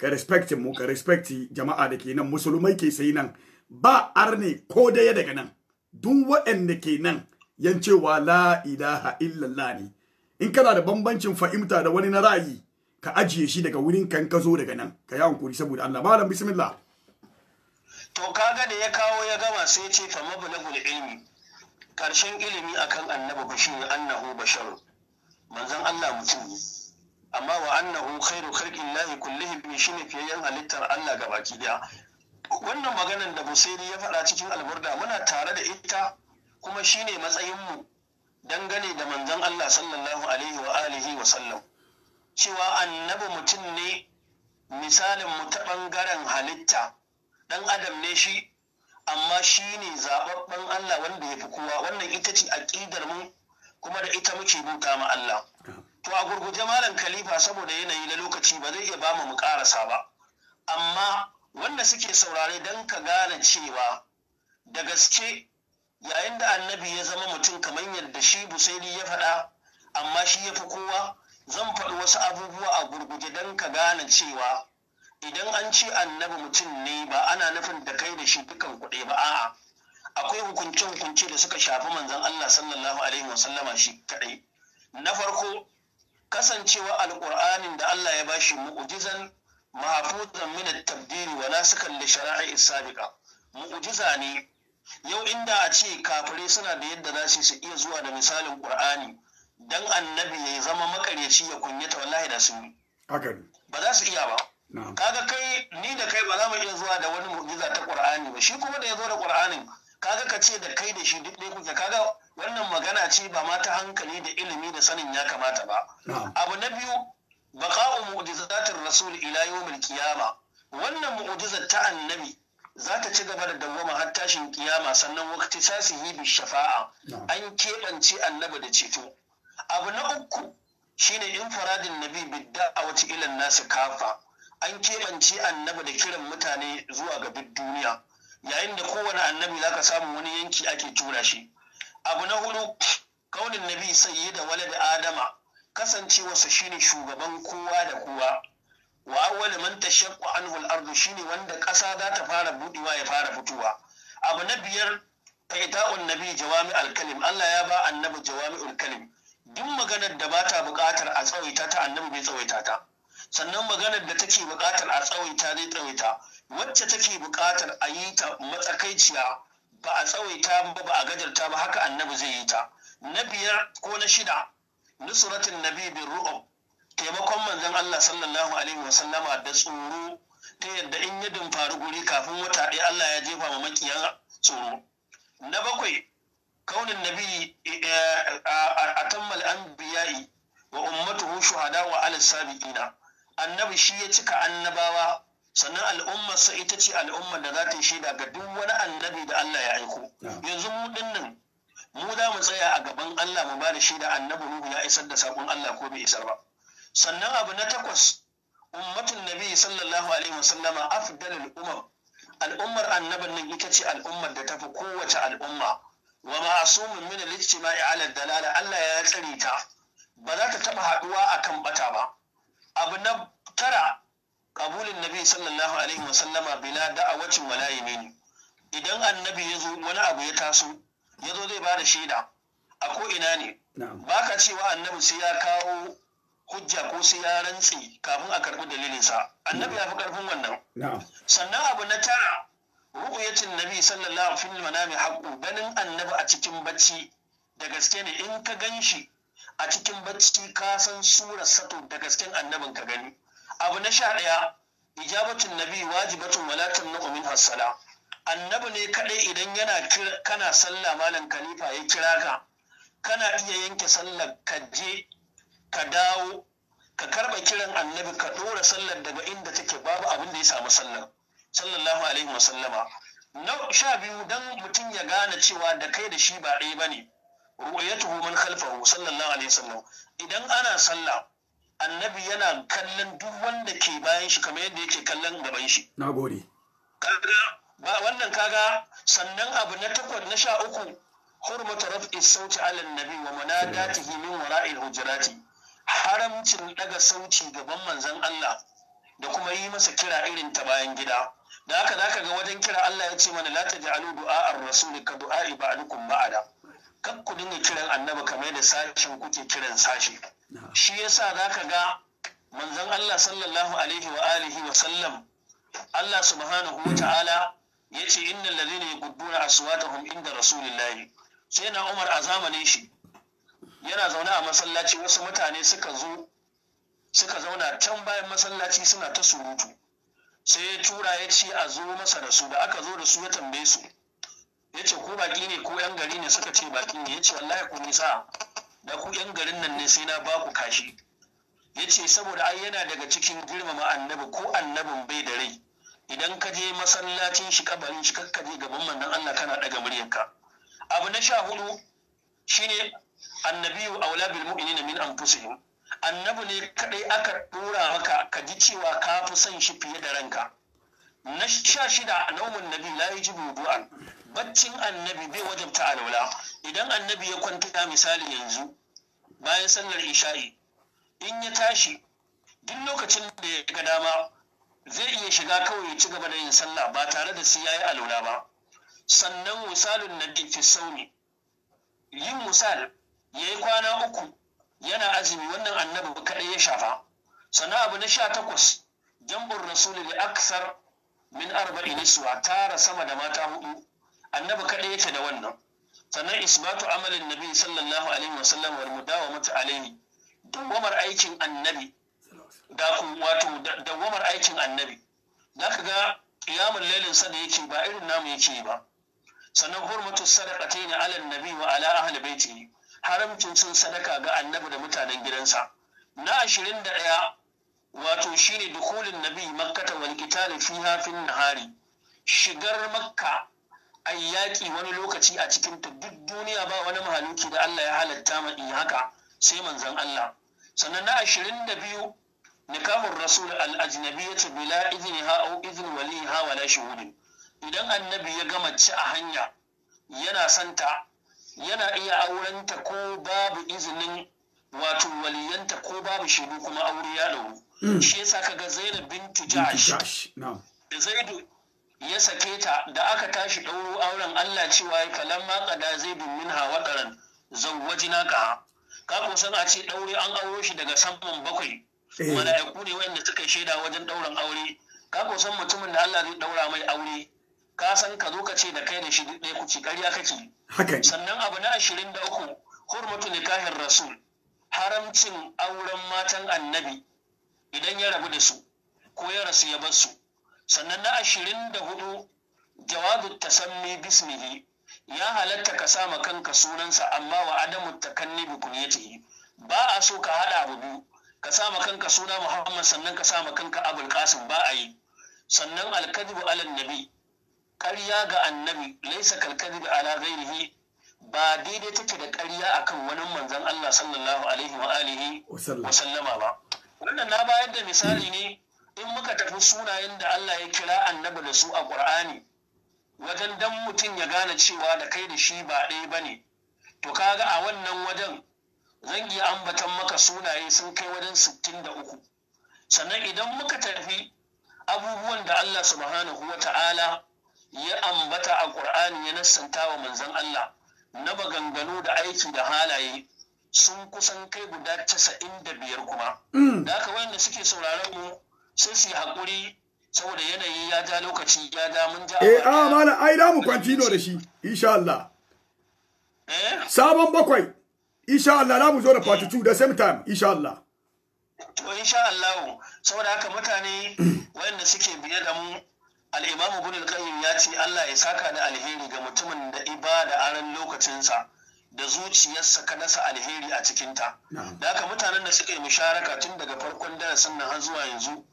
ka respect mu ka respect jama'a da ke nan musulmai ke sai nan ba arne ko daya daga nan duk waɗanda ke nan yan cewa la ilaha illallah ne in kana da bambancin fahimta da wani na ra'ayi ka ajiye shi daga wurin kan ka zo daga nan ka yi hankuri saboda Allah malam bismillah to kaga da ya kawo ya gama sai ce fa mablagul ilmi karshen ilimi akan annabi bashir annahu bashar manzon Allah mutum ne amma wa annahu khairu khalqin lahi kullihim shine fiyayyan halittar Allah gabaki daya wannan maganan da Buseri ya faɗa cikin albarda muna tare da ita kuma shine matsayinmu dangane da manzon Allah sallallahu alaihi wa alihi wa sallam cewa annabi mutum ne misalin mu ta ɓangaren halitta ɗan adam ne shi amma shi ne zaɓaɓɓen Allah wanda ya fi kowa wannan ita ce aƙidar mu kuma da ita muke buta ma Allah to a gurguje malam khalifa saboda yanayi na lokaci ba zai iya bamu mu mu ƙarasa ba amma wanda suke saurare don ka gane cewa da gaske yayin da annabi ya zama mutum kamar yadda shi busaini ya faɗa amma shi ya fi kowa zan faɗi wasu abubuwa a gurguje don ka gane cewa idan an ce annabi mutum ne ba ana nufin da kai da shi dukan kuɗe ba a'a akwai hukunce-hukunce da suka shafi manzon Allah sallallahu alaihi wasallama shi kaɗai na farko kasancewa alƙur'anin da Allah ya bashi mu'ujizan mahfuzan min at-tabdil wa nasikan li shara'i sabiqa mu'jiza ne yau inda a ce kafirai suna da yadda za su iya zuwa da misalin qur'ani dan annabi ya zama makaryaci ya kunyata wallahi da sun ba za su iya ba kaga kai ni da kai ba za mu iya zuwa da wani mu'jiza ta qur'ani ba shi kuma da ya zo da qur'anin kaga ka ce da kai da shi duk ɗaya kuke kaga wannan magana ce ba ma ta hankali da ilimi da sanin ya kamata ba abu na biyu baqa'u mu'jizatir rasul ila yawmil qiyama wannan mu'ujizar ta annabi za ta ci gaba da dawwama har tashin kiyama sannan wakati yi bi shafa'a an keɓance annabi da ceto abu na uku shine infaradin nabi bidda a wata ilan nasu kafa an keɓance annabi da kiran mutane zuwa ga duk duniya yayin da kowane annabi zaka samu wani yanki ake tura shi abu na hudu kaunin nabi sayyida walad adama kasancewarsa shine shugaban kowa da kowa wa awwal man tashaqqa anhu al shine wanda ƙasa za ta fara budewa ya fara fitowa abu na biyar ita'un nabi jawami al-kalim Allah ya ba annabi jawami'ul kalim duk maganar da ba ta buƙatar a tsawaita ta annabi bai tsawaita ta sannan maganar da take buƙatar a tsawaita zai tsawaita wacce take buƙatar a yi ta matsakaiciya ba a tsawaita ba ba a gajarta ba haka annabi zai yi ta na biyar ko na shida nusratin nabi bin ru'ub taimakon manzon Allah sallallahu alaihi sallama da tsoro ta yadda in ya dumfari guri kafin wata ɗaya Allah ya jefa ma makiyan tsoro na bakwai kaunin nabi eh, a tammal anbiya'i wa ummatuhu shuhada wa alal sabiqina annabi shi ya cika annabawa sannan al'ummarsa ita ce al'ummar da za ta yi shaida ga duk wani annabi da Allah ya aiko yanzu mu dinnan mu za mu tsaya a gaban Allah mu ba da shaida annabi Nuhu ya isar da sakon Allah ko bai isar ba sannan abu na takwas ummatun nabi sallallahu alaihi wasallama afdalul umam al'ummar annabin nan ita ce al'ummar da tafi kowace al'umma wa ma'asumun min al-ijtima'i 'ala dalala Allah ya tsare ta ba za ta taba haduwa akan bata ba abu na tara kabulin nabi sallallahu alaihi wasallama bila da'awacin wala idan annabi ya zo wani abu ya taso ya zo zai bada shaida a ko ina ne ba ka cewa annabi sai ya kawo hujja ko sai ya rantsi kafin a karɓi dalilinsa annabi ya fi ƙarfin wannan sannan abu na tara ru'uyatin nabi sallallahu alaihi manami haqqu ganin annabi a cikin bacci da gaske ne in ka gan shi a cikin bacci ka san surar sato da gasken annabin ka gani abu na sha ɗaya ijabatun nabi wajibatun wala tamnu min hassala annabi ne kaɗai idan yana kana sallah malam khalifa ya kira ka kana iya yanke sallar ka je ka dawo ka karɓa kiran annabi ka ɗora sallar daga inda take babu abin da ya samu sallar sallallahu alaihi wa sallama na sha biyu dan mutum ya gane cewa da kai da shi ba ɗaya bane ru'yatuhu man khalfahu sallallahu alaihi wa sallam idan ana sallah annabi yana kallon duk wanda ke bayan shi kamar yadda yake kallon gaban shi nagode kaga Ba wannan kaga sannan abu na takwas na sha uku hurmata raf'i sauti ala nabi wa munadatihi min wara'il hujurati haramcin daga sauti gaban manzon Allah da kuma yi masa kira irin ta bayan gida da haka zaka ga wajen kira Allah ya ce mana la taj'alu du'a'ar rasul ka du'a ba'dukum ba'da kar ku dinga kiran annabi kamar da sashin kuke kiran sashi shi yasa zaka ga manzon Allah sallallahu alaihi wa alihi wa sallam Allah subhanahu wa ta'ala yace innal ladhina yuqudduna aswatahum inda rasulillahi sai na Umar a zamanin shi yana zaune a masallaci wasu mutane suka zo suka zauna can bayan masallaci suna ta surutu sai ya tura ya ce a zo masa da su da aka zo da su ya tambaye su ya ce ko baki ne ko yan gari ne suka ce baki ne ya ce wallahi ku nisa da ku yan garin nan ne sai na ba ku kashi ya ce saboda ai yana daga cikin girmama annabi ko annabin bai da rai idan ka je masallacin shi kabarin shi ka je gaban manzon Allah kana daga muryarka abu na sha hudu shine annabiyu aula bil mu'minina min anfusihim annabi ne kadai aka dora maka ka ji cewa ka fi son shi fiye da ranka na sha shida naumun nabi la yajibu du'an baccin annabi bai wajabta alaula idan annabi ya kwanta misali yanzu bayan sallar isha'i in ya tashi duk lokacin da ya ga dama zai iya shiga kawai ya ci gaba da yin sallah ba tare da sai yayi alwala ba sannan misalun nadi fi saumi yin misal yayi kwana uku yana azumi wannan annabi kadai ya shafa sannan abu na sha takwas jambur rasuli da aksar min arba'in niswa tara sama da mata hudu annabi kadai yake da wannan sannan isbatu amalin nabi sallallahu alaihi wasallam wal mudawamatu alaihi dawamar aikin annabi da ku wato dawamar aikin annabi za ka ga kiyamun lailin sa da yake ba irin namu yake ba sannan hurmatu sadaqatayn ala annabi wa ala ahli baitihi haramcin sun sadaka ga annabi da mutanen gidansa na ashirin da ɗaya wato shine dukulin nabi makkata wal qital fiha fin nahari shigar makka ai yaƙi wani lokaci a cikin ta duk duniya ba wani mahaluki da Allah ya halatta ma in haka sai manzon Allah sannan na ashirin da biyu nikamun rasul al ce, bila idniha aw idn waliha wala shuhudin idan annabi ya gama ci a hanya yana santa yana iya aurenta ko babu izinin wato waliyanta ko babu shaidu kuma aure ya dauru hmm. shi yasa kaga Zainab bintu Ja'sh da Zaidu ya sake ta da aka tashi ɗauro auren Allah cewa ya falamma zai zaidun minha wadaran zawwajina ka ka kusan a ce ɗaure an auro shi daga saman bakwai Eh. mala'iku ne wanda suka shaida wajen ɗaurin aure ka kosan san mutumin da Allah zai ɗaura mai aure ka san ka zo ka ce da kai da shi duk ɗaya kuke ƙarya kake sannan abu na ashirin da uku hurmatu nikahin rasul haramcin auren matan annabi idan ya rabu da su ko ya rasu ya bar su sannan na ashirin da hudu jawazu tasammi bismihi ya halatta ka sama kanka sunansa amma wa adamu takanni bi kunyatihi ba a so ka haɗa abu biyu ka sa ma kanka suna Muhammad sannan ka sa ma kanka Abul Qasim ba a yi sannan alkadibu alan nabi ƙarya ga annabi laisa kalkadibu ala ghairihi ba daidai take da karya akan wani manzon Allah sallallahu alaihi wa alihi wa sallama ba wannan na bayar da misali ne in muka tafi sunayen da Allah ya kira annabi da su a Qur'ani wajen dan mutum ya gane cewa da kai da shi ba ɗaya bane to kaga a wannan wajen zan iya ambatan maka sunaye sun kai wajen sittin da uku sannan idan muka tafi abubuwan da Allah subhanahu wa ta'ala ya ambata a ƙur'ani ya nassanta wa manzon Allah na maganganu da aiki da halaye sun kusan kai guda casa'in da biyar kuma. Mm. Da haka wayanda suke sauraron mu sai su yi haƙuri saboda yanayi ya ja lokaci ya da mun ja. Eh a ah, mana ai da mu kwantino da shi insha Allah. Eh? Sabon bakwai. inshallah za mu zo da part 2 da same time inshallah to insha saboda haka mutane wayanda suke biye da mu al-Imam Ibn al-Qayyim ya ce Allah ya saka da alheri ga mutumin da ibada a ran lokacinsa da zuciyarsa ka dasa alheri a cikinta da haka mutanen da suka yi musharaka tun daga farkon darasin nan har zuwa yanzu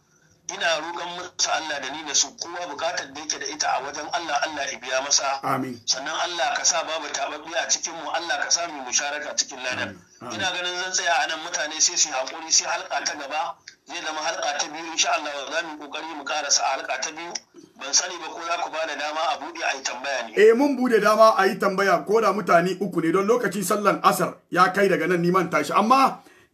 ina roƙon masa Allah da ni da su kowa buƙatar da yake da ita a wajen Allah Allah ya biya masa amin sannan Allah ka sa babu tababbi a cikin mu Allah ka sa mu musharaka cikin ladan ina ganin zan tsaya a nan mutane sai su haƙuri sai halka ta gaba zai zama halka ta biyu insha Allah za mu kokari mu karasa halka ta biyu ban sani ba ko za ku bada dama a bude a yi tambaya ne eh mun bude dama a yi tambaya ko da mutane uku ne don lokacin sallan asar ya kai daga nan niman tashi amma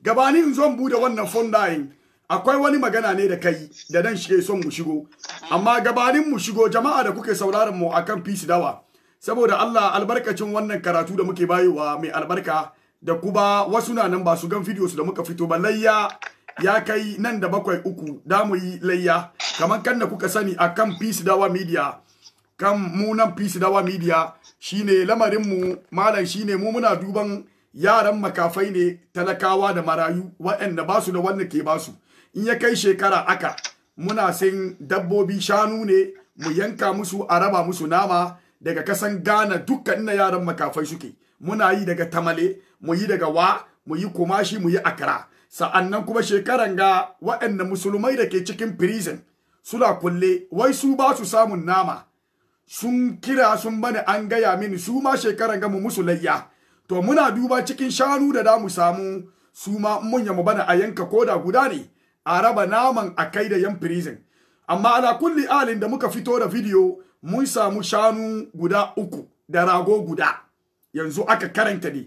gabanin zan bude wannan fondayin akwai wani magana ne da kai da nan shige son mu shigo amma gabanin mu shigo jama'a da kuke sauraron mu akan fisi dawa saboda Allah albarkacin wannan karatu da muke bayowa mai albarka da kuma wasu na nan ba su gan videos da muka fito ba layya ya kai nan da bakwai uku da mu yi layya kamar kan da kuka sani akan fisi dawa media kan mu nan fisi dawa media shine lamarin mu malam shine mu muna duban yaran makafai ne talakawa da marayu waɗanda ba su da wanda ke ba su in ya kai shekara aka muna sin dabbobi shanu ne mu yanka musu a raba musu nama daga kasan Ghana dukkan na yaran makafai suke muna yi daga tamale mu yi daga wa mu yi kumashi mu yi akara sa'annan kuma shekaran ga wa'anda musulmai da ke cikin prison suna kulle wai su ba su samun nama sun kira sun bani an gaya mini su ma shekaran ga mu musulayya to muna duba cikin shanu da damu samu su ma mun yamu bana a yanka koda guda ne a raba naman a kai da yan prison amma ala kulli alin da muka fito da video mun samu shanu guda uku da rago guda yanzu aka karanta ne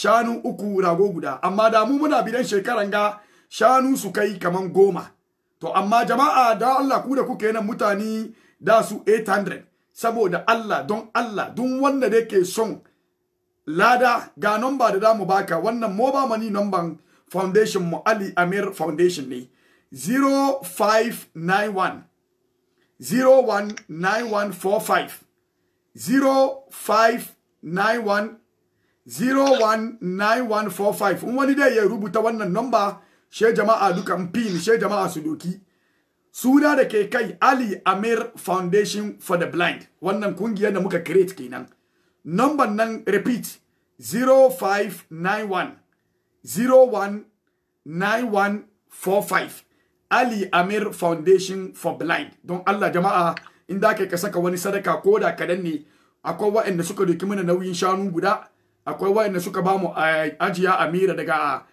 shanu uku rago guda amma da mu muna bidan shekaran ga shanu su kai kaman goma to amma jama'a da Allah ku da kuke nan mutane da su 800 saboda Allah don Allah duk wanda da yake son lada ga number da mu baka wannan mobile money number foundation mu Ali Amir foundation ne 0591 019145 0591 019145 in wani dai ya rubuta wannan namba she jama'a dukan pin she jama'a su duki suna da ke kai Ali Amir Foundation for the Blind wannan kungiyar da muka create kenan number nan repeat 0591 019145 Ali Amir Foundation for Blind don Allah jama'a inda da ka saka wani sadaka ko da kadan ne akwai waɗanda suka doki mana nauyin shanu guda akwai waɗanda suka ba mu ajiya Amira daga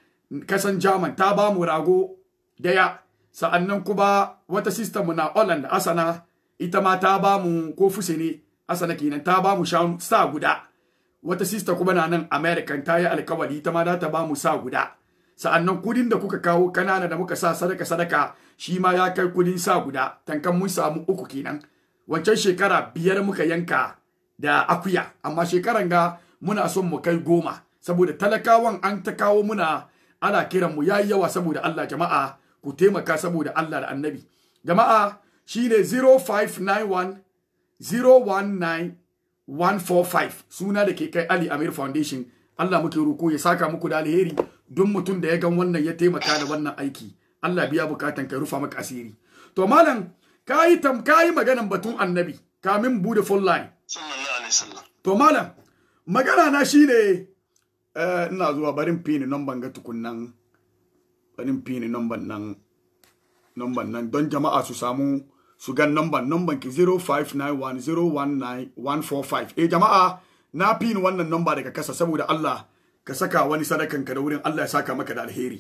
kasan German ta ba mu rago daya sa'annan kuma wata sister mu na Holland Asana ita ma ta ba mu ko fuse ne Asana kenan ta ba mu shanu sa guda wata sister kuma na nan American ta yi alkawari ita ma za ta ba mu sa guda sa'annan kudin da kuka kawo kanana da muka sa sadaka sadaka shi ma ya kai kudin sa guda tankan mun samu uku kenan wancan shekara biyar muka yanka da akuya amma shekaran ga muna son mu kai goma saboda talakawan an ta kawo muna ana kiran mu yayi yawa saboda Allah jama'a ku taimaka saboda Allah da annabi jama'a shine 0591 019 145 suna da ke kai Ali Amir Foundation Allah muke roko ya saka muku da alheri duk mutum da ya gan wannan ya taimaka da wannan aiki Allah biya bukatan ka rufa maka asiri to malam kayi tam kayi maganan batun annabi kamin bude full line sallallahu alaihi wasallam to malam magana na shine eh, ina zuwa barin pin number ga tukunnan barin pin number nan number nan don jama'a su samu su gan number number ki 0591019145 eh jama'a na pin wannan number daga kasa saboda Allah ka saka wani sadakan ka da wurin Allah ya saka maka da alheri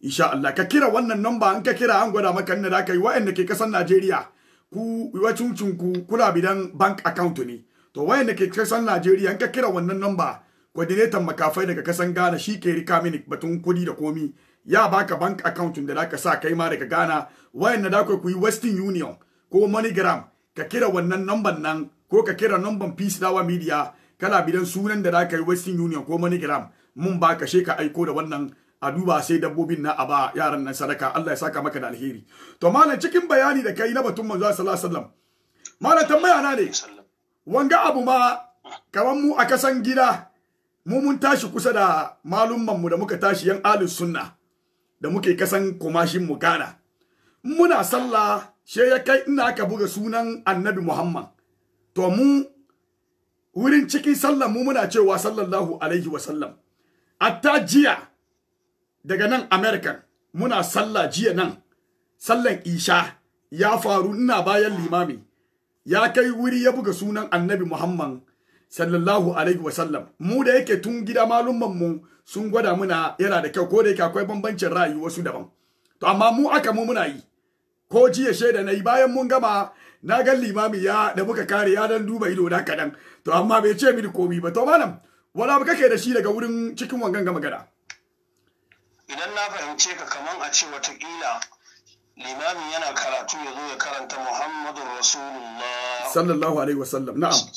insha Allah ka kira wannan number an ka kira an gwada maka inda da yi wa'anda ke kasar Najeriya ku wacuncin ku kula bidan bank account ne to wayanda ke kasar Najeriya an ka kira wannan number coordinator makafai daga kasan Ghana shi ke rika mini batun kudi da komi ya baka bank account da zaka sa kai ma daga Ghana wa'anda da ku yi Western Union ko MoneyGram ka kira wannan number nan ko ka kira number Peace Dawa Media kala bidan sunan da zaka yi Western Union ko MoneyGram mun ba ka ka aiko da wannan a duba sai dabbobin na a ba yaran nan sadaka Allah ya saka maka da alheri to malam cikin bayani da kai na batun manzo sallallahu alaihi wasallam malam tambaya na ne wanga abu ma kaman mu a kasan gida mu mun tashi kusa da malumman mu da muka tashi yan alus sunna da muke kasan kumashin mu gana muna sallah she ya kai ina aka buga sunan annabi Muhammad to mu wurin cikin sallah mu muna cewa sallallahu alaihi wasallam atta jiya daga nan american muna sallah jiya nan sallan isha ya faru ina bayan limami ya kai wuri ya buga sunan annabi muhammad sallallahu alaihi wasallam mu da yake tun gida malumman mu sun gwada muna yana da kyau ko da yake akwai bambancin ra'ayi wasu daban to amma mu aka mu muna yi ko jiya shaida na yi bayan mun gama na ga limami ya da muka kare ya dan duba ido da kadan to amma bai ce mini komi ba to malam wala abu kake da shi daga wurin cikin wangan ga magana idan na fahimce ka kaman a ce watakila limami yana karatu ya zo ya karanta Muhammadu rasulullah sallallahu alaihi wasallam na'am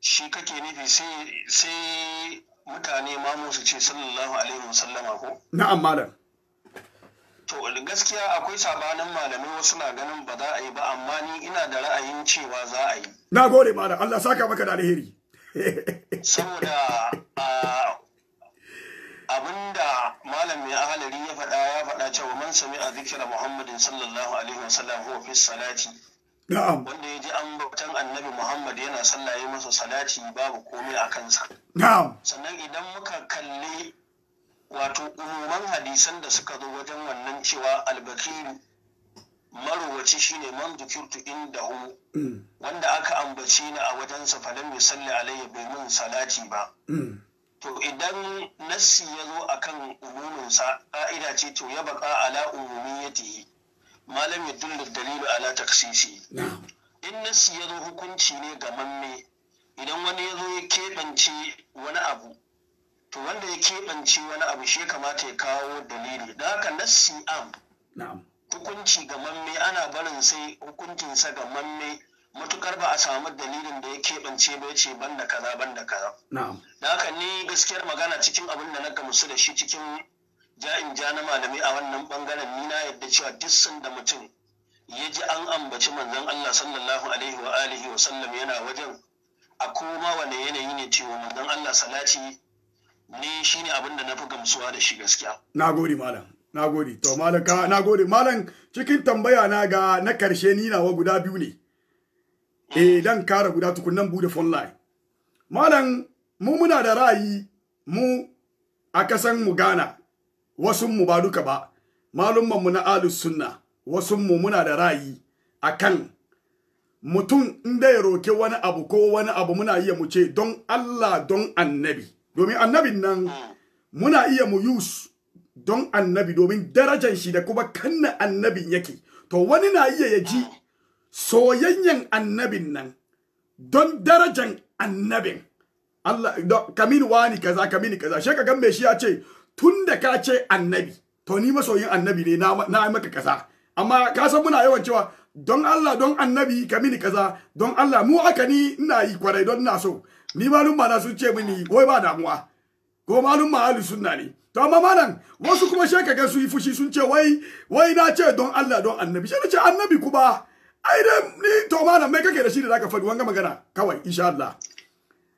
shi kake nufi sai mutane ma su ce sallallahu alaihi wasallama ko na'am malam to gaskiya akwai sabanin malamai wasu na ganin ba za a yi ba amma ni ina da ra'ayin cewa za a yi na gode malam Allah saka maka da alheri saboda abinda malam mai ahalari ya faɗa ya faɗa cewa man sami a zikira muhammadin sallallahu alaihi wasallam huwa fi salati wanda ya ji an bautan annabi muhammad yana sallaye masa salati babu komai a kansa sannan idan muka kalli wato umuman hadisan da suka zo wajen wannan cewa albakiri marowaci shine man dukirtu inda hu mm. wanda aka ambaci ni a wajensa lam yusalli alayya bai mun salati ba mm. to idan nassi ya zo umumin sa ka'ida ce to ya baka ala umumiyatihi malam ya dalilu ala taksisi in nassi ya hukunci ne ga mamme idan wani ya zo ya keɓance wani abu to wanda ya keɓance wani abu shi kamata ya kawo dalili da haka nassi am hukunci ga mamme ana barin sai hukuncinsa ga mamme matukar ba a samu dalilin da ya keɓance ba ya ce ban da kaza ban da kaza. Da haka ni gaskiyar magana cikin abin da na gamsu da shi cikin ja'in ja na malamai a wannan bangaren ni na yadda cewa duk da mutum ya ji an ambaci manzon Allah sallallahu alaihi wa alihi wa sallam yana wajen a koma wane yanayi ne cewa manzon Allah salati ne shine abin da na fi gamsuwa da shi gaskiya. Na gode malam. na gode to malam ka na malam cikin tambaya na ga na karshe ni nawa guda biyu ne eh dan kara guda tukunnan bude phone line malam mu muna da ra'ayi mu a kasan mu gana wasu mu ba duka ba malumman mu na alus sunna wasu mu muna da ra'ayi akan mutum in da ya roke wani abu ko wani abu muna iya mu ce don Allah don annabi domin annabin nan ah. muna iya mu use don annabi domin darajan shi da kuma kanna annabin yake to wani na iya yaji, soyayyen annabin nan don darajan annabin Allah kamin wani kaza kamin kaza shi ka gan shi ya ce tunda ka ce annabi to ni masoyin annabi ne na na maka kaza amma ka san muna yawan cewa don Allah don annabi kamin kaza don Allah mu aka ni ina yi kwarai don na so ni malum ma na sun ce mini wai ba damuwa ko malum ma sunna ne to amma malam wasu kuma sai kaga su yi fushi sun ce wai wai na ce don Allah don annabi sai ce annabi kuma ai da ni to malam mai kake da shi da zaka faɗi wanga magana kawai insha Allah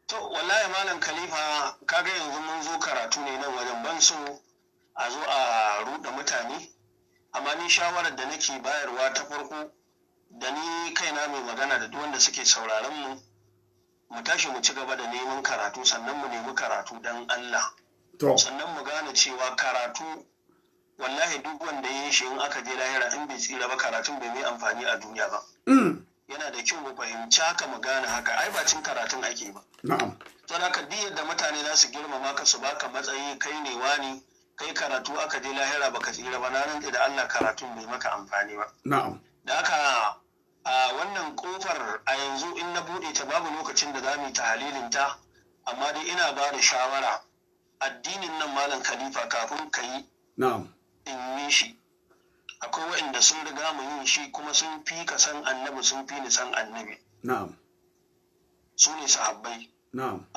to wallahi malam khalifa kaga yanzu mun zo karatu ne nan wajen ban so a zo a ruɗa mutane amma ni shawarar da nake bayarwa ta farko da ni kaina mai magana da duk wanda suke sauraron mu mu tashi mu ci gaba da neman karatu sannan mu nemi karatu dan Allah sannan mu gane cewa karatu wallahi duk wanda ya yi shi in aka je lahira in bai tsira ba karatun bai mai amfani a duniya ba mm. yana da kyau mu fahimci haka mu gane haka ai ba cin karatun ake ba na'am ka duk yadda mutane za su girmama ka su baka matsayi kai ne wani kai karatu aka je lahira baka tsira ba na rantsi da Allah karatun bai maka amfani ba na'am da haka a wannan kofar a yanzu in na buɗe ta babu lokacin da za mu yi ta amma dai ina ba da shawara addinin nan malam khalifa kafin ka yi in yi shi akwai waɗanda sun riga mu yin shi kuma sun fi ka san annabi sun fi ni san annabi su ne sahabbai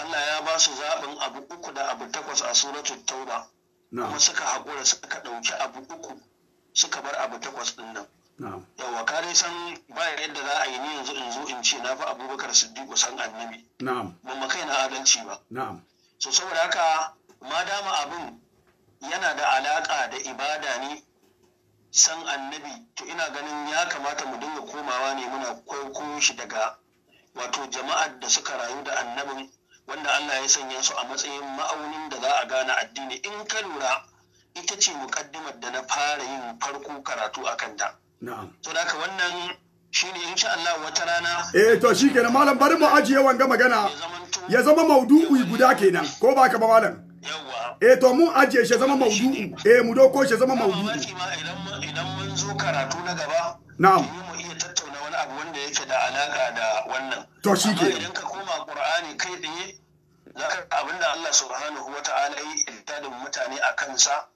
Allah ya ba su zaɓin abu uku da abu takwas a suratul tauba kuma suka haƙura suka ɗauki abu uku suka bar abu takwas ɗin nan yawwa ka dai san ba yadda za a yi ni yanzu in zo in ce na fi abubakar siddiqu san annabi ba ma kai na adalci ba so saboda haka ma dama abin yana da alaƙa da ibada ne san annabi to ina ganin ya kamata mu dinga komawa ne muna kwaikwayo shi daga wato jama'ar da suka rayu da annabin wanda Allah ya sanya su a matsayin ma'aunin da za a gane addini in ka lura ita ce muƙaddimar da na fara yin farko karatu a kanta. To da wannan ne insha Allah wata rana eh to shi kenan malam bari mu ajiye wanga magana ya zama maudu'i guda kenan ko ba ka ba malam eh to mun ajiye shi zama maudu'u eh mu doko shi zama maudu'u idan mun zo karatu na gaba na'am mu iya tattauna wani abu wanda yake da alaka da wannan to shi idan ka koma qur'ani kai tsaye zaka abinda Allah subhanahu wata'ala ya yi da mutane a kansa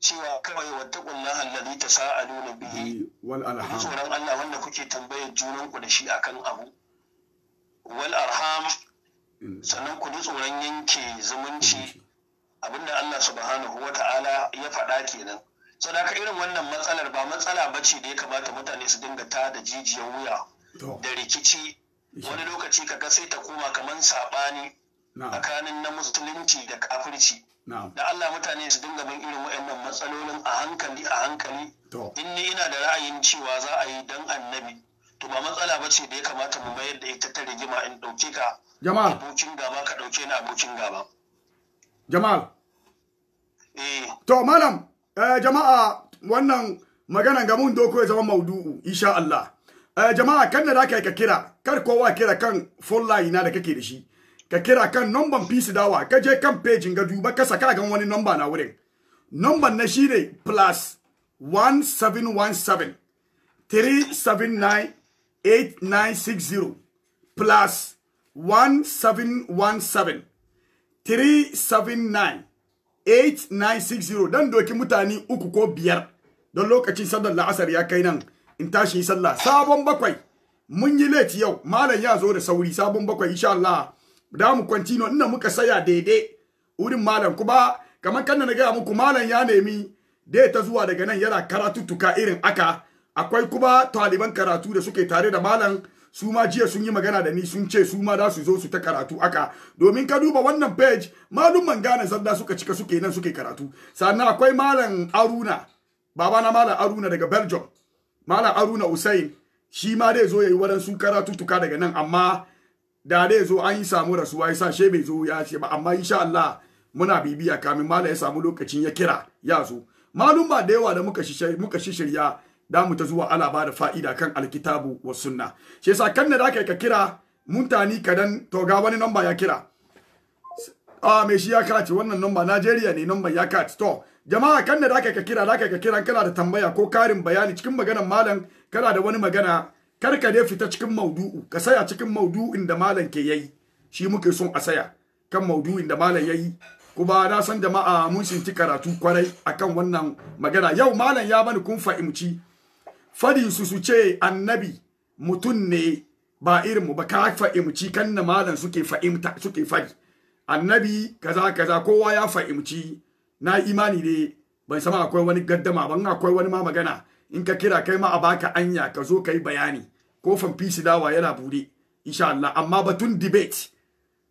cewa kawai wattaqullaha allazi tasaaluna bihi wal arham tsoron Allah wanda kuke tambayar junan ku da shi akan abu wal arham mm. sannan ku ji tsoron yanke zumunci Abin da Allah subhanahu wa ta'ala ya faɗa kenan sadaka irin wannan matsalar ba matsala ba ce da ya kamata mutane su dinga ta da jijiyar wuya da rikici wani lokaci ka ga sai ta koma kamar saɓani tsakanin na musulunci da kafirci da Allah mutane su dinga bin irin waɗannan matsalolin a hankali a hankali in ni ina da ra'ayin cewa za a yi dan annabi to ba matsala ba ce da ya kamata mu mayar da ita ta rigima in ɗauke ka abokin gaba ka ɗauke ni abokin gaba Jamal. Eh. To malam eh, jama'a wannan maganan ga mun doko ya zama maudu'u insha Allah. Eh, jama'a kan da kai ka kira kar kowa kira kan full line na da kake da shi. Ka kira kan number PC dawa ka je kan pejin ga duba ka saka gan wani number na wurin. Number na shi ne plus 1717 379 8960 plus 1717 379-8960 don doki mutane uku ko biyar don lokacin sallar la'asar ya kai nan in tashi sallah sabon bakwai mun yi late yau malam ya zo da sauri sabon bakwai insha Allah da mu kwantino ina muka saya daidai wurin malam kuma kamar kanna na gaya muku malam ya nemi da ta zuwa daga nan yana tuka irin aka akwai kuba taliban karatu da suke tare da malam suma jiya sun yi magana da ni sun ce su ma za su zo su ta karatu aka domin ka duba wannan page malumman gane zalla suka cika suke nan suke karatu sannan akwai malam aruna baba na malam aruna daga belgium malam aruna usain shi ma dai zo yayi waɗansu tuka daga nan amma da dai zo an yi samu rasuwa yasa she bai zo ya ce ba amma insha Allah muna bibiya kamin malam ya samu lokacin ya kira ya zo malum ba da yawa da muka shishirya da mu ta zuwa ana ba da fa'ida kan alkitabu wa sunna shi yasa kan da kai ka kira muntani kadan to ga wani namba ya kira a me shi ya kaci wannan namba Najeriya ne namba ya kaci to jama'a kan da kai ka kira da ka kira kana da tambaya ko karin bayani cikin maganar malam kana da wani magana kar ka dai fita cikin maudu'u ka saya cikin maudu'in da malam ke yayi shi muke son a saya kan maudu'in da malam yayi kuma na san jama'a mun shinci karatu kwarai akan wannan magana yau malam ya bani kun fahimci farin su su ce annabi mutum ne ba irin mu ba ka fa'imci kan na malam suke fa'imta suke annabi kaza kaza kowa ya fa'imci na imani ne ban sama akwai wani gaddama ban akwai wani ma magana in ka kira kai ma a baka anya ka zo ka yi bayani kofan fisi dawa yana bude insha Allah amma batun debate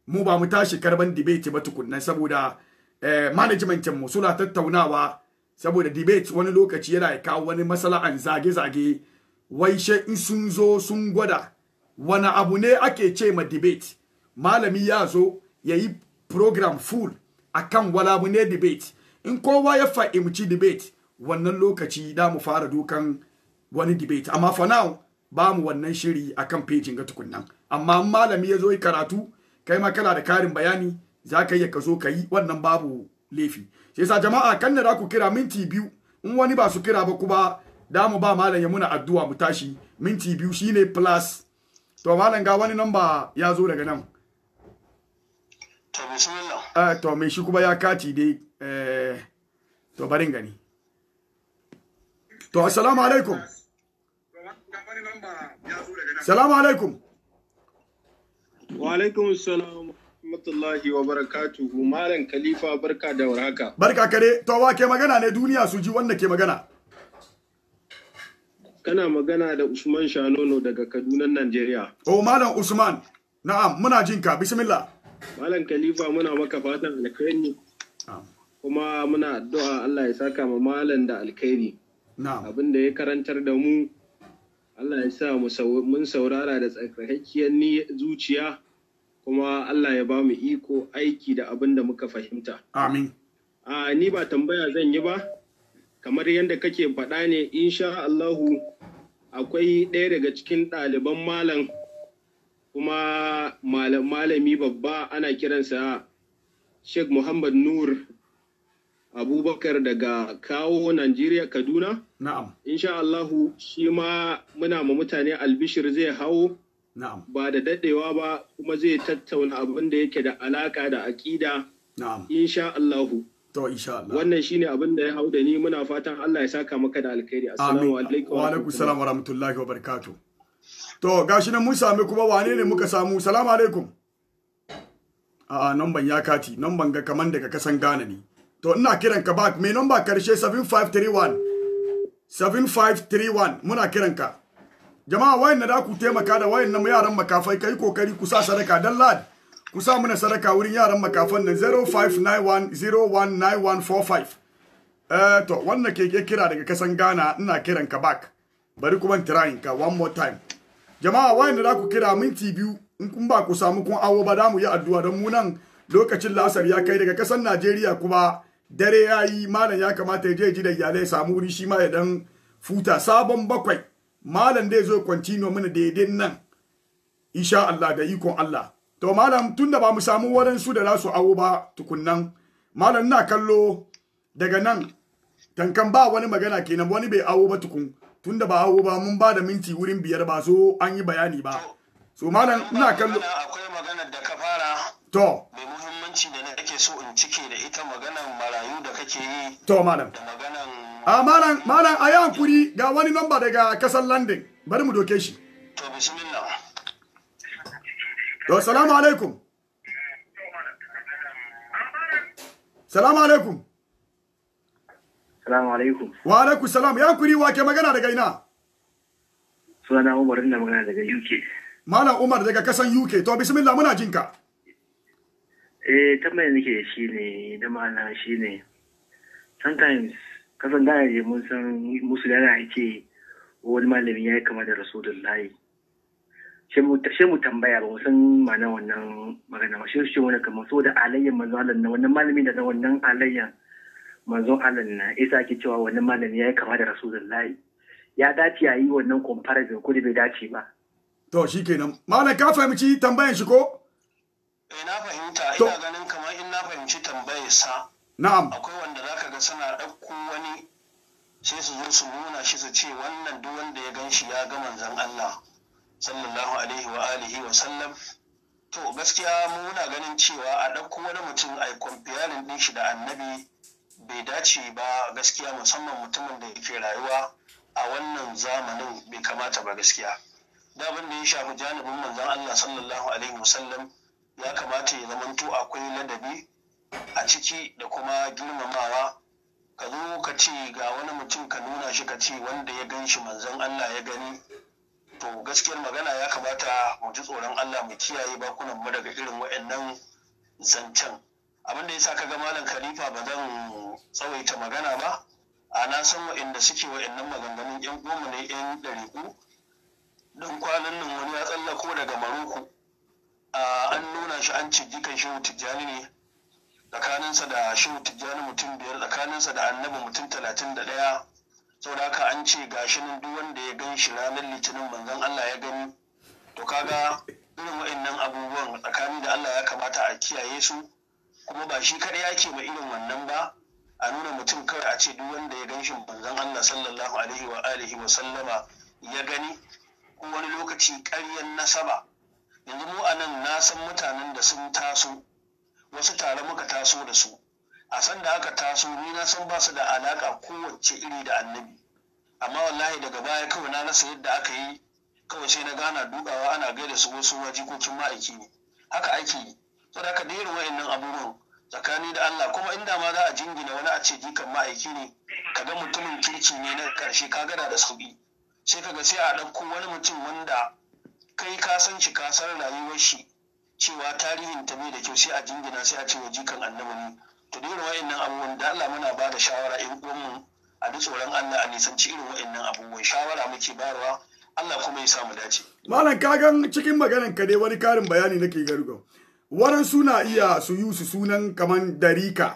mu ba mu tashi karban debate ba tukunna saboda eh, management mu suna tattaunawa saboda debate wani lokaci yana ya kawo wani masala'an zage-zage wai she in sun zo sun gwada wani abu ne ake ce ma debate malami ya zo ya yi program full akan wala abu ne debate in kowa ya fahimci debate wannan lokaci da mu fara dukan wani debate amma for now ba mu wannan shiri akan pejin ga tukunnan amma malami ya zo yi karatu kai makala da karin bayani za ka iya ka zo ka yi wannan babu laifi shi yasa jama'a kan da ku kira minti biyu in wani ba su kira ba ku ba da mu ba malam ya muna addu'a mu tashi minti biyu shine plus to malam ga wani namba ya zo daga nan to bismillah eh to me shi kuma ya kati dai eh to barin gani to assalamu alaikum salamu alaikum wa alaikum assalam rahmatullahi wa barakatuhu Malam Khalifa barka da warhaka. Barka kare, to wa ke magana ne duniya su ji wanda ke magana. Kana magana da Usman Shanono daga Kaduna nigeria. o Malam Usman, na'am muna jin ka bismillah. Malam Khalifa muna maka fatan alkhairi. Kuma muna addu'a Allah ya saka ma malam da alkhairi. Na'am. Abin da ya karantar da mu Allah ya sa mun saurara da tsarkakakkiyar zuciya kuma Allah ya ba mu iko aiki da abin da muka fahimta. Amin. A ni ba tambaya zan yi ba, kamar yadda kake faɗa ne insha Allahu akwai ɗaya daga cikin ɗaliban malam kuma malami babba ana kiransa Sheikh Muhammad Nur Abubakar daga kawo Najeriya Kaduna. Na'am. Insha Allahu shi ma muna ma mutane albishir zai hawo. Ba da daɗewa ba kuma zai tattauna abin da yake da alaƙa da aƙida. Na'am. Insha Allahu. To insha Allah. Wannan shine abin da ya hau da ni muna fatan Allah ya saka maka da alkhairi. Assalamu alaikum. Wa alaikum salam wa rahmatullahi wa barakatuh. To gashi nan mun sami kuma wane ne muka samu? Salamu alaikum. A'a nan ban ya kati, nan ban ga kaman daga kasan Ghana ne. To ina kiran ka back, me number karshe 7531. 7531 muna kiran ka. jama'a wayan da ku taimaka da wayan nan yaran makafai kai kokari ku sa sadaka dan lad ku sa mana sadaka wurin yaran makafan nan 0591019145 eh to wannan ke kira daga kasan Ghana ina kiran ka back bari kuma trying ka one more time jama'a wayan da ku kira minti biyu in kun ba ku samu kun awo ba da mu yi addu'a dan mu nan lokacin la'asar ya kai daga kasan Najeriya kuma dare yayi malam ya kamata ya je ji da iyalai samu wuri shi ma ya dan futa sabon bakwai malam dai zo continue mana daidai nan insha Allah da ikon Allah to malam tunda ba mu samu waran su da za su awo ba tukunnan malam na kallo daga nan tankan ba wani magana kenan wani bai awo ba tukun tunda ba awo ba mun ba da minti wurin biyar ba so an yi bayani ba so malam ina kallo akwai magana da ka fara to mai muhimmanci da nake so in cike da ita maganan marayu da kake yi to malam da maganan a ah, malam malam a yi hankuri ga wani namba daga kasar london bari mu doke shi to salamu alaikum salamu alaikum salamu alaikum wa alaikum salam ya hankuri wa ke magana daga ina sunana umar ina magana daga uk malam umar daga kasan uk to bismillah muna jinka eh tambayar nake shi ne da ma'ana shi ne sometimes kasan da ne mun san musu da ake wani malami ya yi kama da rasulullahi shi mu tambaya ba mu san ma'anar wannan magana ba shi shi wani kamar so da alayyan manzo Allah na wannan malami da wannan alayyan manzo Allah na isa ake cewa wannan malami ya yi kama da rasulullahi ya dace a yi wannan comparison ko bai dace ba to shikenan malam ka fahimci tambayan shi ko eh na fahimta ina ganin kamar in na fahimci tambayar sa na'am akwai wanda zaka ga suna ɗauko wani sai su zo su nuna shi su ce wannan duk wanda ya gan shi ya ga manzon Allah sallallahu alaihi wa alihi wa sallam to gaskiya mu muna ganin cewa a ɗauko wani mutum ai fiyarin ɗin shi da annabi bai dace ba gaskiya musamman mutumin da yake rayuwa a wannan zamanin bai kamata ba gaskiya daban da ya shafi janibin manzon Allah sallallahu alaihi sallam ya kamata ya zamanto akwai ladabi a ciki da kuma girmamawa ka zo ka ce ga wani mutum ka nuna shi ka ce wanda ya gan shi manzon Allah ya gani to gaskiyar magana ya kamata mu ji tsoron Allah mu kiyaye bakunan mu daga irin waɗannan zancen abin da yasa kaga malam khalifa ba zan tsawaita magana ba a na san waɗanda suke waɗannan maganganun ƴan goma ne ƴan ɗariƙu don kwanan nan wani ya tsallako daga maroko an nuna shi an ci kan shi tijjani ne tsakaninsa da shehu tijjani mutum biyar tsakaninsa da annabi mutum talatin da ɗaya da haka an ce gashi nan duk wanda ya gan shi ranar litinin manzon Allah ya gani to kaga irin wa'annan abubuwan tsakanin da Allah ya kamata a kiyaye su kuma ba shi kaɗai ya ke ma irin wannan ba a nuna mutum kawai a ce duk wanda ya gan shi manzon Allah sallallahu alaihi wa alihi wa sallama ya gani ko wani lokaci karyan nasaba yanzu mu a na san mutanen da sun taso wasu tare muka taso da su a san da aka taso ni na san ba su da alaka kowace iri da annabi amma wallahi daga baya kawai na rasa yadda aka yi kawai sai na gana dukawa ana gaida su wasu wajikokin ma'aiki ne haka ake yi saboda haka da irin wayannan abubuwan tsakani da Allah kuma inda ma za a jingina wani a ce jikan ma'aiki ne ka ga mutumin kirki ne na karshe ka gada da sauki sai kaga sai a ɗauko wani mutum wanda kai ka san shi ka san rayuwar shi cewa tarihin ta bai da kyau sai a jingina sai a ce wa jikan annabi ne to dai wa'in nan abubuwan da Allah muna ba da shawara in uwanmu a duk tsoron Allah a nisanci irin nan abubuwan shawara muke bayarwa Allah kuma ya samu dace malam kagan cikin maganan ka dai wani karin bayani nake garugo waran suna iya su yi su sunan kaman darika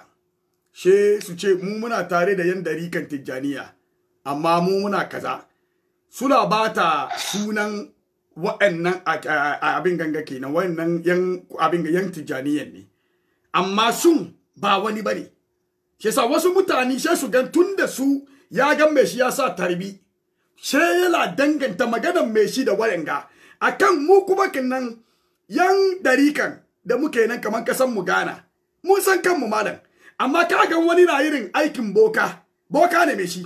she su ce mu muna tare da yan darikan tijjaniya amma mu muna kaza suna bata sunan wa'annan abin ganga kenan wa'annan yan abin yan tijaniyan ne amma sun ba wani bane shi sa wasu mutane sai su gan tun da su ya gan mai shi ya sa tarbi sai yana danganta maganan mai shi da wa'anga akan mu kuma kinnan yan darikan da muke nan kamar kasan mu gana mun san kanmu malam amma ka gan wani na irin aikin boka boka ne mai shi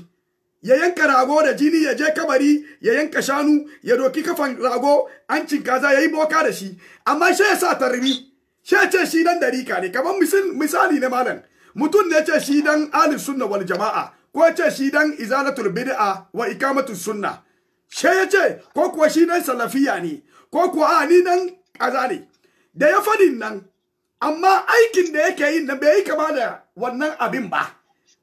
ya yanka rago da jini ya je kabari ya yanka shanu ya doki kafan rago an kaza ya yi boka da shi amma shi ya sa tarbi shi ce shi dan darika ne kamar misali ne malam mutum ne ce shi dan alin sunna wal jama'a ko ce shi dan izalatul bid'a wa ikamatu sunna shi ya ce ko kuwa shi dan salafiya ne ko kuwa a ni dan kaza ne da ya fadin nan amma aikin da yake yin nan bai yi kama da wannan abin ba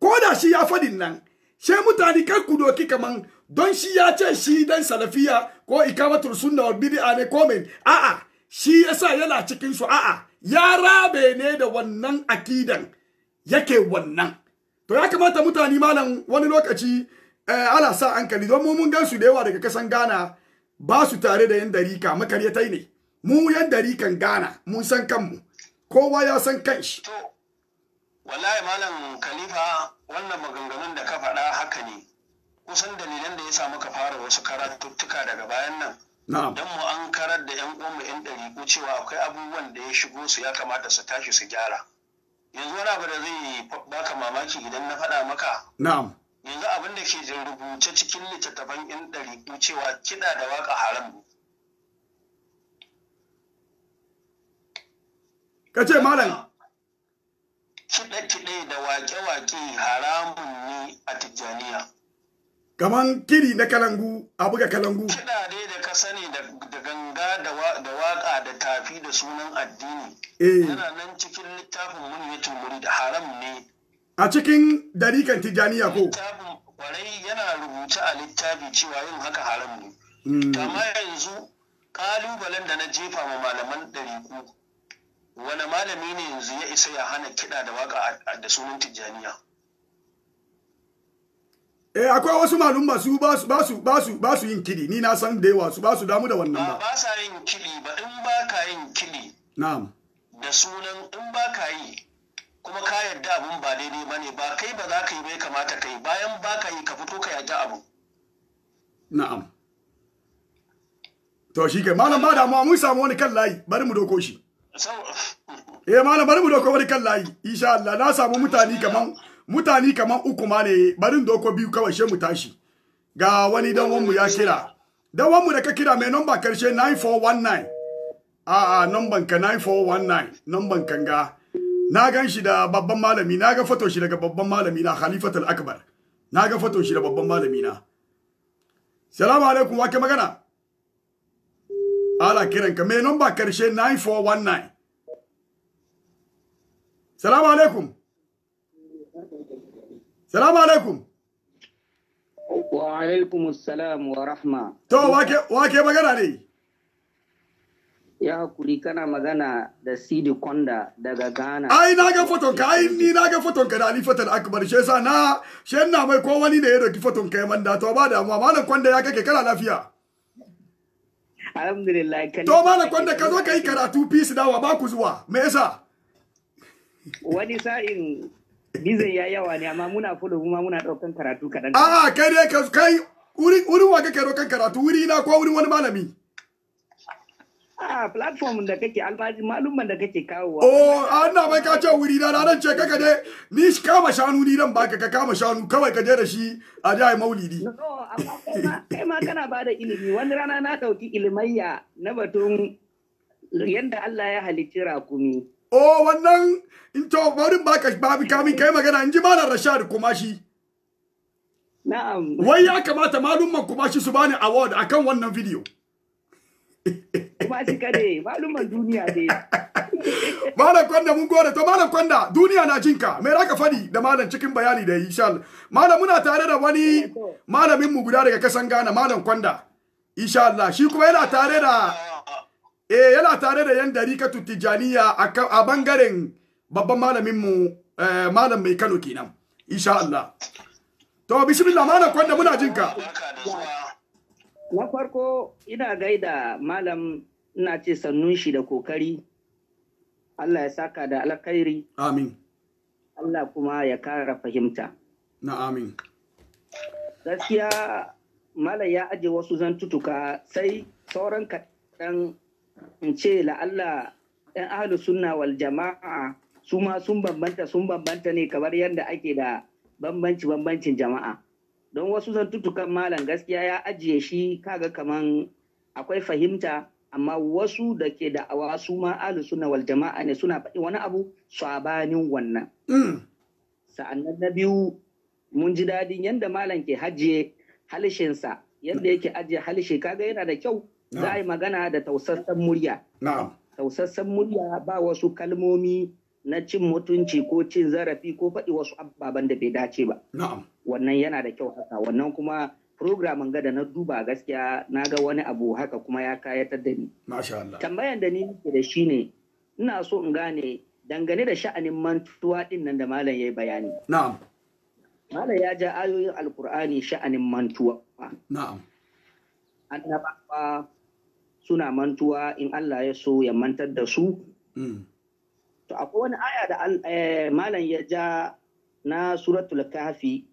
ko da shi ya fadin nan se mutane kar ku doki kaman don shi ya ce shi dan salafiya ko ikamatul sunna wal bid'a ne ko men a'a shi yasa yana cikin su a'a ya rabe ne da wannan akidan yake wannan to ya kamata mutane malam wani lokaci eh, ala sa hankali don mun gan su da yawa daga kasan Ghana ba su tare da yan darika makaryatai ne mu yan darikan Ghana mun san kanmu kowa ya san kanshi to wallahi malam khalifa wannan maganganun da ka faɗa haka ne kusan dalilan da ya samu ka fara wasu karatuttuka daga bayan nan don mu an karar da 'yan uwanmu 'yan ko cewa akwai abubuwan da ya shigo su ya kamata su tashi su gyara yanzu wani abu da zai baka mamaki idan na faɗa maka yanzu abin da ke rubuce cikin littattafan 'yan ko cewa kiɗa da waka haram ka ce malam kiɗe-kiɗe da wake-wake haramun ne a Tijjaniya. Kaman kiri na kalangu, a buga kalangu. Kiɗa da ka sani da ganga da waƙa da tafi da sunan addini. Eh. Yana nan cikin littafin tumuri da haram ne. A cikin darikan Tijjaniya ko? Littafin kwarai yana rubuta a littafi cewa yin haka haram ne. kamar hmm. yanzu ƙalubalen da na jefa ma malaman ɗariku wani malami ne yanzu ya isa ya hana kiɗa da waka da sunan tijjaniya Eh akwai wasu malum masu ba su yin kiɗi ni na san da yawa su ba su damu da wannan ba ba sa yin kiɗi ba in ba ka yin kiɗi na'am da sunan in ba ka yi kuma ka yarda abun ba daidai ba ne ba kai ba za ka yi bai kamata kai bayan ba ka yi ka fito ka yadda abu na'am to shi kai malam ba damuwa mun samu wani kan layi bari mu doko shi eh malam bari mu doko wani kan layi insha Allah na samu mutane kaman mutane kaman uku ma ne bari mu doko biyu kawai she mu tashi ga wani dan wanmu ya kira dan wanmu da ka kira mai number karshe 9419 a a number ka 9419 number kan ga na gan shi da babban malami na ga foto shi daga babban malami na Khalifatul Akbar na ga foto shi da babban malami na salamu alaikum wa ke magana ala kiran ka mai number karshe 9419 salamu alaikum salamu alaikum wa alaikum salam wa rahma to wake wake magana ne ya kuri kana magana da sidi konda daga ghana ai na ga foton ka ai ni na ga foton ka da ali fatan akbar shesa na shen na mai ko wani ne ya doki foton ka ya manda to ba da amma malam konda ya kake kana lafiya alhamdulillah to mana kwanda ka zo ka karatu peace dawa ba ku zuwa me yasa wani sa'in bizai ya yawa ne amma muna fulo kuma muna daukan karatu kadan a'a kai dai kai wuri wuri wa kake daukan karatu wuri na ko wuri wani malami a platform da kake albaji malumman da kake kawowa oh ana mai ka ce wuri na ranar ce kaka dai ni kama shanu ni dan baka ka kama shanu kawai ka je da shi a jihar maulidi kai ma kana ba da ilimi wani rana na dauki ilimayya na batun yanda Allah ya halicci rakumi oh wannan in to bari baka babu kamin kai magana in ji malar Rashad kuma shi Na'am. Wai ya kamata malumman kuma shi su bani award akan wannan video. kare maluman duniya ne malam kwanda mun gode to malam kwanda duniya na jinka me raka fadi da malam cikin bayani da insha Allah malam muna tare da wani eh, malamin mu guda daga kasan Ghana malam kwanda insha Allah shi kuma yana tare da eh yana tare da yan dari ka tijaniya a bangaren babban malamin mu eh, malam mai Kano kenan insha Allah to bismillah malam kwanda muna jinka na farko ina gaida malam ina ce sannun shi da kokari Allah ya saka da alkhairi amin Allah kuma ya kara fahimta na amin gaskiya mala ya aje wasu zantutuka sai sauran kaɗan in ce la'alla 'yan ahalu sunna wal jama'a su ma sun bambanta sun bambanta ne kamar yadda ake da bambanci bambancin jama'a don wasu zantutukan malam gaskiya ya ajiye shi kaga kaman akwai fahimta amma wasu da ke da awa su ma alu suna wal jama'a ne suna faɗi wani abu sabanin wannan mm. sa'annan na biyu mun ji dadin yadda malam ke hajiye halishinsa yadda yake ajiye halishe kaga yana da kyau za a yi magana da tausassan murya tausassan murya ba wasu kalmomi na cin mutunci ko cin zarafi ko faɗi wasu ababen da bai dace ba wannan yana da kyau haka wannan kuma programin gada na duba gaskiya na ga wani abu haka kuma ya kayatar da ni. Tambayan da ni nake da shi ne ina so in gane dangane da sha'anin mantuwa din nan da malam ya yi bayani. Na'am. Malam ya ja ayoyin Alkur'ani sha'anin mantuwa. Na'am. Annabawa suna mantuwa in Allah ya so ya mantar da su. Mm. To akwai wani aya da eh, malam ya ja na suratul kafi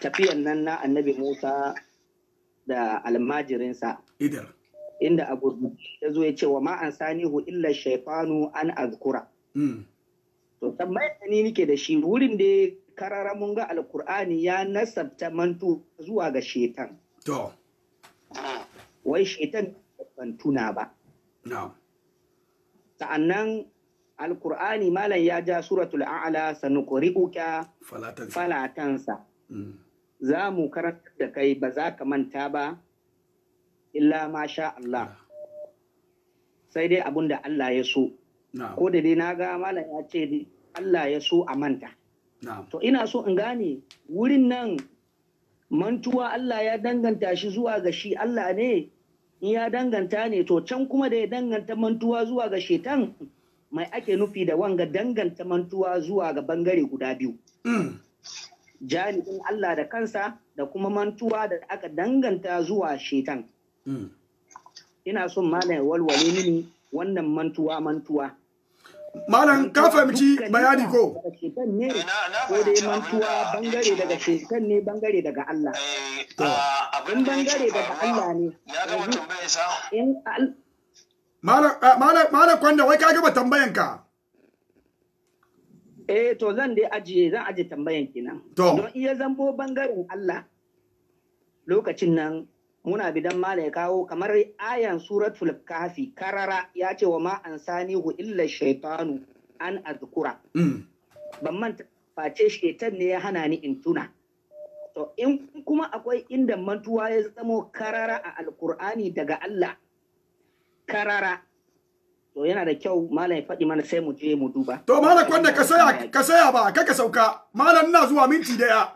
tafiyan nan na annabi Musa da almajirinsa. Idar. Inda abu ya zo ya ce wa ma'an sanihu illa shaifanu an azkura. Mm. To tambayar da ni nike da shi wurin da karara mun ga alkur'ani ya nasabta mantu zuwa ga shaitan. To. Wai shaitan ban tuna ba. No. Sa'annan alkur'ani malam ya ja suratul a'la sanuqri'uka falatansa. Mm. za mu karanta da kai ba za ka manta ba illa masha Allah sai dai abun da Allah ya so ko da dai na ga malam ya ce Allah ya so a manta to ina so in gane wurin nan mantuwa Allah ya danganta shi zuwa ga shi Allah ne in ya danganta ne to can kuma da ya danganta mantuwa zuwa ga shetan mai ake nufi da wanga danganta mantuwa zuwa ga bangare guda biyu mm. janibin Allah da kansa da kuma mantuwa da aka danganta zuwa shetan. Hmm. Ina son malam ya walwale mini wannan mantuwa mantuwa. Malam ka fahimci bayani ko? Shetan ne ko dai mantuwa bangare daga shetan ne bangare daga Allah. Eh, In bangare daga Allah ne. Eh, malam kwanda wai ka gaba tambayanka. Eh to zan dai ajiye zan ajiye tambayan kenan. To. Don iya zambo bangaren Allah lokacin nan muna bidan mala ya kawo kamar ayan suratul kafi karara ya ce wa ma an sani hu illa shaitanu an azkura. Mm. Ban manta face shaitan ne ya hana ni in tuna. To in kuma akwai inda mantuwa ya zamo karara a alkur'ani daga Allah. Karara to yana da kyau malam ya faɗi mana sai mu je mu duba to malam kwanda ka saya ka saya ba ka ka sauka malam ina zuwa minti daya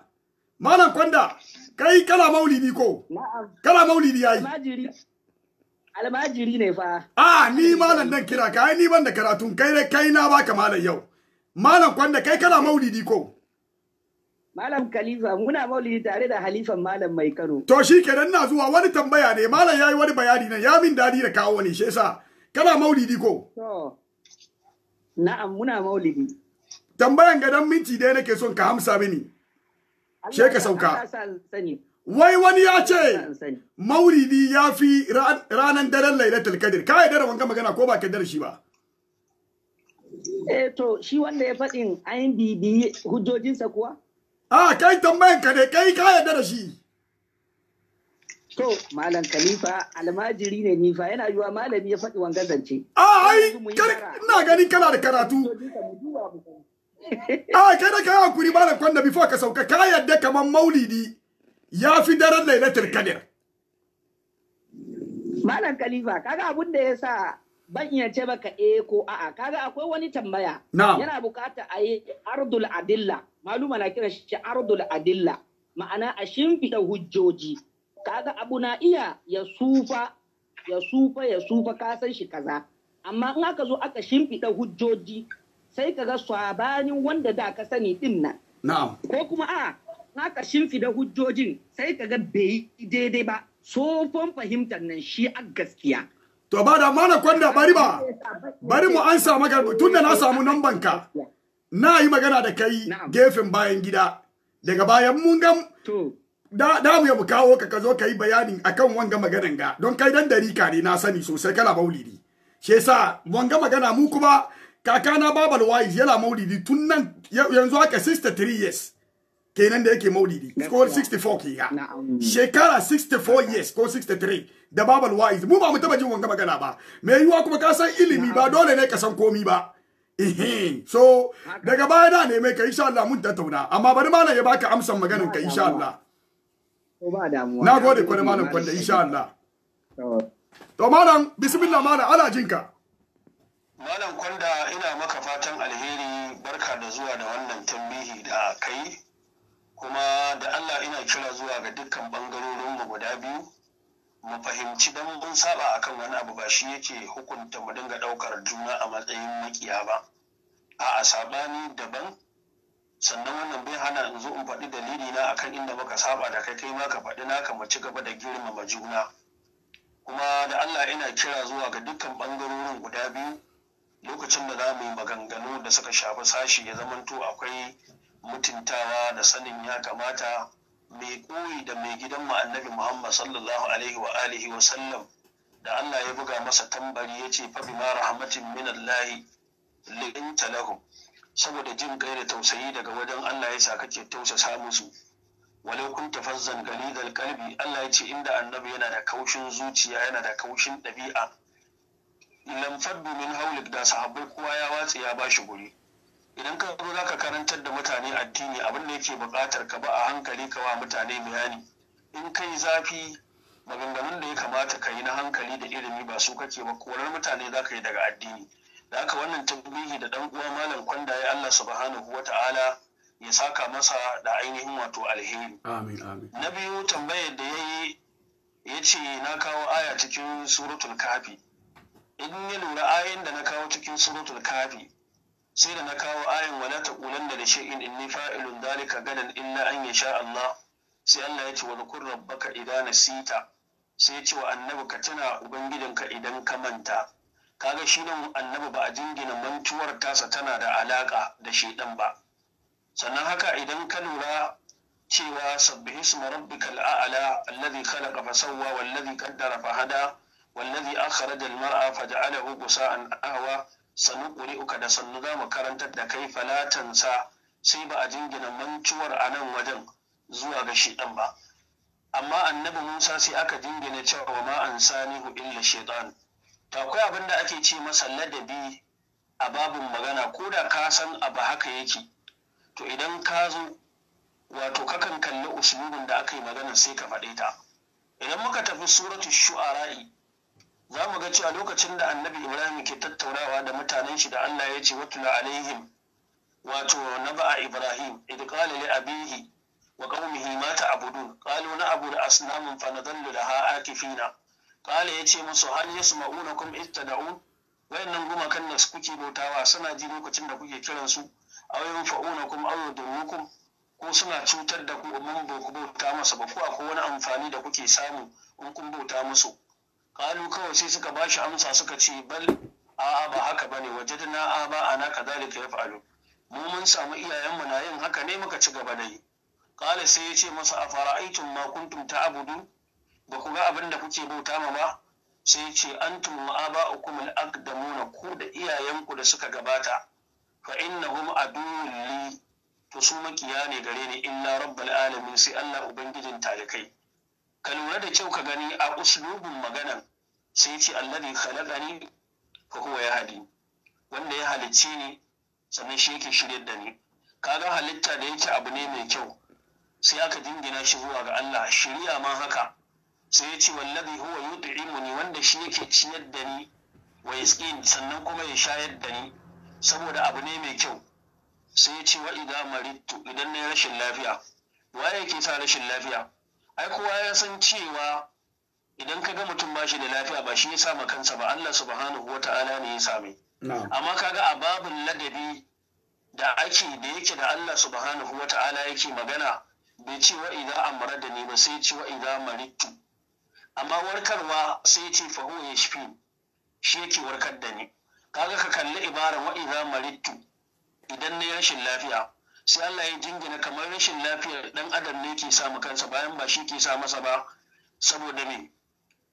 malam kwanda kai kana maulidi ko kana maulidi yayi almajiri ne fa a ni malam nan kira ka ai ni ban da karatun kai kai na baka malam yau malam kwanda kai kana maulidi ko Malam Khalifa muna maulidi tare da halifan Malam Mai Kano. To shi kenan na zuwa wani tambaya ne Malam yayi wani bayani nan ya min dadi da kawo ne shi yasa kana maulidi ko na'am muna maulidi tambayan ga dan minti dai nake son ka amsa mini she ka sauka wai wani ya ce maulidi ya fi ranar daren lailatul kadir ka yarda da wanka magana ko ba ka yarda shi ba eh to shi wanda ya faɗin ayin bibiyi hujjojinsa kuwa a ah, kai tambayan ka ne kai ka yi da shi To, Malam Khalifa almajiri ne nifa yana yiwa malami ya faɗi wanga zance. Ah, ai, ina ganin kana da karatu. Ah, kai da kai hakuri malam kwanda before ka sauka ka yadda kamar maulidi ya fi daren lailatul kadir. Malam Khalifa, kaga abun da ya sa ban iya ce maka eh ko a'a kaga akwai wani tambaya yana bukata a yi ardul adilla Malu mana kira shi ardul adilla ma'ana a shimfiɗa hujjoji kaga abu na iya ya sufa ya sufa ya sufa ka san shi kaza amma in aka zo aka shimfiɗa hujjoji sai ka ga sabanin wanda da ka sani din nan na'am ko kuma a aka shimfida hujjojin sai ka ga bai daidai ba tsofon fahimtar nan shi a gaskiya to ba da mana kwanda bari ba bari mu an samu tunda na samu namban ka na yi magana da kai gefen bayan gida daga bayan mun ga da da mu ya kawo ka ka zo ka yi bayani akan wanga maganan ga don kai dan ka ne na sani sosai kana maulidi shi yasa wanga magana mu kuma na babal wise yana maulidi tun nan yanzu aka 63 years kenan da yake maulidi ko 64 ke shekara 64 years ko 63 da babal wai mu ba mu taba jin wanga magana ba me yiwa kuma ka san ilimi ba dole ne ka san komi ba so daga baya da ne mai ka insha Allah mun tattauna amma bari malam ya baka amsan maganin ka insha Allah na gode kwarai malam kwanda insha Allah to malam bismillah malam ala jinka malam kwanda ina maka fatan alheri barka da zuwa da wannan tambihi da kai kuma da Allah ina kira zuwa ga dukkan bangarorin mu guda biyu mu fahimci dan mun saba akan wani abu ba shi yake hukunta mu dinga daukar juna a matsayin makiya ba a'a sabani daban sannan wannan bai hana in zo in faɗi dalili na akan inda muka saba da kai kai ma ka faɗi naka mu ci gaba da girmama juna kuma da Allah ina kira zuwa ga dukkan ɓangarorin guda biyu lokacin da za mu yi maganganu da suka shafi sashi ya zamanto akwai mutuntawa da sanin ya kamata mai koyi da mai gidan mu annabi Muhammad sallallahu alaihi wa alihi wa sallam da Allah ya buga masa tambari ya ce bi ma rahmatin min Allah li'inta lahum saboda jin kai da tausayi daga wajen Allah ya sa kake tausa musu walau kun tafazzan galidal kalbi Allah ya ce inda annabi yana da kaushin zuciya yana da kaushin ɗabi'a lam faddu min haulik da sahabbai kowa ya watsi ya bashi guri idan ka zo zaka karantar da mutane addini abin da yake buƙatar ka ba a hankali ka wa mutane bayani in kai zafi maganganun da ya kamata ka yi na hankali da ilimi ba su kake ba korar mutane zaka yi daga addini da aka wannan tambihi da dan uwa malam kwanda ya Allah subhanahu wa ta'ala ya saka masa da ainihin wato alheri amin amin na biyu tambayar da yayi yace na kawo aya cikin suratul kafi in ya lura ayin da na kawo cikin suratul kafi sai da na kawo ayin wala da da shay'in inni fa'ilun dalika gadan illa an yasha Allah sai Allah ya ce wa rabbaka idan nasita sai yace wa annabi ka tuna ubangijinka idan ka manta kaga shi nan annabi ba a jingina mantuwar tasa tana da alaƙa da shaidan ba sannan haka idan ka lura cewa sabbihi isma rabbikal a'la alladhi khalaqa fa sawwa wallazi qaddara fa hada wallazi akhraja al-mar'a faj'alahu qusa'an ahwa sanuqri'uka da sannu za mu karantar da kai falatansa sai ba a jingina mantuwar a nan wajen zuwa ga shaidan ba amma annabi Musa sai aka jingina cewa ma ansanihu illa shaitan Ta akwai abin da ake ce masa ladabi a babin magana ko da ka san abu haka yake to idan ka zo wato kakan kalli usulubin da aka yi magana sai ka faɗe ta idan muka tafi suratu shu'ara'i za mu ga cewa lokacin da annabi ibrahim ke tattaunawa da mutanen shi da allah ya ce watula alaihim wato naba'a ibrahim idan kala li abihi wa qaumihi ma abu qalu na'budu asnaman fa nadallu laha akifina kala ya ce musu hal yasma'unakum ittada'un wayannan gumakan da kuke bautawa suna ji lokacin da kuke kiran su kuma awo da rukun ko suna cutar da ku mun ba ku bauta masa ba ko akwai wani amfani da kuke samu in kun bauta musu kalu kawai sai suka bashi amsa suka ce bal a ba haka bane wajadna a ba ana ya yaf'alu mu mun samu iyayenmu na yin haka ne muka ci gaba da yi kala sai ya ce masa a fara aikin ma kuntum ta'budun ba ku ga abin da kuke bauta ma ba sai ce an antum uku al-aqdamuna ku da iyayenku da suka gabata fa innahum aduwwun li to su makiya ne gare ni illa rabbal alamin sai Allah ubangijin talikai ka lura da kyau ka gani a uslubin maganan sai ce alladhi khalaqani fa huwa yahdi wanda ya halicce ni sannan shi yake shiryar da ni kaga halitta da yake abu ne mai kyau sai aka dingina shi zuwa ga Allah shirya ma haka sai ya ce wallazi huwa yut'imuni wanda shi yake ciyar da ni wa yasqin sannan kuma ya shayar da ni saboda abu ne mai kyau sai ya ce wa idan idan na rashin lafiya waye yake sa rashin lafiya ai kowa ya san cewa idan ka ga mutum ba shi da lafiya ba shi ya sa ma kansa ba Allah subhanahu wa ta'ala ne ya same amma kaga a babin ladabi da ake da yake da Allah subhanahu wa ta'ala yake magana bai ce wa amara da ni ba sai ce wa idan maridtu amma warkarwa sai ce fahu ya shi shi yake warkar da ni kaga ka kalli ibaran wa idza maridtu idan na rashin lafiya sai Allah ya jingina kamar rashin lafiyar dan adam ne ke samu kansa bayan ba shi ke sa masa ba saboda me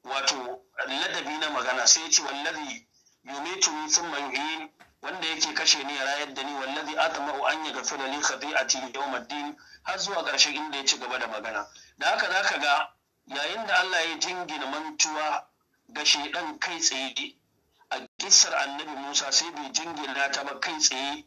wato ladabi na magana sai ya ce wallazi yumituni thumma yuhyin wanda yake kashe ni ya rayar da ni wallazi atma'u an yaghfira li khati'ati yawm ad-din har zuwa ƙarshen inda ya ci gaba da magana da haka zaka ga yayin da Allah ya jingina mantuwa ga shaidan kai tsaye a kisar annabi Musa sai bai jingina ta ba kai tsaye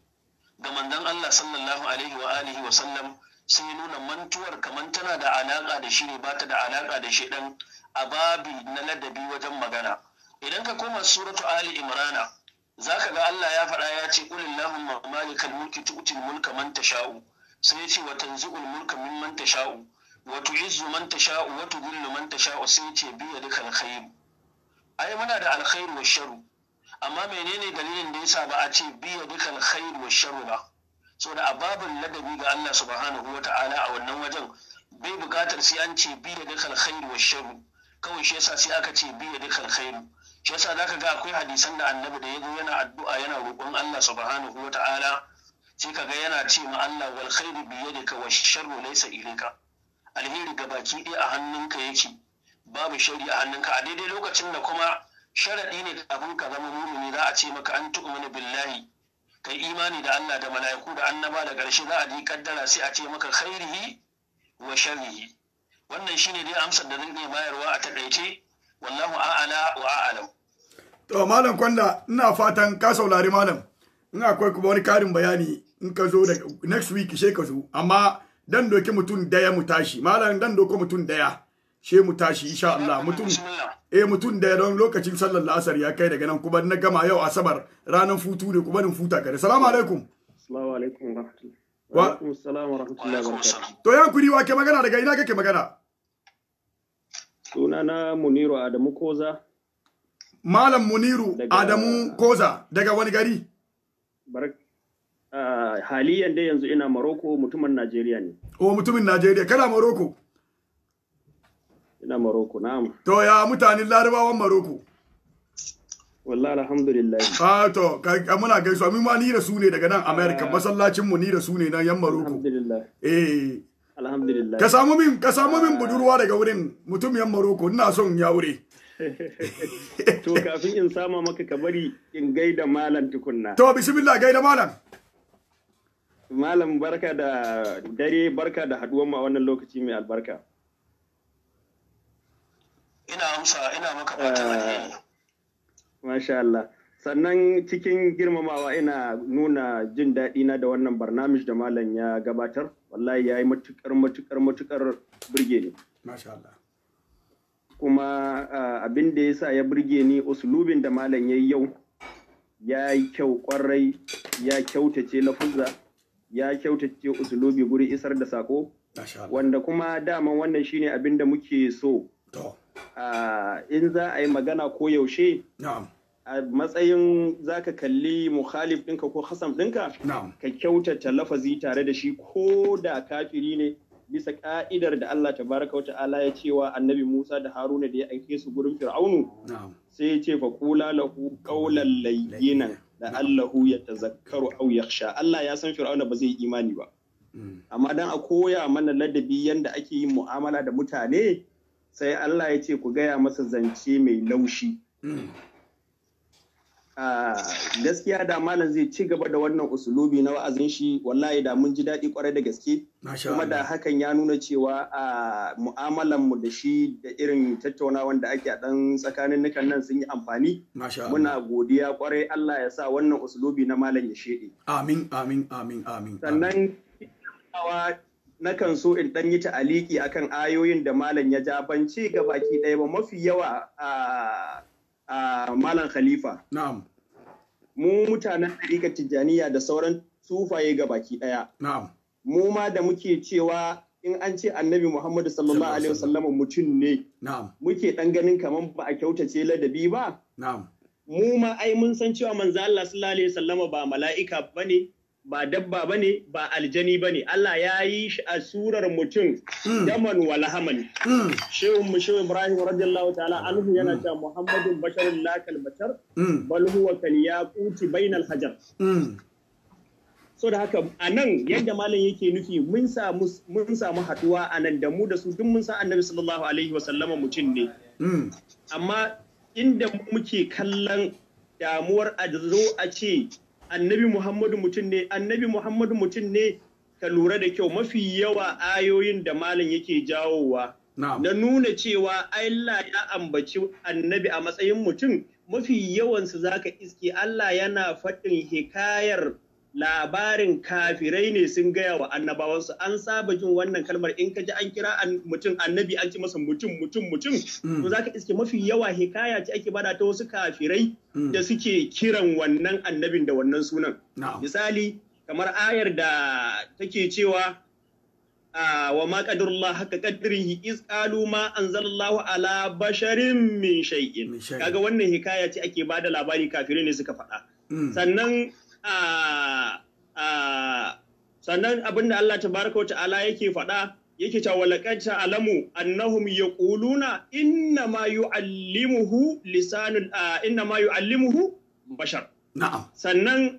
ga manzon Allah sallallahu alaihi wa alihi wa sallam sai nuna mantuwar kamar tana da alaka da shi ne ba ta da alaka da shaidan a babi na ladabi wajen magana idan ka koma suratu ali imrana zaka ga Allah ya faɗa ya ce qul allahumma malikal mulki tu'til mulka man tasha'u sai ya ce wa tanzi'ul mulka mimman tasha'u wato izu man sha'u, wato gullu man sha'u, sai ce biya duka alkhairu ai muna da alkhairu wa sharu amma menene dalilin da yasa ba a ce biya duka alkhairu wa sharu ba saboda ababin ladabi ga Allah subhanahu wa ta'ala a wannan wajen bai bukatar sai an ce biya duka alkhairu wa sharu kawai shi yasa sai aka ce biya duka alkhairu shi yasa zaka ga akwai hadisan da annabi da yazo yana addu'a yana roƙon Allah subhanahu wa ta'ala sai kaga yana ce ma Allah wal khairu biyadika wa wash sharru laysa ilayka alheri ga baki ɗaya a hannunka yake babu shari a hannunka a daidai lokacin da kuma sharaɗi ne abin ka zama mumini za a ce maka an tu'minu billahi kai imani da Allah da mala'iku da annaba da ƙarshe za a yi kaddara sai a ce maka khairihi wa sharrihi wannan shine dai amsar da zan iya bayarwa a takaice wallahu a'ala wa a'alam to malam kwanda ina fatan ka saurari malam in akwai kuma wani karin bayani in ka zo da next week sai ka zo amma dan doke mutum daya mu tashi malam dan doko mutum daya she mu tashi insha Allah mutum eh mutum daya don lokacin sallar asar ya kai daga nan kuma na gama yau asabar ranar futu ne kuma din futa kare assalamu alaikum assalamu alaikum wa alaikum assalam wa rahmatullahi wa barakatuh to yan kuri wa ke magana daga ina kake magana sunana Muniru Adamu Koza malam Muniru Adamu Koza daga wani gari Ah, haliyan dai yanzu ina Morocco mutumin Najeriya ne. O oh, mutumin Najeriya kana Morocco? Ina Morocco na'am. To ya mutanen Larabawan Morocco? Wallahi alhamdulillah. Ah to muna gaisuwa mu ma ni da su ne daga nan America ah. masallacin mu ni da su ne nan yan Morocco. Alhamdulillah. Eh Alhamdulillah. Ka samu min ka samu min budurwa daga wurin mutum yan Morocco ina son ya wure. to kafin in sama maka ka bari in gaida malam tukunna. To bismillah gaida malam. Malam barka da dare barka da haduwan a wannan lokaci mai albarka. Ina amsa ina maka fatan ah, Masha Allah. Sannan cikin girmamawa ina nuna jin daɗi na da wannan barnamij da malam ya gabatar. Wallahi ya yi matuƙar-matuƙar matuƙar birge ne. Masha Allah. Kuma ah, abin da ya sa ya birge ni usulubin da malam ya yi yau ya yi kyau ƙwarai ya kyautace lafuzza. ya kyautace usulubi guri isar da sako wanda kuma daman wannan shine abin da muke so in za a yi magana ko yaushe a matsayin za ka kalli muhalif ɗinka ko hasam ɗinka ka kyautata lafazi tare da shi ko da kafiri ne bisa ka'idar da Allah ta tabaraka wata'ala ya cewa annabi Musa da Haruna da ya aike su gurin Fir'aunu sai ya ce fa kula lahu qawlan layyinan allahu la'allahu yatazakkaru aw yakhsha Allah ya san fir'auna ba zai yi imani ba hmm. amma dan a koya mana ladabi yanda ake yin mu'amala da mutane sai Allah ya ce ku gaya masa zance mai laushi hmm. gaskiya da malam zai ci gaba da wannan usulubi na wa'azin shi wallahi da mun ji daɗi kwarai da gaske kuma da hakan ya nuna cewa a mu'amalan mu da shi da irin tattaunawan da ake a dan tsakanin nukan nan sun yi amfani muna godiya kwarai Allah ya sa wannan usulubi na malam ya shede amin amin amin amin sannan na kan so in ɗan yi ta'aliki akan ayoyin da malam ya ja ban ci ga baki ɗaya ba mafi yawa a A Malam Khalifa. Na'am. Mu mutanen ɗarikar Tijjaniya da sauran sufaye ga baki ɗaya. Na'am. Mu ma da muke cewa in an ce annabi Muhammadu sallallahu alaihi wasallam mutum ne. Na'am. Muke ɗan ganin kamar ba a kyautace ladabi ba. Na'am. Mu ma ai mun san cewa manzo Allah sallallahu alaihi wasallam ba mala'ika bane ba dabba ba ne ba aljani ba ne Allah ya yi shi a surar mutum hmm. daman wa hamani hmm. shehun mu shehu Ibrahim radiyallahu ta'ala anhu yana hmm. cewa Muhammadun basharun la kalmatar. bal huwa kal yaquti bainal hajar so da haka a nan yadda malam yake nufi mun samu mun haduwa a nan da mu da su duk mun san annabi sallallahu alaihi wa sallama mutum ne amma inda muke kallon damuwar a a ce annabi Muhammadu mutum ne annabi Muhammadu mutum ne ka lura da kyau mafi yawa ayoyin da malam yake jawowa na nuna cewa Allah ya ambaci annabi a matsayin mutum mafi yawansu zaka iske Allah yana faɗin hikayar labarin kafirai ne sun gaya wa annabawansu an saba jin wannan kalmar in ka ji an kira mutum annabi an ce masa mutum mutum mutum hmm. to zaka iske mafi yawa hikaya ce ake bada ta wasu kafirai hmm. da suke kiran wannan annabin da wannan sunan misali kamar ayar da take cewa ah, wa ma qadarullah haka qadrihi iz qalu ma anzalallahu ala basharin min shay'in kaga wannan hikaya ce ake bada labari kafirai ne suka faɗa hmm. sannan Ah, ah, sannan abin da Allah tabaraka wa ta'ala yake faɗa yake cewa walaqad alamu annahum yaquluna inna ma yu'allimuhu lisanul ah, inna ma yu'allimuhu bashar na'am sannan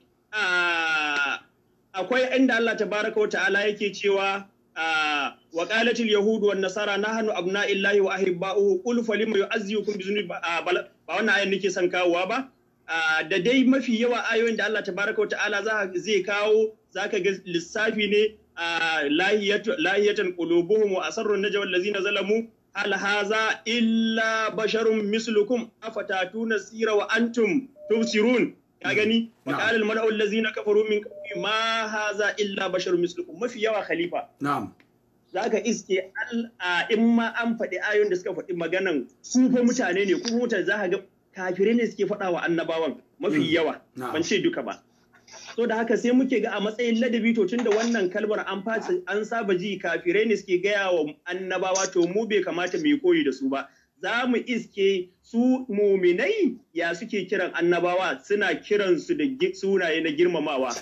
akwai inda Allah tabaraka wa ta'ala yake cewa wa qalat al yahud wan nasara nahnu abna'illahi wa ahibba'uhu qul falima yu'azzikum bi dhunubi ba wannan ayan nake son kawowa ba Ah, da dai mafi yawa ayoyin da Allah tabaraka wa ta'ala zai kawo zaka ga lissafi ne a ah, lahiyatan qulubuhum wa asarrun najwa allazina zalamu hal haza illa basharun mislukum afatatuna sira wa antum tubsirun ka hmm. gani wa qala al mala'u allazina kafaru min ma haza illa basharun mislukum mafi yawa khalifa na'am zaka iske ah, in ma an faɗi ayoyin da suka faɗi maganan su mutane ne kuma mutane za ka ga kafirai ne suke faɗa wa annabawan mafi hmm. yawa ban ce duka ba so da haka sai muke ga a matsayin ladabi to tunda wannan kalmar an fasa an saba ji kafirai ne suke gaya wa annabawa to mu bai kamata mu yi koyi da su ba za mu iske su muminai ya suke kiran annabawa suna kiran su da sunaye na girmamawa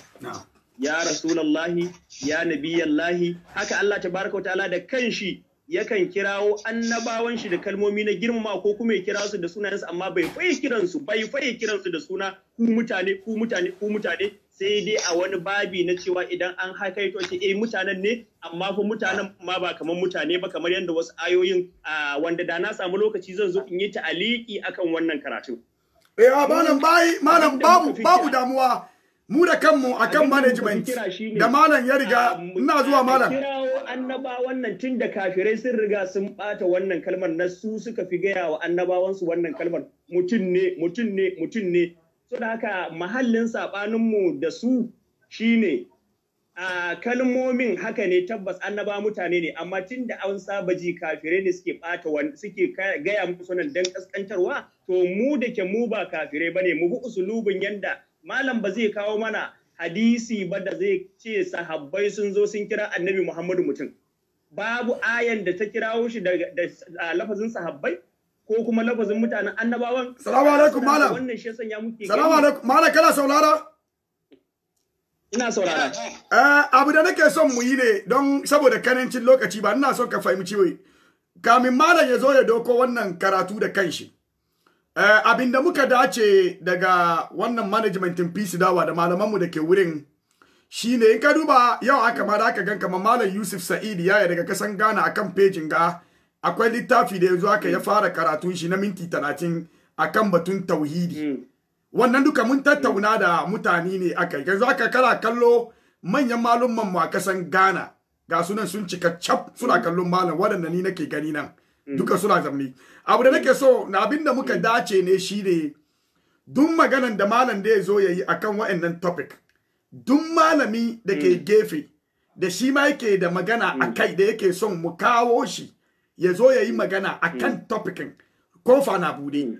ya rasulallahi ya nabiyallahi haka Allah tabaraka wa ta'ala da kanshi yakan kirawo annabawan shi da kalmomi na girma ko kuma ya kira su da sunayensu amma bai faye kiransu bai faye kiransu da suna ku mutane ku mutane ku mutane sai dai a wani babi na cewa idan an hakaito ce eh mutanen ne amma fa mutanen ma ba kamar mutane ba kamar yadda wasu ayoyin wanda da na samu lokaci zan zo in yi ta'aliki akan wannan karatu eh malam bai malam babu babu damuwa mu da kanmu kan management da malam ya riga ah, ina zuwa malam kirawo annaba wannan tun da kafirai sun riga sun bata wannan kalmar na su suka fi gaya wa annabawansu wannan kalmar mutum ne mutum ne mutum ne so da haka mahallin sabaninmu da su shine a kalmomin haka ne tabbas annaba mutane ne amma tun da an saba ji kafirai ne suke bata suke gaya musu nan dan kaskantarwa to mu da ke mu ba kafirai bane mu bi usulubin yanda malam ba zai kawo mana hadisi ba da zai ce sahabbai sun zo sun kira annabi Muhammadu mutum. Babu ayan da ta kirawo shi da lafazin sahabbai ko kuma lafazin mutanen annabawan. Salamu alaikum malam. Wannan shi sanya muke. Salamu alaikum malam kana saurara? Ina saurara. Eh abu da nake son mu yi ne don saboda karancin lokaci ba ina son ka fahimci wai. Kamin malam ya zo ya doko wannan karatu da kanshi. Uh, eh, abin da muka dace daga wannan managementin PC dawa da malamanmu da ke wurin shi ne. in ka duba yau aka ma da aka gan kamar malam Yusuf Sa'idi ya yi daga kasan Ghana akan pejin ga akwai littafi da yanzu aka ya fara karatun shi na minti 30 kan batun tauhidi hmm. wannan duka mun tattauna da mutane ne aka yanzu aka kara kallo manyan malumman mu a kasan Ghana ga sunan sun cika cap suna hmm. kallon malam waɗanda ni nake gani nan Mm. duka suna zamne abu da nake so na abin da muka mm. dace ne shine duk maganan da malam da ya zo yayi akan wa'annan topic duk malami da ke mm. gefe da shi ma yake da magana a kai da yake son mu kawo shi ya zo ya yi magana a kan topikin kofa na bude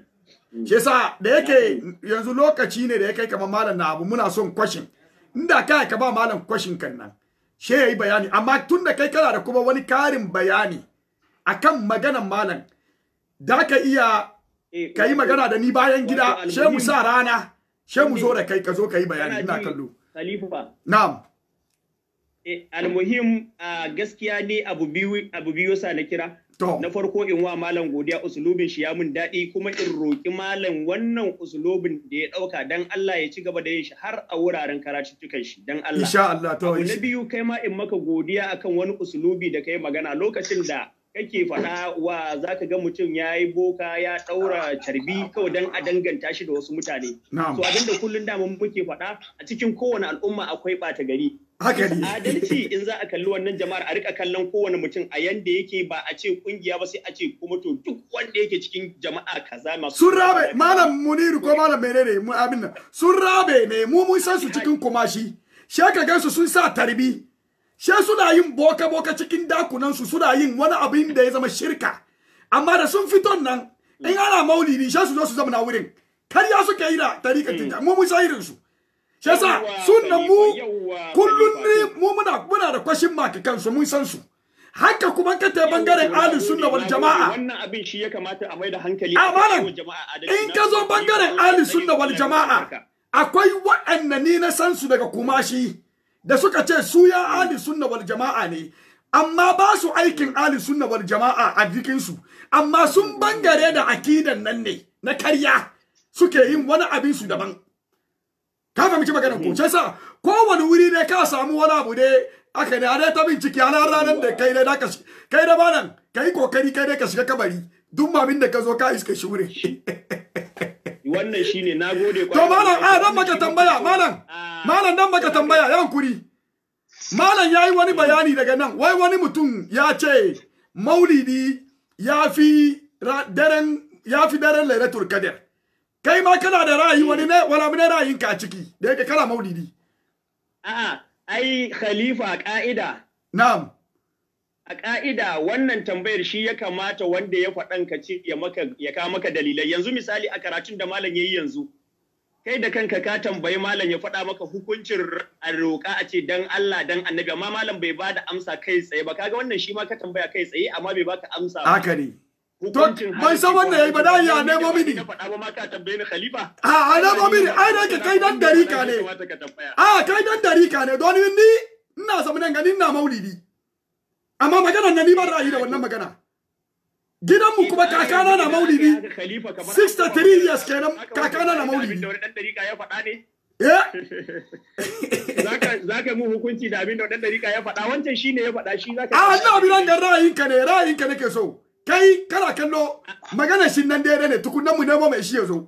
shi yasa da yake yanzu lokaci ne da ya kai kamar malam na abu muna son kwashin inda kai ka ba malam kwashin kan nan shi ya yi bayani amma tun da kai kana da kuma wani karin bayani akan maganan malam da ka iya eh, ka yi magana da ni bayan gida she mu sa rana she mu zo da kai ka zo ka yi bayani ina kallo khalifa na'am eh, almuhim gaskiya ne abu biyu abu biyu sa na kira na farko in wa malam godiya usulubin shi ya mun daɗi kuma in roƙi malam wannan usulubin da ya ɗauka dan Allah ya ci gaba da yin shi har a wuraren karatuttukan shi dan Allah insha Allah to na biyu kai ma in maka godiya akan wani usulubi da kai magana lokacin da kake faɗa wa za ka ga mutum ya yi boka ya ɗaura carbi kawai don a danganta shi da wasu mutane. So abin da kullum damun muke faɗa a cikin kowane al'umma akwai ɓata gari. Adalci in za a kalli wannan jama'ar a rika kallon kowane mutum a yanda yake ba a ce kungiya ba sai a ce kuma to duk wanda yake cikin jama'a kaza masu. Sun rabe malam Muniru ko malam menene mu abin nan sun rabe ne mu mun san su cikin kumashi. Shekagansu sun sa tarbi. she suna yin boka boka cikin dakunan su suna yin wani abin da ya zama shirka amma da sun fito nan in ana maulidi she su zo su zama wurin karya suke yi da tarikan tinja mu mun shahirin su she sa sunna mu kullun ne mu muna muna da kwashin maka kansu mun san su haka kuma ka ta bangaren ahlus sunna wal jama'a wannan abin shi ya kamata a da hankali a in ka zo bangaren ahlus sunna wal jama'a akwai wa'annani na san su daga kumashi da suka ce su ya ali sunna wal jama'a ne amma ba su aikin ali sunna wal jama'a a jikin su amma sun bangare da akidan nan ne na karya suke yin wani abin su daban ka fahimci maganar ko mm. sai sa kowane wuri ne ka samu wani abu ne aka ne ana ta bincike ana ranar da kai ne da ka kai da banan kai kokari kai ne ka shiga kabari duk mamin da ka zo ka iske shi wuri wannan shine nagode kwa to malam a nan maka tambaya malam malam nan baka tambaya ya hankuri malam yayi wani bayani daga nan wai wani mutum ya ce maulidi ya fi daren ya fi daren lailatul qadr kai ma kana da ra'ayi wani ne wala mun ra'ayin ka ciki da yake kana maulidi a'a ai khalifa ka'ida na'am a ƙa'ida wannan tambayar shi ya kamata wanda ya faɗan ka ce ya kawo maka dalilai yanzu misali a karatun da malam ya yi yanzu kai da kanka ka tambayi malam ya faɗa maka hukuncin a roƙa a ce dan Allah dan annabi amma malam bai ba da amsa kai tsaye ba kaga wannan shi ma ka tambaya kai tsaye amma bai baka amsa ba haka ne to ban san wanda yayi ba da ya ne ba mini ka faɗa ba ma ka tambaye ni khalifa a a na mini ai ka kai dan dari ka ne a kai dan dari ka ne don ni ina samu nan ganin na maulidi amma magana na ni ra'ayi da wannan magana gidanmu kuma kakana na maulidi 63 years kenan kakana na maulidi zaka mu hukunci da abin da wadanda rika ya faɗa wancan shi ne ya faɗa shi zaka a ah, wannan abin da ra'ayinka ne ra'ayinka nake so kai kana kallo ah. magana shi nan daidai ne tukunan mu nemo mai shi ya zo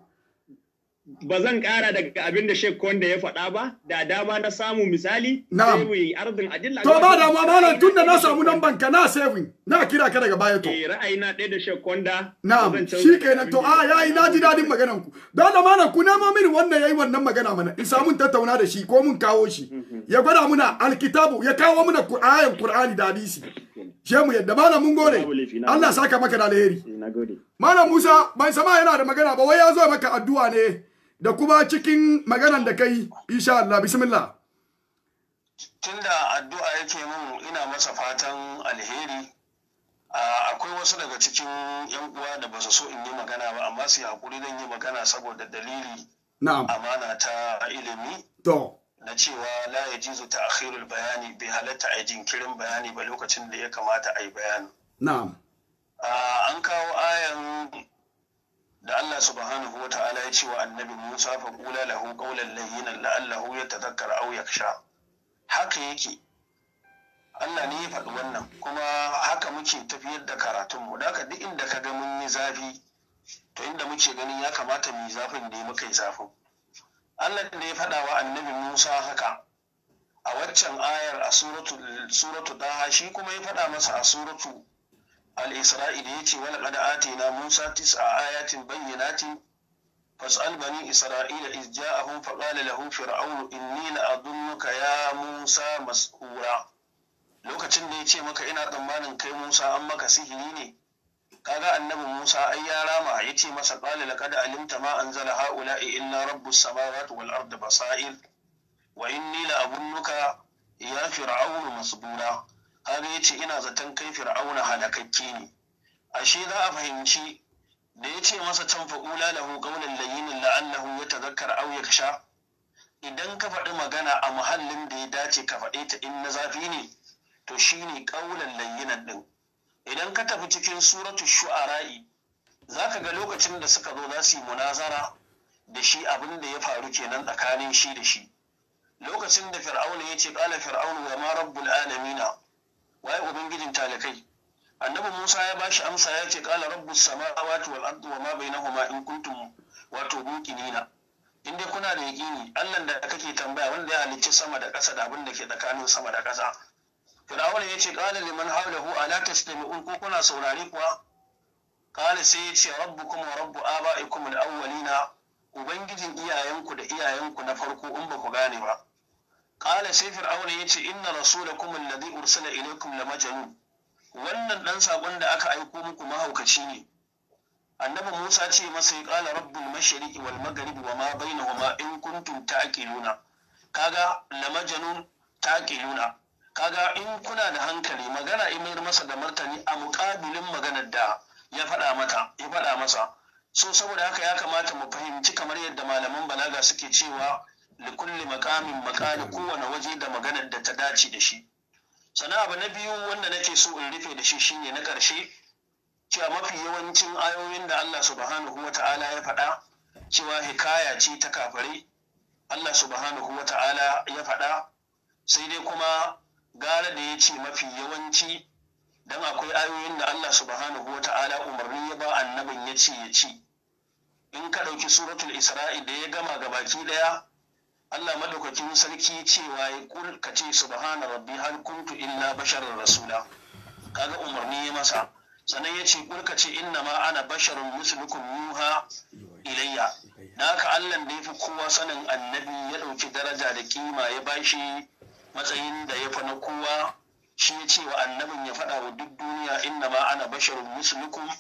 ba zan kara daga abin da Sheikh ya faɗa ba, da dama na samu misali, sai ardin adilla. To ba da malam tun da na samu namban ka na sai na kira ka daga baya to. Eh ra'ayi na ɗaya da Sheikh Konda. Na'am, shi kenan to a ah, yayi na ji dadin maganan ku. Da da malam ku ma mini wanda yayi wannan magana mana, in samu tattauna da shi ko mun kawo shi. Mhm. Ya gwada muna alkitabu, ya kawo muna ayan Qur'ani da hadisi. Je mu yadda malam mun gode. Allah saka maka da alheri. Eh, malam Musa ban sama yana da magana ba wai ya zo maka addu'a ne. da kuma cikin maganan da kai insha Allah bismillah tunda addu'a yake mun ina masa fatan alheri akwai wasu daga cikin yan uwa da ba su so in yi magana ba amma su hakuri dan yi magana saboda dalili na'am amana ta ilimi to na cewa la yajizu ta'khirul bayani bi halatta a jinkirin bayani ba lokacin da ya kamata a bayani na'am an kawo ayan da Allah subhanahu wa ta'ala ya ce wa annabi Musa fa kula lahu qawlan layyinan la'allahu yatadhakkar aw yakhsha haka yake Allah ne ya faɗi wannan kuma haka muke tafiyar da karatun mu da duk inda ka ga mun yi zafi to inda muke ganin ya kamata mu yi zafin da muka yi zafin Allah ne ya faɗa wa annabi Musa haka a waccan ayar a suratu suratu shi kuma ya faɗa masa a suratu al-isra'i da yace wala qad atina musa tis'a ayatin bayyinatin fas'al bani isra'ila iz ja'ahum fa qala lahu fir'aunu inni la'adunnuka ya musa mas'ura lokacin da yace maka ina tsammanin kai musa an maka sihiri ne kaga annabi musa ai ya rama yace masa qala laqad alimta ma anzala ha'ula'i illa rabbus samawati wal ardi basair wa inni la'adunnuka ya fir'aunu masbura kaga yace ina zaton kai fir'auna halakakke ne ashe za a fahimci da yace masa can ula lahu qawlan layyinan la'allahu yatadhakkar aw sha? idan ka faɗi magana a muhallin da ya dace ka faɗe ta in na zafi ne to shine qawlan layyinan ɗin. idan ka tafi cikin suratu shu'ara'i zaka ga lokacin da suka zo za su yi munazara da shi abin da ya faru kenan tsakanin shi da shi lokacin da fir'auna ya ce ƙala Fir'auna wa ma rabbul alamina waye ubangijin talakai annabi Musa ya bashi amsa ya ce kala rabbus samawati wal ardi wa ma bainahuma in kuntum wato muqinina in dai kuna da yakini Allah da kake tambaya wanda ya halicci sama da ƙasa da abin da ke tsakanin sama da ƙasa Fir'aun ya ce qala liman hawlahu ala tastami'un ko kuna saurari kuwa qala sai ya ce rabbukum wa rabbu aba'ikum al-awwalina ubangijin iyayenku da iyayenku na farko in ba ku gane ba ƙala sai fir'auna ya ce inna rasulakum alladhi ursila Ilaikum la majnun wannan dan sakon da aka aiko muku mahaukaci ne annabi Musa ce masa ya ƙala rabbul mashriqi wal maghribi wa ma bainahuma in kuntum ta'qiluna kaga la majnun ta'qiluna kaga in kuna da hankali magana mayar masa da martani a muƙabilin maganar da ya faɗa mata ya faɗa masa so saboda haka ya kamata mu fahimci kamar yadda malaman balaga suke cewa da makamin makali kowane waje da maganar da ta dace da shi sana abu na biyu wanda nake so in rufe da shi shine na ƙarshe cewa mafi yawancin ayoyin da Allah subhanahu wa ta'ala ya faɗa cewa hikaya ce ta kafare Allah subhanahu wa ta'ala ya faɗa sai dai kuma gara da ya ce mafi yawanci dan akwai ayoyin da Allah subhanahu wa ta'ala umarni ya ba annabin ya ce ya ci in ka ɗauki suratul isra'i da ya gama gabaki ɗaya Allah madaukakin sarki cewa ya kul ka ce subhana rabbi hal kuntu illa basharar rasula kaga umarni ya masa sannan ya ce kul ka ce inna ma ana basharun musulukun yuha ilayya da haka Allah da ya fi kowa sanin annabi ya ɗauki daraja da kima ya bashi matsayin da ya fa na kowa shi ya ce wa annabin ya faɗa wa duk duniya inna ma ana basharun musulukun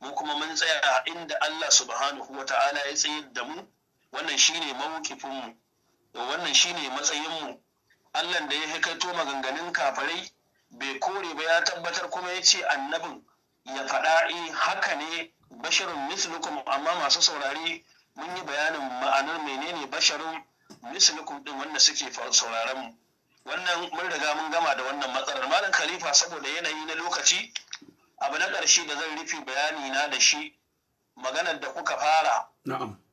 mu kuma mun tsaya inda Allah subhanahu wa ta'ala ya tsayar da mu wannan shine ne mu wannan shine matsayinmu Allah da ya hikato maganganun kafarai bai kore ba ya tabbatar kuma ya ce annabin ya faɗa eh, haka ne basharin mislukum amma masu saurari mun yi bayanin ma'anar menene basharin mislukum din wanda suke sauraren mu wannan mun riga mun gama da wannan matsalar malam khalifa saboda yanayi na lokaci abu na ƙarshe da zan rufe bayani na da shi maganar da kuka fara na'am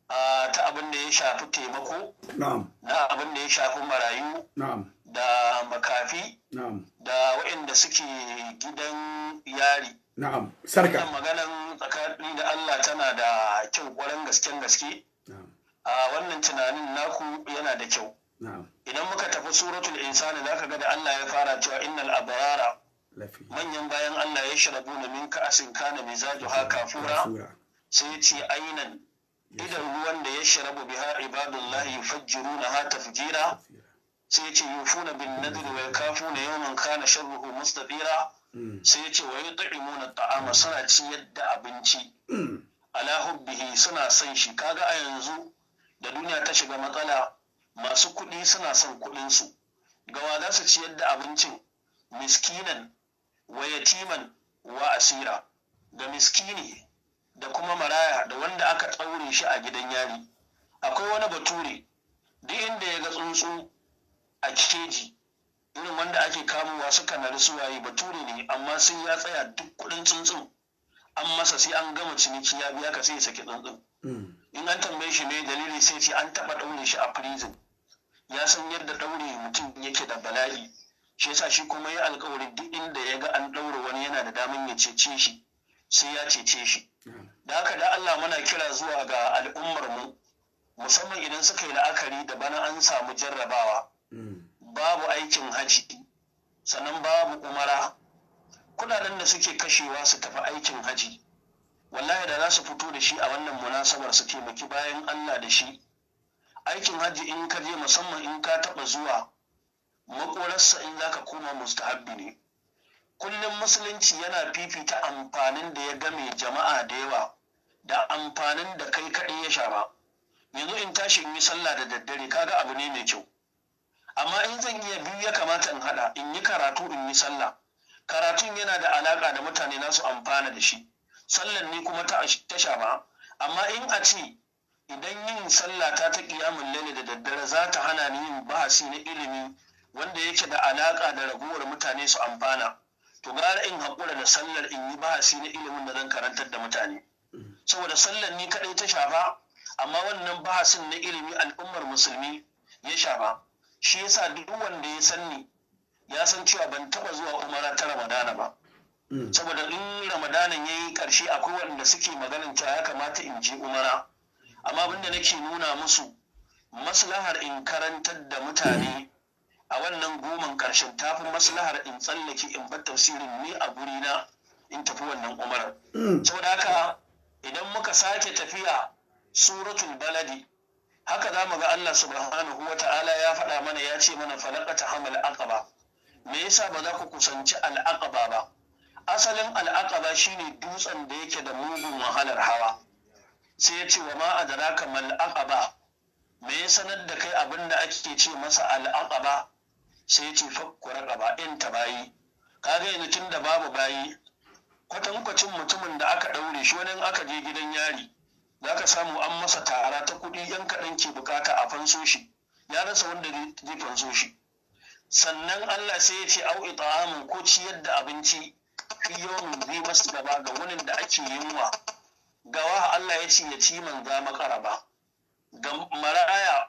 ta abin da ya shafi taimako na abin da ya shafi marayu da makafi da waɗanda suke gidan yari na'am sarka wannan maganan tsakani da Allah tana da kyau ƙwarar gasken gaske a wannan tunanin naku yana da kyau idan muka tafi suratul insani zaka ga da Allah ya fara cewa innal abrara manyan bayan Allah ya shirabu na min ka'asin kana mizaju haka fura, sai ya ce ainan idan ruwan da ya sharabu biha ibadullahi yufajjirunaha tafjira sai yace yufuna bin nadri wa yakafuna yawman kana sharruhu mustatira mm. sai ce wa yut'imuna ta'ama suna ciyar da abinci mm. ala hubbihi suna son shi kaga a yanzu da duniya ta shiga matsala masu kuɗi suna son kuɗin su gawa za su ciyar da abincin miskinan wa yatiman wa asira ga miskini da kuma maraya da wanda aka tsaure shi a gidan yari akwai wani bature duk inda ya ga tsuntsu a keji irin wanda ake kamowa suka nari suwaye bature ne amma sun ya tsaya duk kudin tsuntsun an masa sai an gama ciniki ya biya ka sai ya saki tsuntsun hmm. in an tambaye shi mai dalili sai ce an taba ɗaure shi a prison ya san yadda ɗaure mutum yake da bala'i shi yasa shi kuma ya alkawari duk inda ya ga an ɗaure wani yana da daman ya cece shi sai ya cece shi da haka da Allah muna kira zuwa ga al'ummar mu musamman idan suka yi la'akari da bana an samu jarrabawa hmm. babu aikin haji sannan babu umara kudaden da suke kashewa su tafi aikin haji wallahi da za su fito da shi a wannan munasabar su taimaki bayan Allah da shi aikin haji in ka je musamman in ka taɓa zuwa makorarsa in za ka koma mustahabbi ne kullum musulunci yana fifita amfanin da ya game jama'a da yawa da amfanin da kai kaɗai ya shafa yanzu in tashi in yi sallah da daddare kaga abu ne mai kyau amma in zan iya biyu ya kamata in haɗa in yi karatu in yi sallah karatun yana da alaƙa da mutane nasu amfana da shi sallan ne kuma ta shafa amma in a ce idan yin sallah ta ta ƙiyamun lalle da daddare za ta hana ni yin bahasi na ilimi wanda yake da alaƙa da raguwar mutane su amfana to gara in haƙura da sallar in yi bahasi na ilimin da zan karantar da mutane saboda sallar ni kaɗai ta shafa amma wannan bahasin na ilimi al'ummar musulmi ya shafa shi yasa duk wanda ya san ni ya san cewa ban taɓa zuwa umara ta ramadana ba saboda in Ramadana ya yi ƙarshe akwai wanda suke maganin cewa ya kamata in je umara amma abinda nake nuna musu maslahar in karantar da mutane a wannan goman ƙarshen tafin maslahar in tsallake in bar tafsirin ni a guri na in tafi wannan umar saboda haka idan muka sake tafiya suratul baladi haka za mu ga Allah subhanahu wa ta'ala ya faɗa mana ya ce mana ta hamal aqaba me yasa ba za ku kusanci aqaba ba asalin ba shine dutsen da yake da mugun wahalar hawa sai ya ce wa ma adraka mal aqaba me ya sanar da kai abin da ake ce masa aqaba sai ce fakkurar raqaba ta bayi kaga yanzu tun da babu bayi kwatankwacin mutumin da aka ɗaure shi wani aka je gidan yari za ka samu an masa tara ta kuɗi yan kaɗan ke bukata a fanso shi ya rasa wanda zai fanso shi sannan Allah sai ya ce au it'amun ko ciyar da abinci fi yawmin zai masu gaba ga wani da ake yunwa gawa Allah ya ce ya ci man za makaraba ga maraya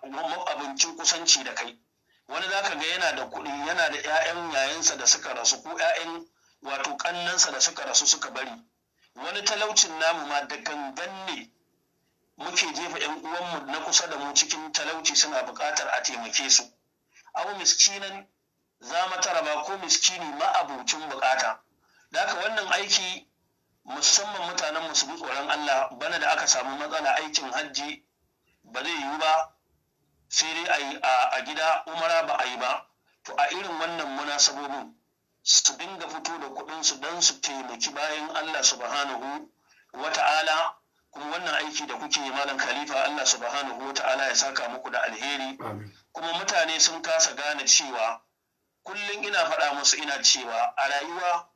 abincin kusanci da kai wani za ka ga yana da kuɗi yana da 'ya'yan yayansa da suka rasu ko 'ya'yan wato ƙannansa da suka rasu suka bari wani talaucin namu ma da gangan ne muke jefa 'yan uwanmu na kusa da mu cikin talauci suna buƙatar a taimake su abu miskinan za taraba ko miskini ma abincin buƙata da wannan aiki musamman mutanen su bi tsoron Allah bana da aka samu matsala aikin hajji ba zai yiwu ba sai dai a gida umara ba a yi ba to a irin wannan munasabobin su dinga fito da kuɗinsu don su taimaki bayan Allah subhanahu wa ta'ala kuma wannan aiki da kuke malam khalifa Allah subhanahu wa ta'ala ya saka muku da alheri kuma mutane sun kasa gane cewa kullum ina faɗa musu ina cewa a rayuwa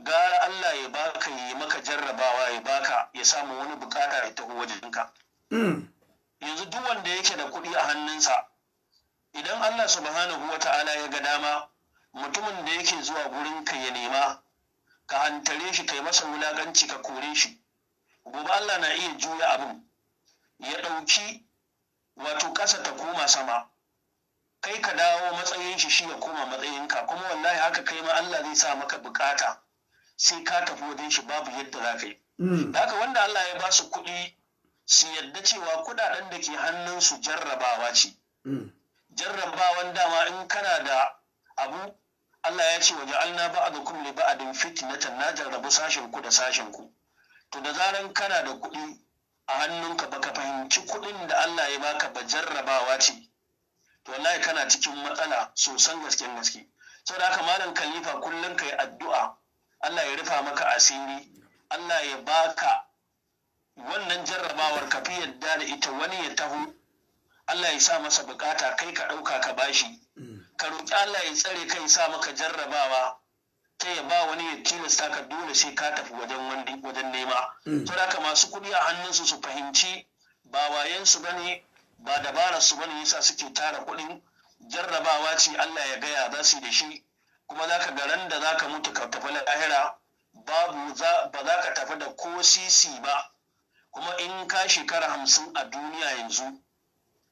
gara Allah ya baka yi maka jarrabawa ya baka ya samu wani bukata ya taho wajenka. Hmm. yanzu duk wanda yake da kuɗi a hannunsa idan Allah subhanahu wa ta'ala ya ga dama mutumin da yake zuwa gurin ka ya nema ka hantare shi kai masa wulaƙanci ka kore shi gobe Allah na iya juya abin ya ɗauki wato ƙasa ta koma sama kai ka dawo matsayin shi shi ya koma matsayinka kuma wallahi haka kai ma Allah zai sa maka bukata sai ka tafi wajen shi babu yadda za ka yi. Hmm. Da haka wanda Allah ya ba su kuɗi su yadda cewa kudaden da ke hannunsu jarrabawa ce hmm. jarrabawan dama in kana da abu Allah ya ce waje alna ba a ba'adin fitnatan na jarrabu sashen ku da sashen ku to da zaran kana da kuɗi a hannunka baka fahimci kuɗin da Allah ya baka ba jarrabawa ce to wallahi kana cikin matsala sosan gaske gaske saboda haka malam khalifa kullum yi addu'a Allah ya rufa maka asiri Allah ya baka wannan jarrabawar ka fi yadda da ita wani ya taho Allah ya sa masa bukata kai ka ɗauka ka bashi mm. ka roƙi Allah ya tsare kai sa maka jarrabawa ta ya ba wani ya tilasta ka dole sai ka tafi wajen wajen nema to mm. haka masu kuɗi a hannunsu su fahimci ba wayensu bane ba su bane yasa suke tara kuɗin jarrabawa ce Allah ya gaya za su yi da shi kuma za ka ga ran da za ka mutu ka tafi lahira ba za ka tafi da ko sisi ba kuma in ka shekara hamsin a duniya yanzu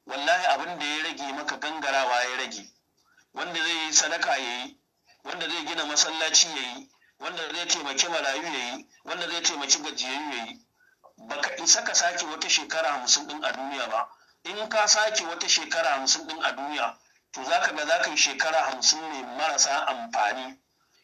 wallahi abin da ya rage maka gangarawa ya rage wanda zai yi sadaka ya yi wanda zai gina masallaci ya yi wanda zai taimaki marayu ya yi wanda zai taimaki gajiyayyu ya yi baka isa ka sake wata shekara hamsin din a duniya ba in ka sake wata shekara hamsin din a duniya to za ka ga za yi shekara hamsin ne marasa amfani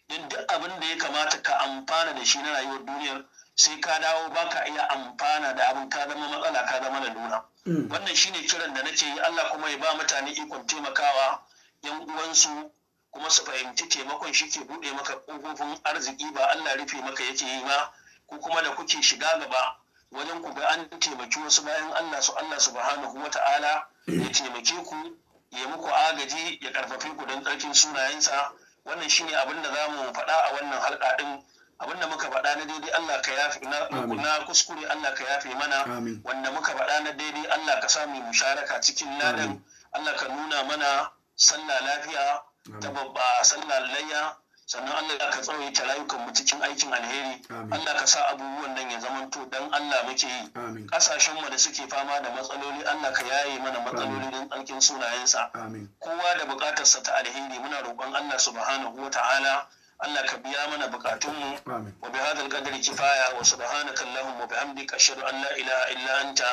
din duk abin da ya kamata ka amfana da shi na rayuwar duniyar sai ka dawo baka iya amfana da abin ka zama matsala ka zama lalura mm. wannan shine kiran da nake yi Allah kuma ya ba mutane ikon taimakawa yan uwansu kuma su fahimci taimakon shi ke bude maka kofofin arziki ba Allah rufe maka yake yi ba ko kuma da kuke shiga gaba wajen ku ga an taimaki wasu bayan Allah su Allah subhanahu wa ta'ala ya mm. taimake ku ya muku agaji ya karfafe ku don tsarkin sunayensa wannan shine abin da za mu faɗa a wannan halka ɗin abinda muka faɗa na daidai Allah ka yafe na kuskure Allah ka yafe mana wanda muka faɗa na daidai Allah ka samu musharaka cikin ladan Allah ka nuna mana sallah lafiya ta babba sallah layya sannan Allah ka ta rayukan mu cikin aikin alheri Allah ka sa abubuwan nan ya zamanto dan Allah muke yi kasashen mu da suke fama da matsaloli Allah ka yaye mana matsaloli don alkin sunayensa kowa da bukatarsa ta alheri muna roƙon Allah subhanahu wataala Allah ka biya mana bukatunmu wa bi hadal qadri kifaya wa subhanaka allahumma wa bihamdika ashhadu an la ilaha illa anta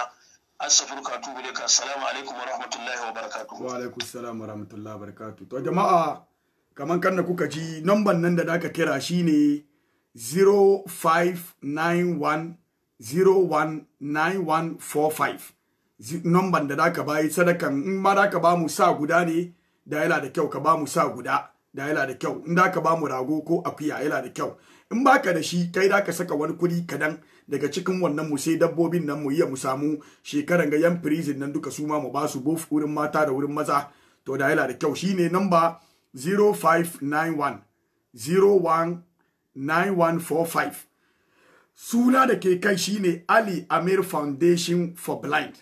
astaghfiruka wa atubu ilaik assalamu alaikum wa rahmatullahi wa barakatuh wa alaikum assalam wa rahmatullahi wa barakatuh to jama'a kaman kanna kuka ji number nan da zaka kira shine 0591019145. 019145 da da zaka bayi sadakan in ma ka ba mu sa guda ne da yana da kyau ka ba mu sa guda da yana da kyau in da ka bamu rago ko akuya yana da kyau in baka da shi kai da ka saka wani kuri kadan daga cikin wannan mu sai dabbobin nan mu iya mu samu shekaran ga yan prison nan duka su ma mu basu bof wurin mata da wurin maza to da yana da kyau shine namba 0591019145 suna da ke kai shine Ali Amir Foundation for Blind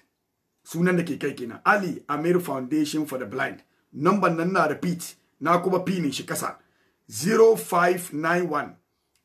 sunan da ke kai kenan Ali Amir Foundation for the Blind number nan na repeat na kuma pinin shi kasa 0591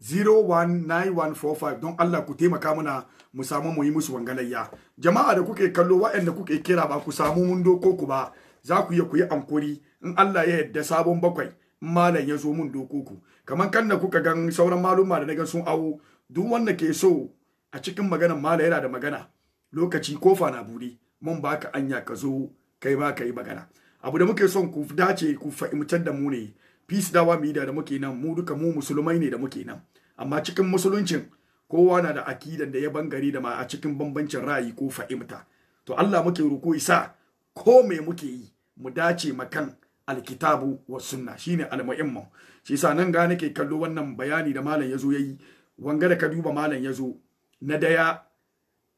019145 don Allah ku taimaka mana mu samu mu yi musu wangalayya jama'a da kuke kallo waɗanda kuke kira ba ku samu mun doko ku ba za ku iya ku yi ankuri in Allah ya yarda sabon bakwai in malam ya zo mun doko ku kamar kan da kuka gan sauran maluma da na sun awo duk wanda ke so a cikin maganar malam yana da magana lokaci kofa na buri mun baka anya ka zo kai ba ka magana abu da muke son ku dace ku fahimtar da mu ne peace dawa mu yi da muke nan mu duka mu musulmai ne da muke nan amma cikin musuluncin kowa na da akidan da ya bangare da ma a cikin bambancin ra'ayi ko fahimta to Allah muke ruku isa ko me muke yi mu dace makan alkitabu wa sunna shine almu'immu shi yasa nan ga nake kallo wannan bayani da malam yazo yayi wanga da ka duba malam yazo na daya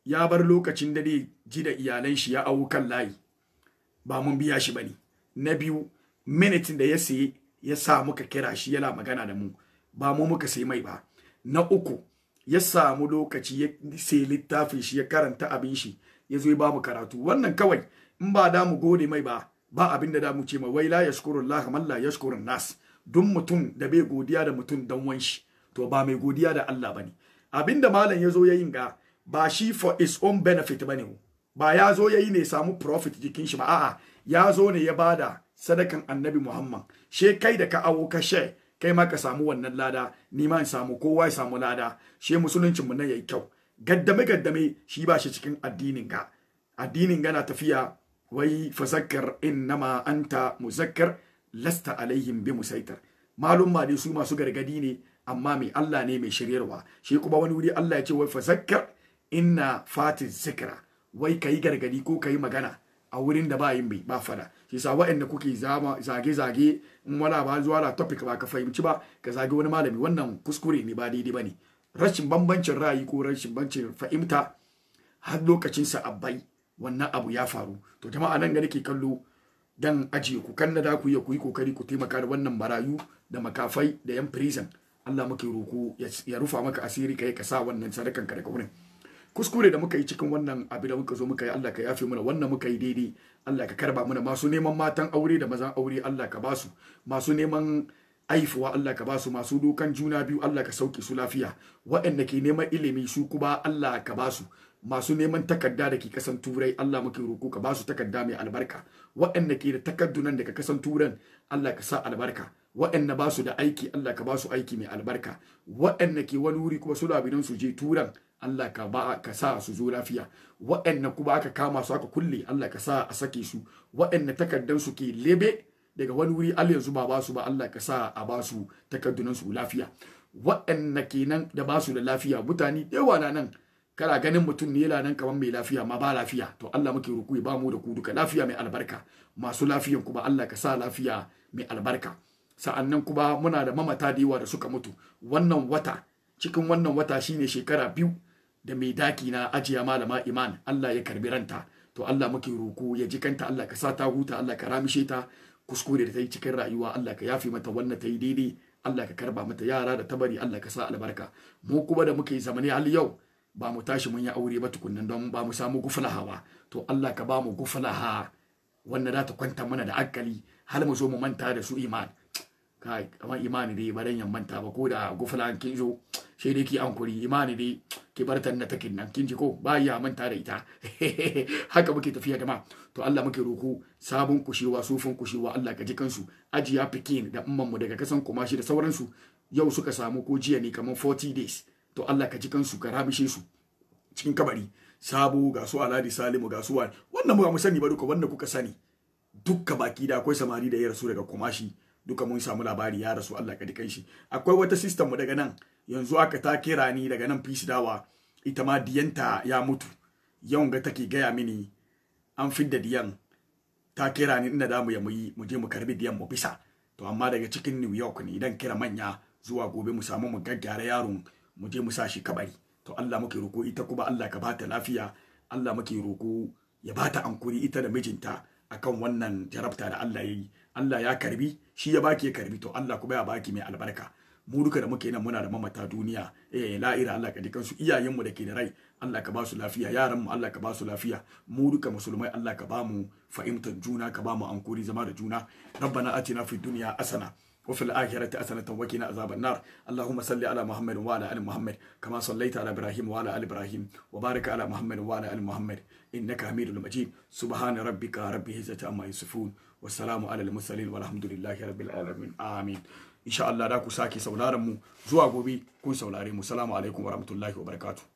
ya bar lokacin da ji da iyalan shi ya awo kan layi ba mun biya shi bane na biyu minitin da ya sayi ya sa muka kira shi yana magana da mu ba mu muka sai mai ba na uku ya samu lokaci ya sai littafin shi ya karanta abin shi ya zo ba mu karatu wannan kawai in ba da mu gode mai ba ba abin da da mu ce mai wai la yashkurullah man la yashkurun nas duk mutum da bai godiya da mutum dan wanshi to ba mai godiya da Allah bane da malam ya zo ya yin ga ba shi for his own benefit ba bane ba ya zo ya yi ne samu profit jikin shi ba a'a ya zo ne ya bada sadakan annabi muhammad she kai da ka awo ka she kai ma ka samu wannan lada ni ma in samu kowa ya samu lada she musuluncin mu na yayi kyau gaddame gaddame shi ba shi cikin addinin ka addinin gana tafiya wai fazakkar innama anta muzakkar lasta alaihim bi musaitar malum ma dai su masu gargadi ne amma mai Allah ne mai shiryarwa shi kuma wani wuri Allah ya ce wai fazakkar inna fatiz zikra wai ka yi gargadi ko ka yi magana a wurin da ba yin bai ba fada shi sa waɗanda kuke zage zage in wala ba zuwa da topic ba ka fahimci ba ka zage wani malami wannan kuskure ne ba daidai ba ne. rashin bambancin ra'ayi ko rashin bambancin fahimta har lokacin sa abai wannan abu ya faru to jama'a nan ga nake kallo dan ajiye ku kanna da ku yi ku yi kokari ku taimaka da wannan marayu da makafai da yan prison Allah muke roko ya rufa maka asiri kai ka sa wannan sadakan ka daga wurin kuskure da muka yi cikin wannan abu da muka zo muka yi Allah ka yafe mana wannan muka yi daidai Allah ka karba mana masu neman matan aure da mazan aure Allah ka basu masu neman aifuwa Allah ka basu masu dokan juna biyu Allah ka sauke su lafiya waɗanda ke neman ilimi su kuma Allah ka basu masu neman takarda da ke kasan turai Allah muke roƙo ka basu takarda mai albarka waɗanda ke da takardunan daga kasan turan Allah ka sa albarka waɗanda ba su da aiki Allah ka basu aiki mai albarka waɗanda ke wani wuri kuma su labirin su je turan Allah ka ba ka sa su zo lafiya waɗanda kuma aka kama su aka kulle Allah ka sa a sake su waɗanda takardan su ke lebe daga wani wuri Allah yanzu ba ba su ba Allah ka sa a ba su takardunan su lafiya Waɗanne kenan da ba su da lafiya mutane da yawa na nan kana ganin mutum ne yana nan kamar mai lafiya ma ba lafiya to Allah muke ruku ya ba mu da ku duka lafiya mai albarka masu lafiyan kuma Allah ka sa lafiya mai albarka sa'annan kuma muna da mamata da yawa da suka mutu wannan wata cikin wannan wata shine shekara biyu da mai daki na ajiya malama iman Allah ya karbi ranta to Allah muke roko ya ji kanta Allah ka sa ta huta Allah ka ramishe ta kuskure da ta yi cikin rayuwa Allah ka yafi mata wannan ta yi daidai Allah ka karba mata yara da tabari Allah ka sa albarka mu kuma da muke zamani hal yau ba mu tashi mun yi aure ba tukunnan don ba mu samu gufulaha ba to Allah ka ba mu gufulaha wannan za ta kwanta mana da akali har mu zo mu manta da su iman kai amma imani dai dan yan manta ba ko da gufulan kin zo sai dai ki ankuri imani dai ki bar na takin nan kin ji ko ba ya manta da ita haka muke tafiya da ma to Allah muke roko sabon kushewa sufin kushewa Allah ka ji kansu ajiya fikin da umman mu daga kasan kumashi da sauransu yau suka samu ko jiya ne kamar 40 days to Allah ka ji kansu ka rabishe su cikin kabari sabu ga su aladi salimu ga su wannan mu mu sani ba duka wannan kuka sani dukka baki da akwai samari da ya rasu daga kumashi duka mun samu labari ya rasu Allah ka dikai shi akwai wata system mu daga nan yanzu aka ta kira ni daga nan fisi dawa ita ma diyanta ya mutu yau ga take gaya mini an fidda diyan ta kira ni inda damu ya muyi mu je mu karbi diyan mu bisa to amma daga cikin New York ne idan kira manya zuwa gobe mu samu mu gaggara yaron mu je mu sa shi kabari to Allah muke roko ita kuma Allah ka bata lafiya Allah muke roko ya bata ankuri ita da mijinta akan wannan jarabta da Allah ya yi Allah ya karbi shi ya baki ya karbi to Allah kuma ya baki mai albarka mu duka da muke nan muna da mamata duniya eh la ira Allah ka dikan su iyayen mu da ke da rai Allah ka ba su lafiya yaran mu Allah ka ba su lafiya mu duka musulmai Allah ka ba mu fahimtar juna ka ba mu ankuri zama da juna rabbana atina fid dunya asana وفي الآخرة أسنة وقنا عذاب النار اللهم صل على محمد وعلى آل محمد كما صليت على إبراهيم وعلى آل إبراهيم وبارك على محمد وعلى آل محمد إنك حميد مجيد سبحان ربك رب العزة عما يصفون wassalamu alal mursalin walhamdulillahi rabbil alamin amin insha Allah da ku sake sauraron mu zuwa gobe kun saurare mu salamu alaikum warahmatullahi wabarakatuh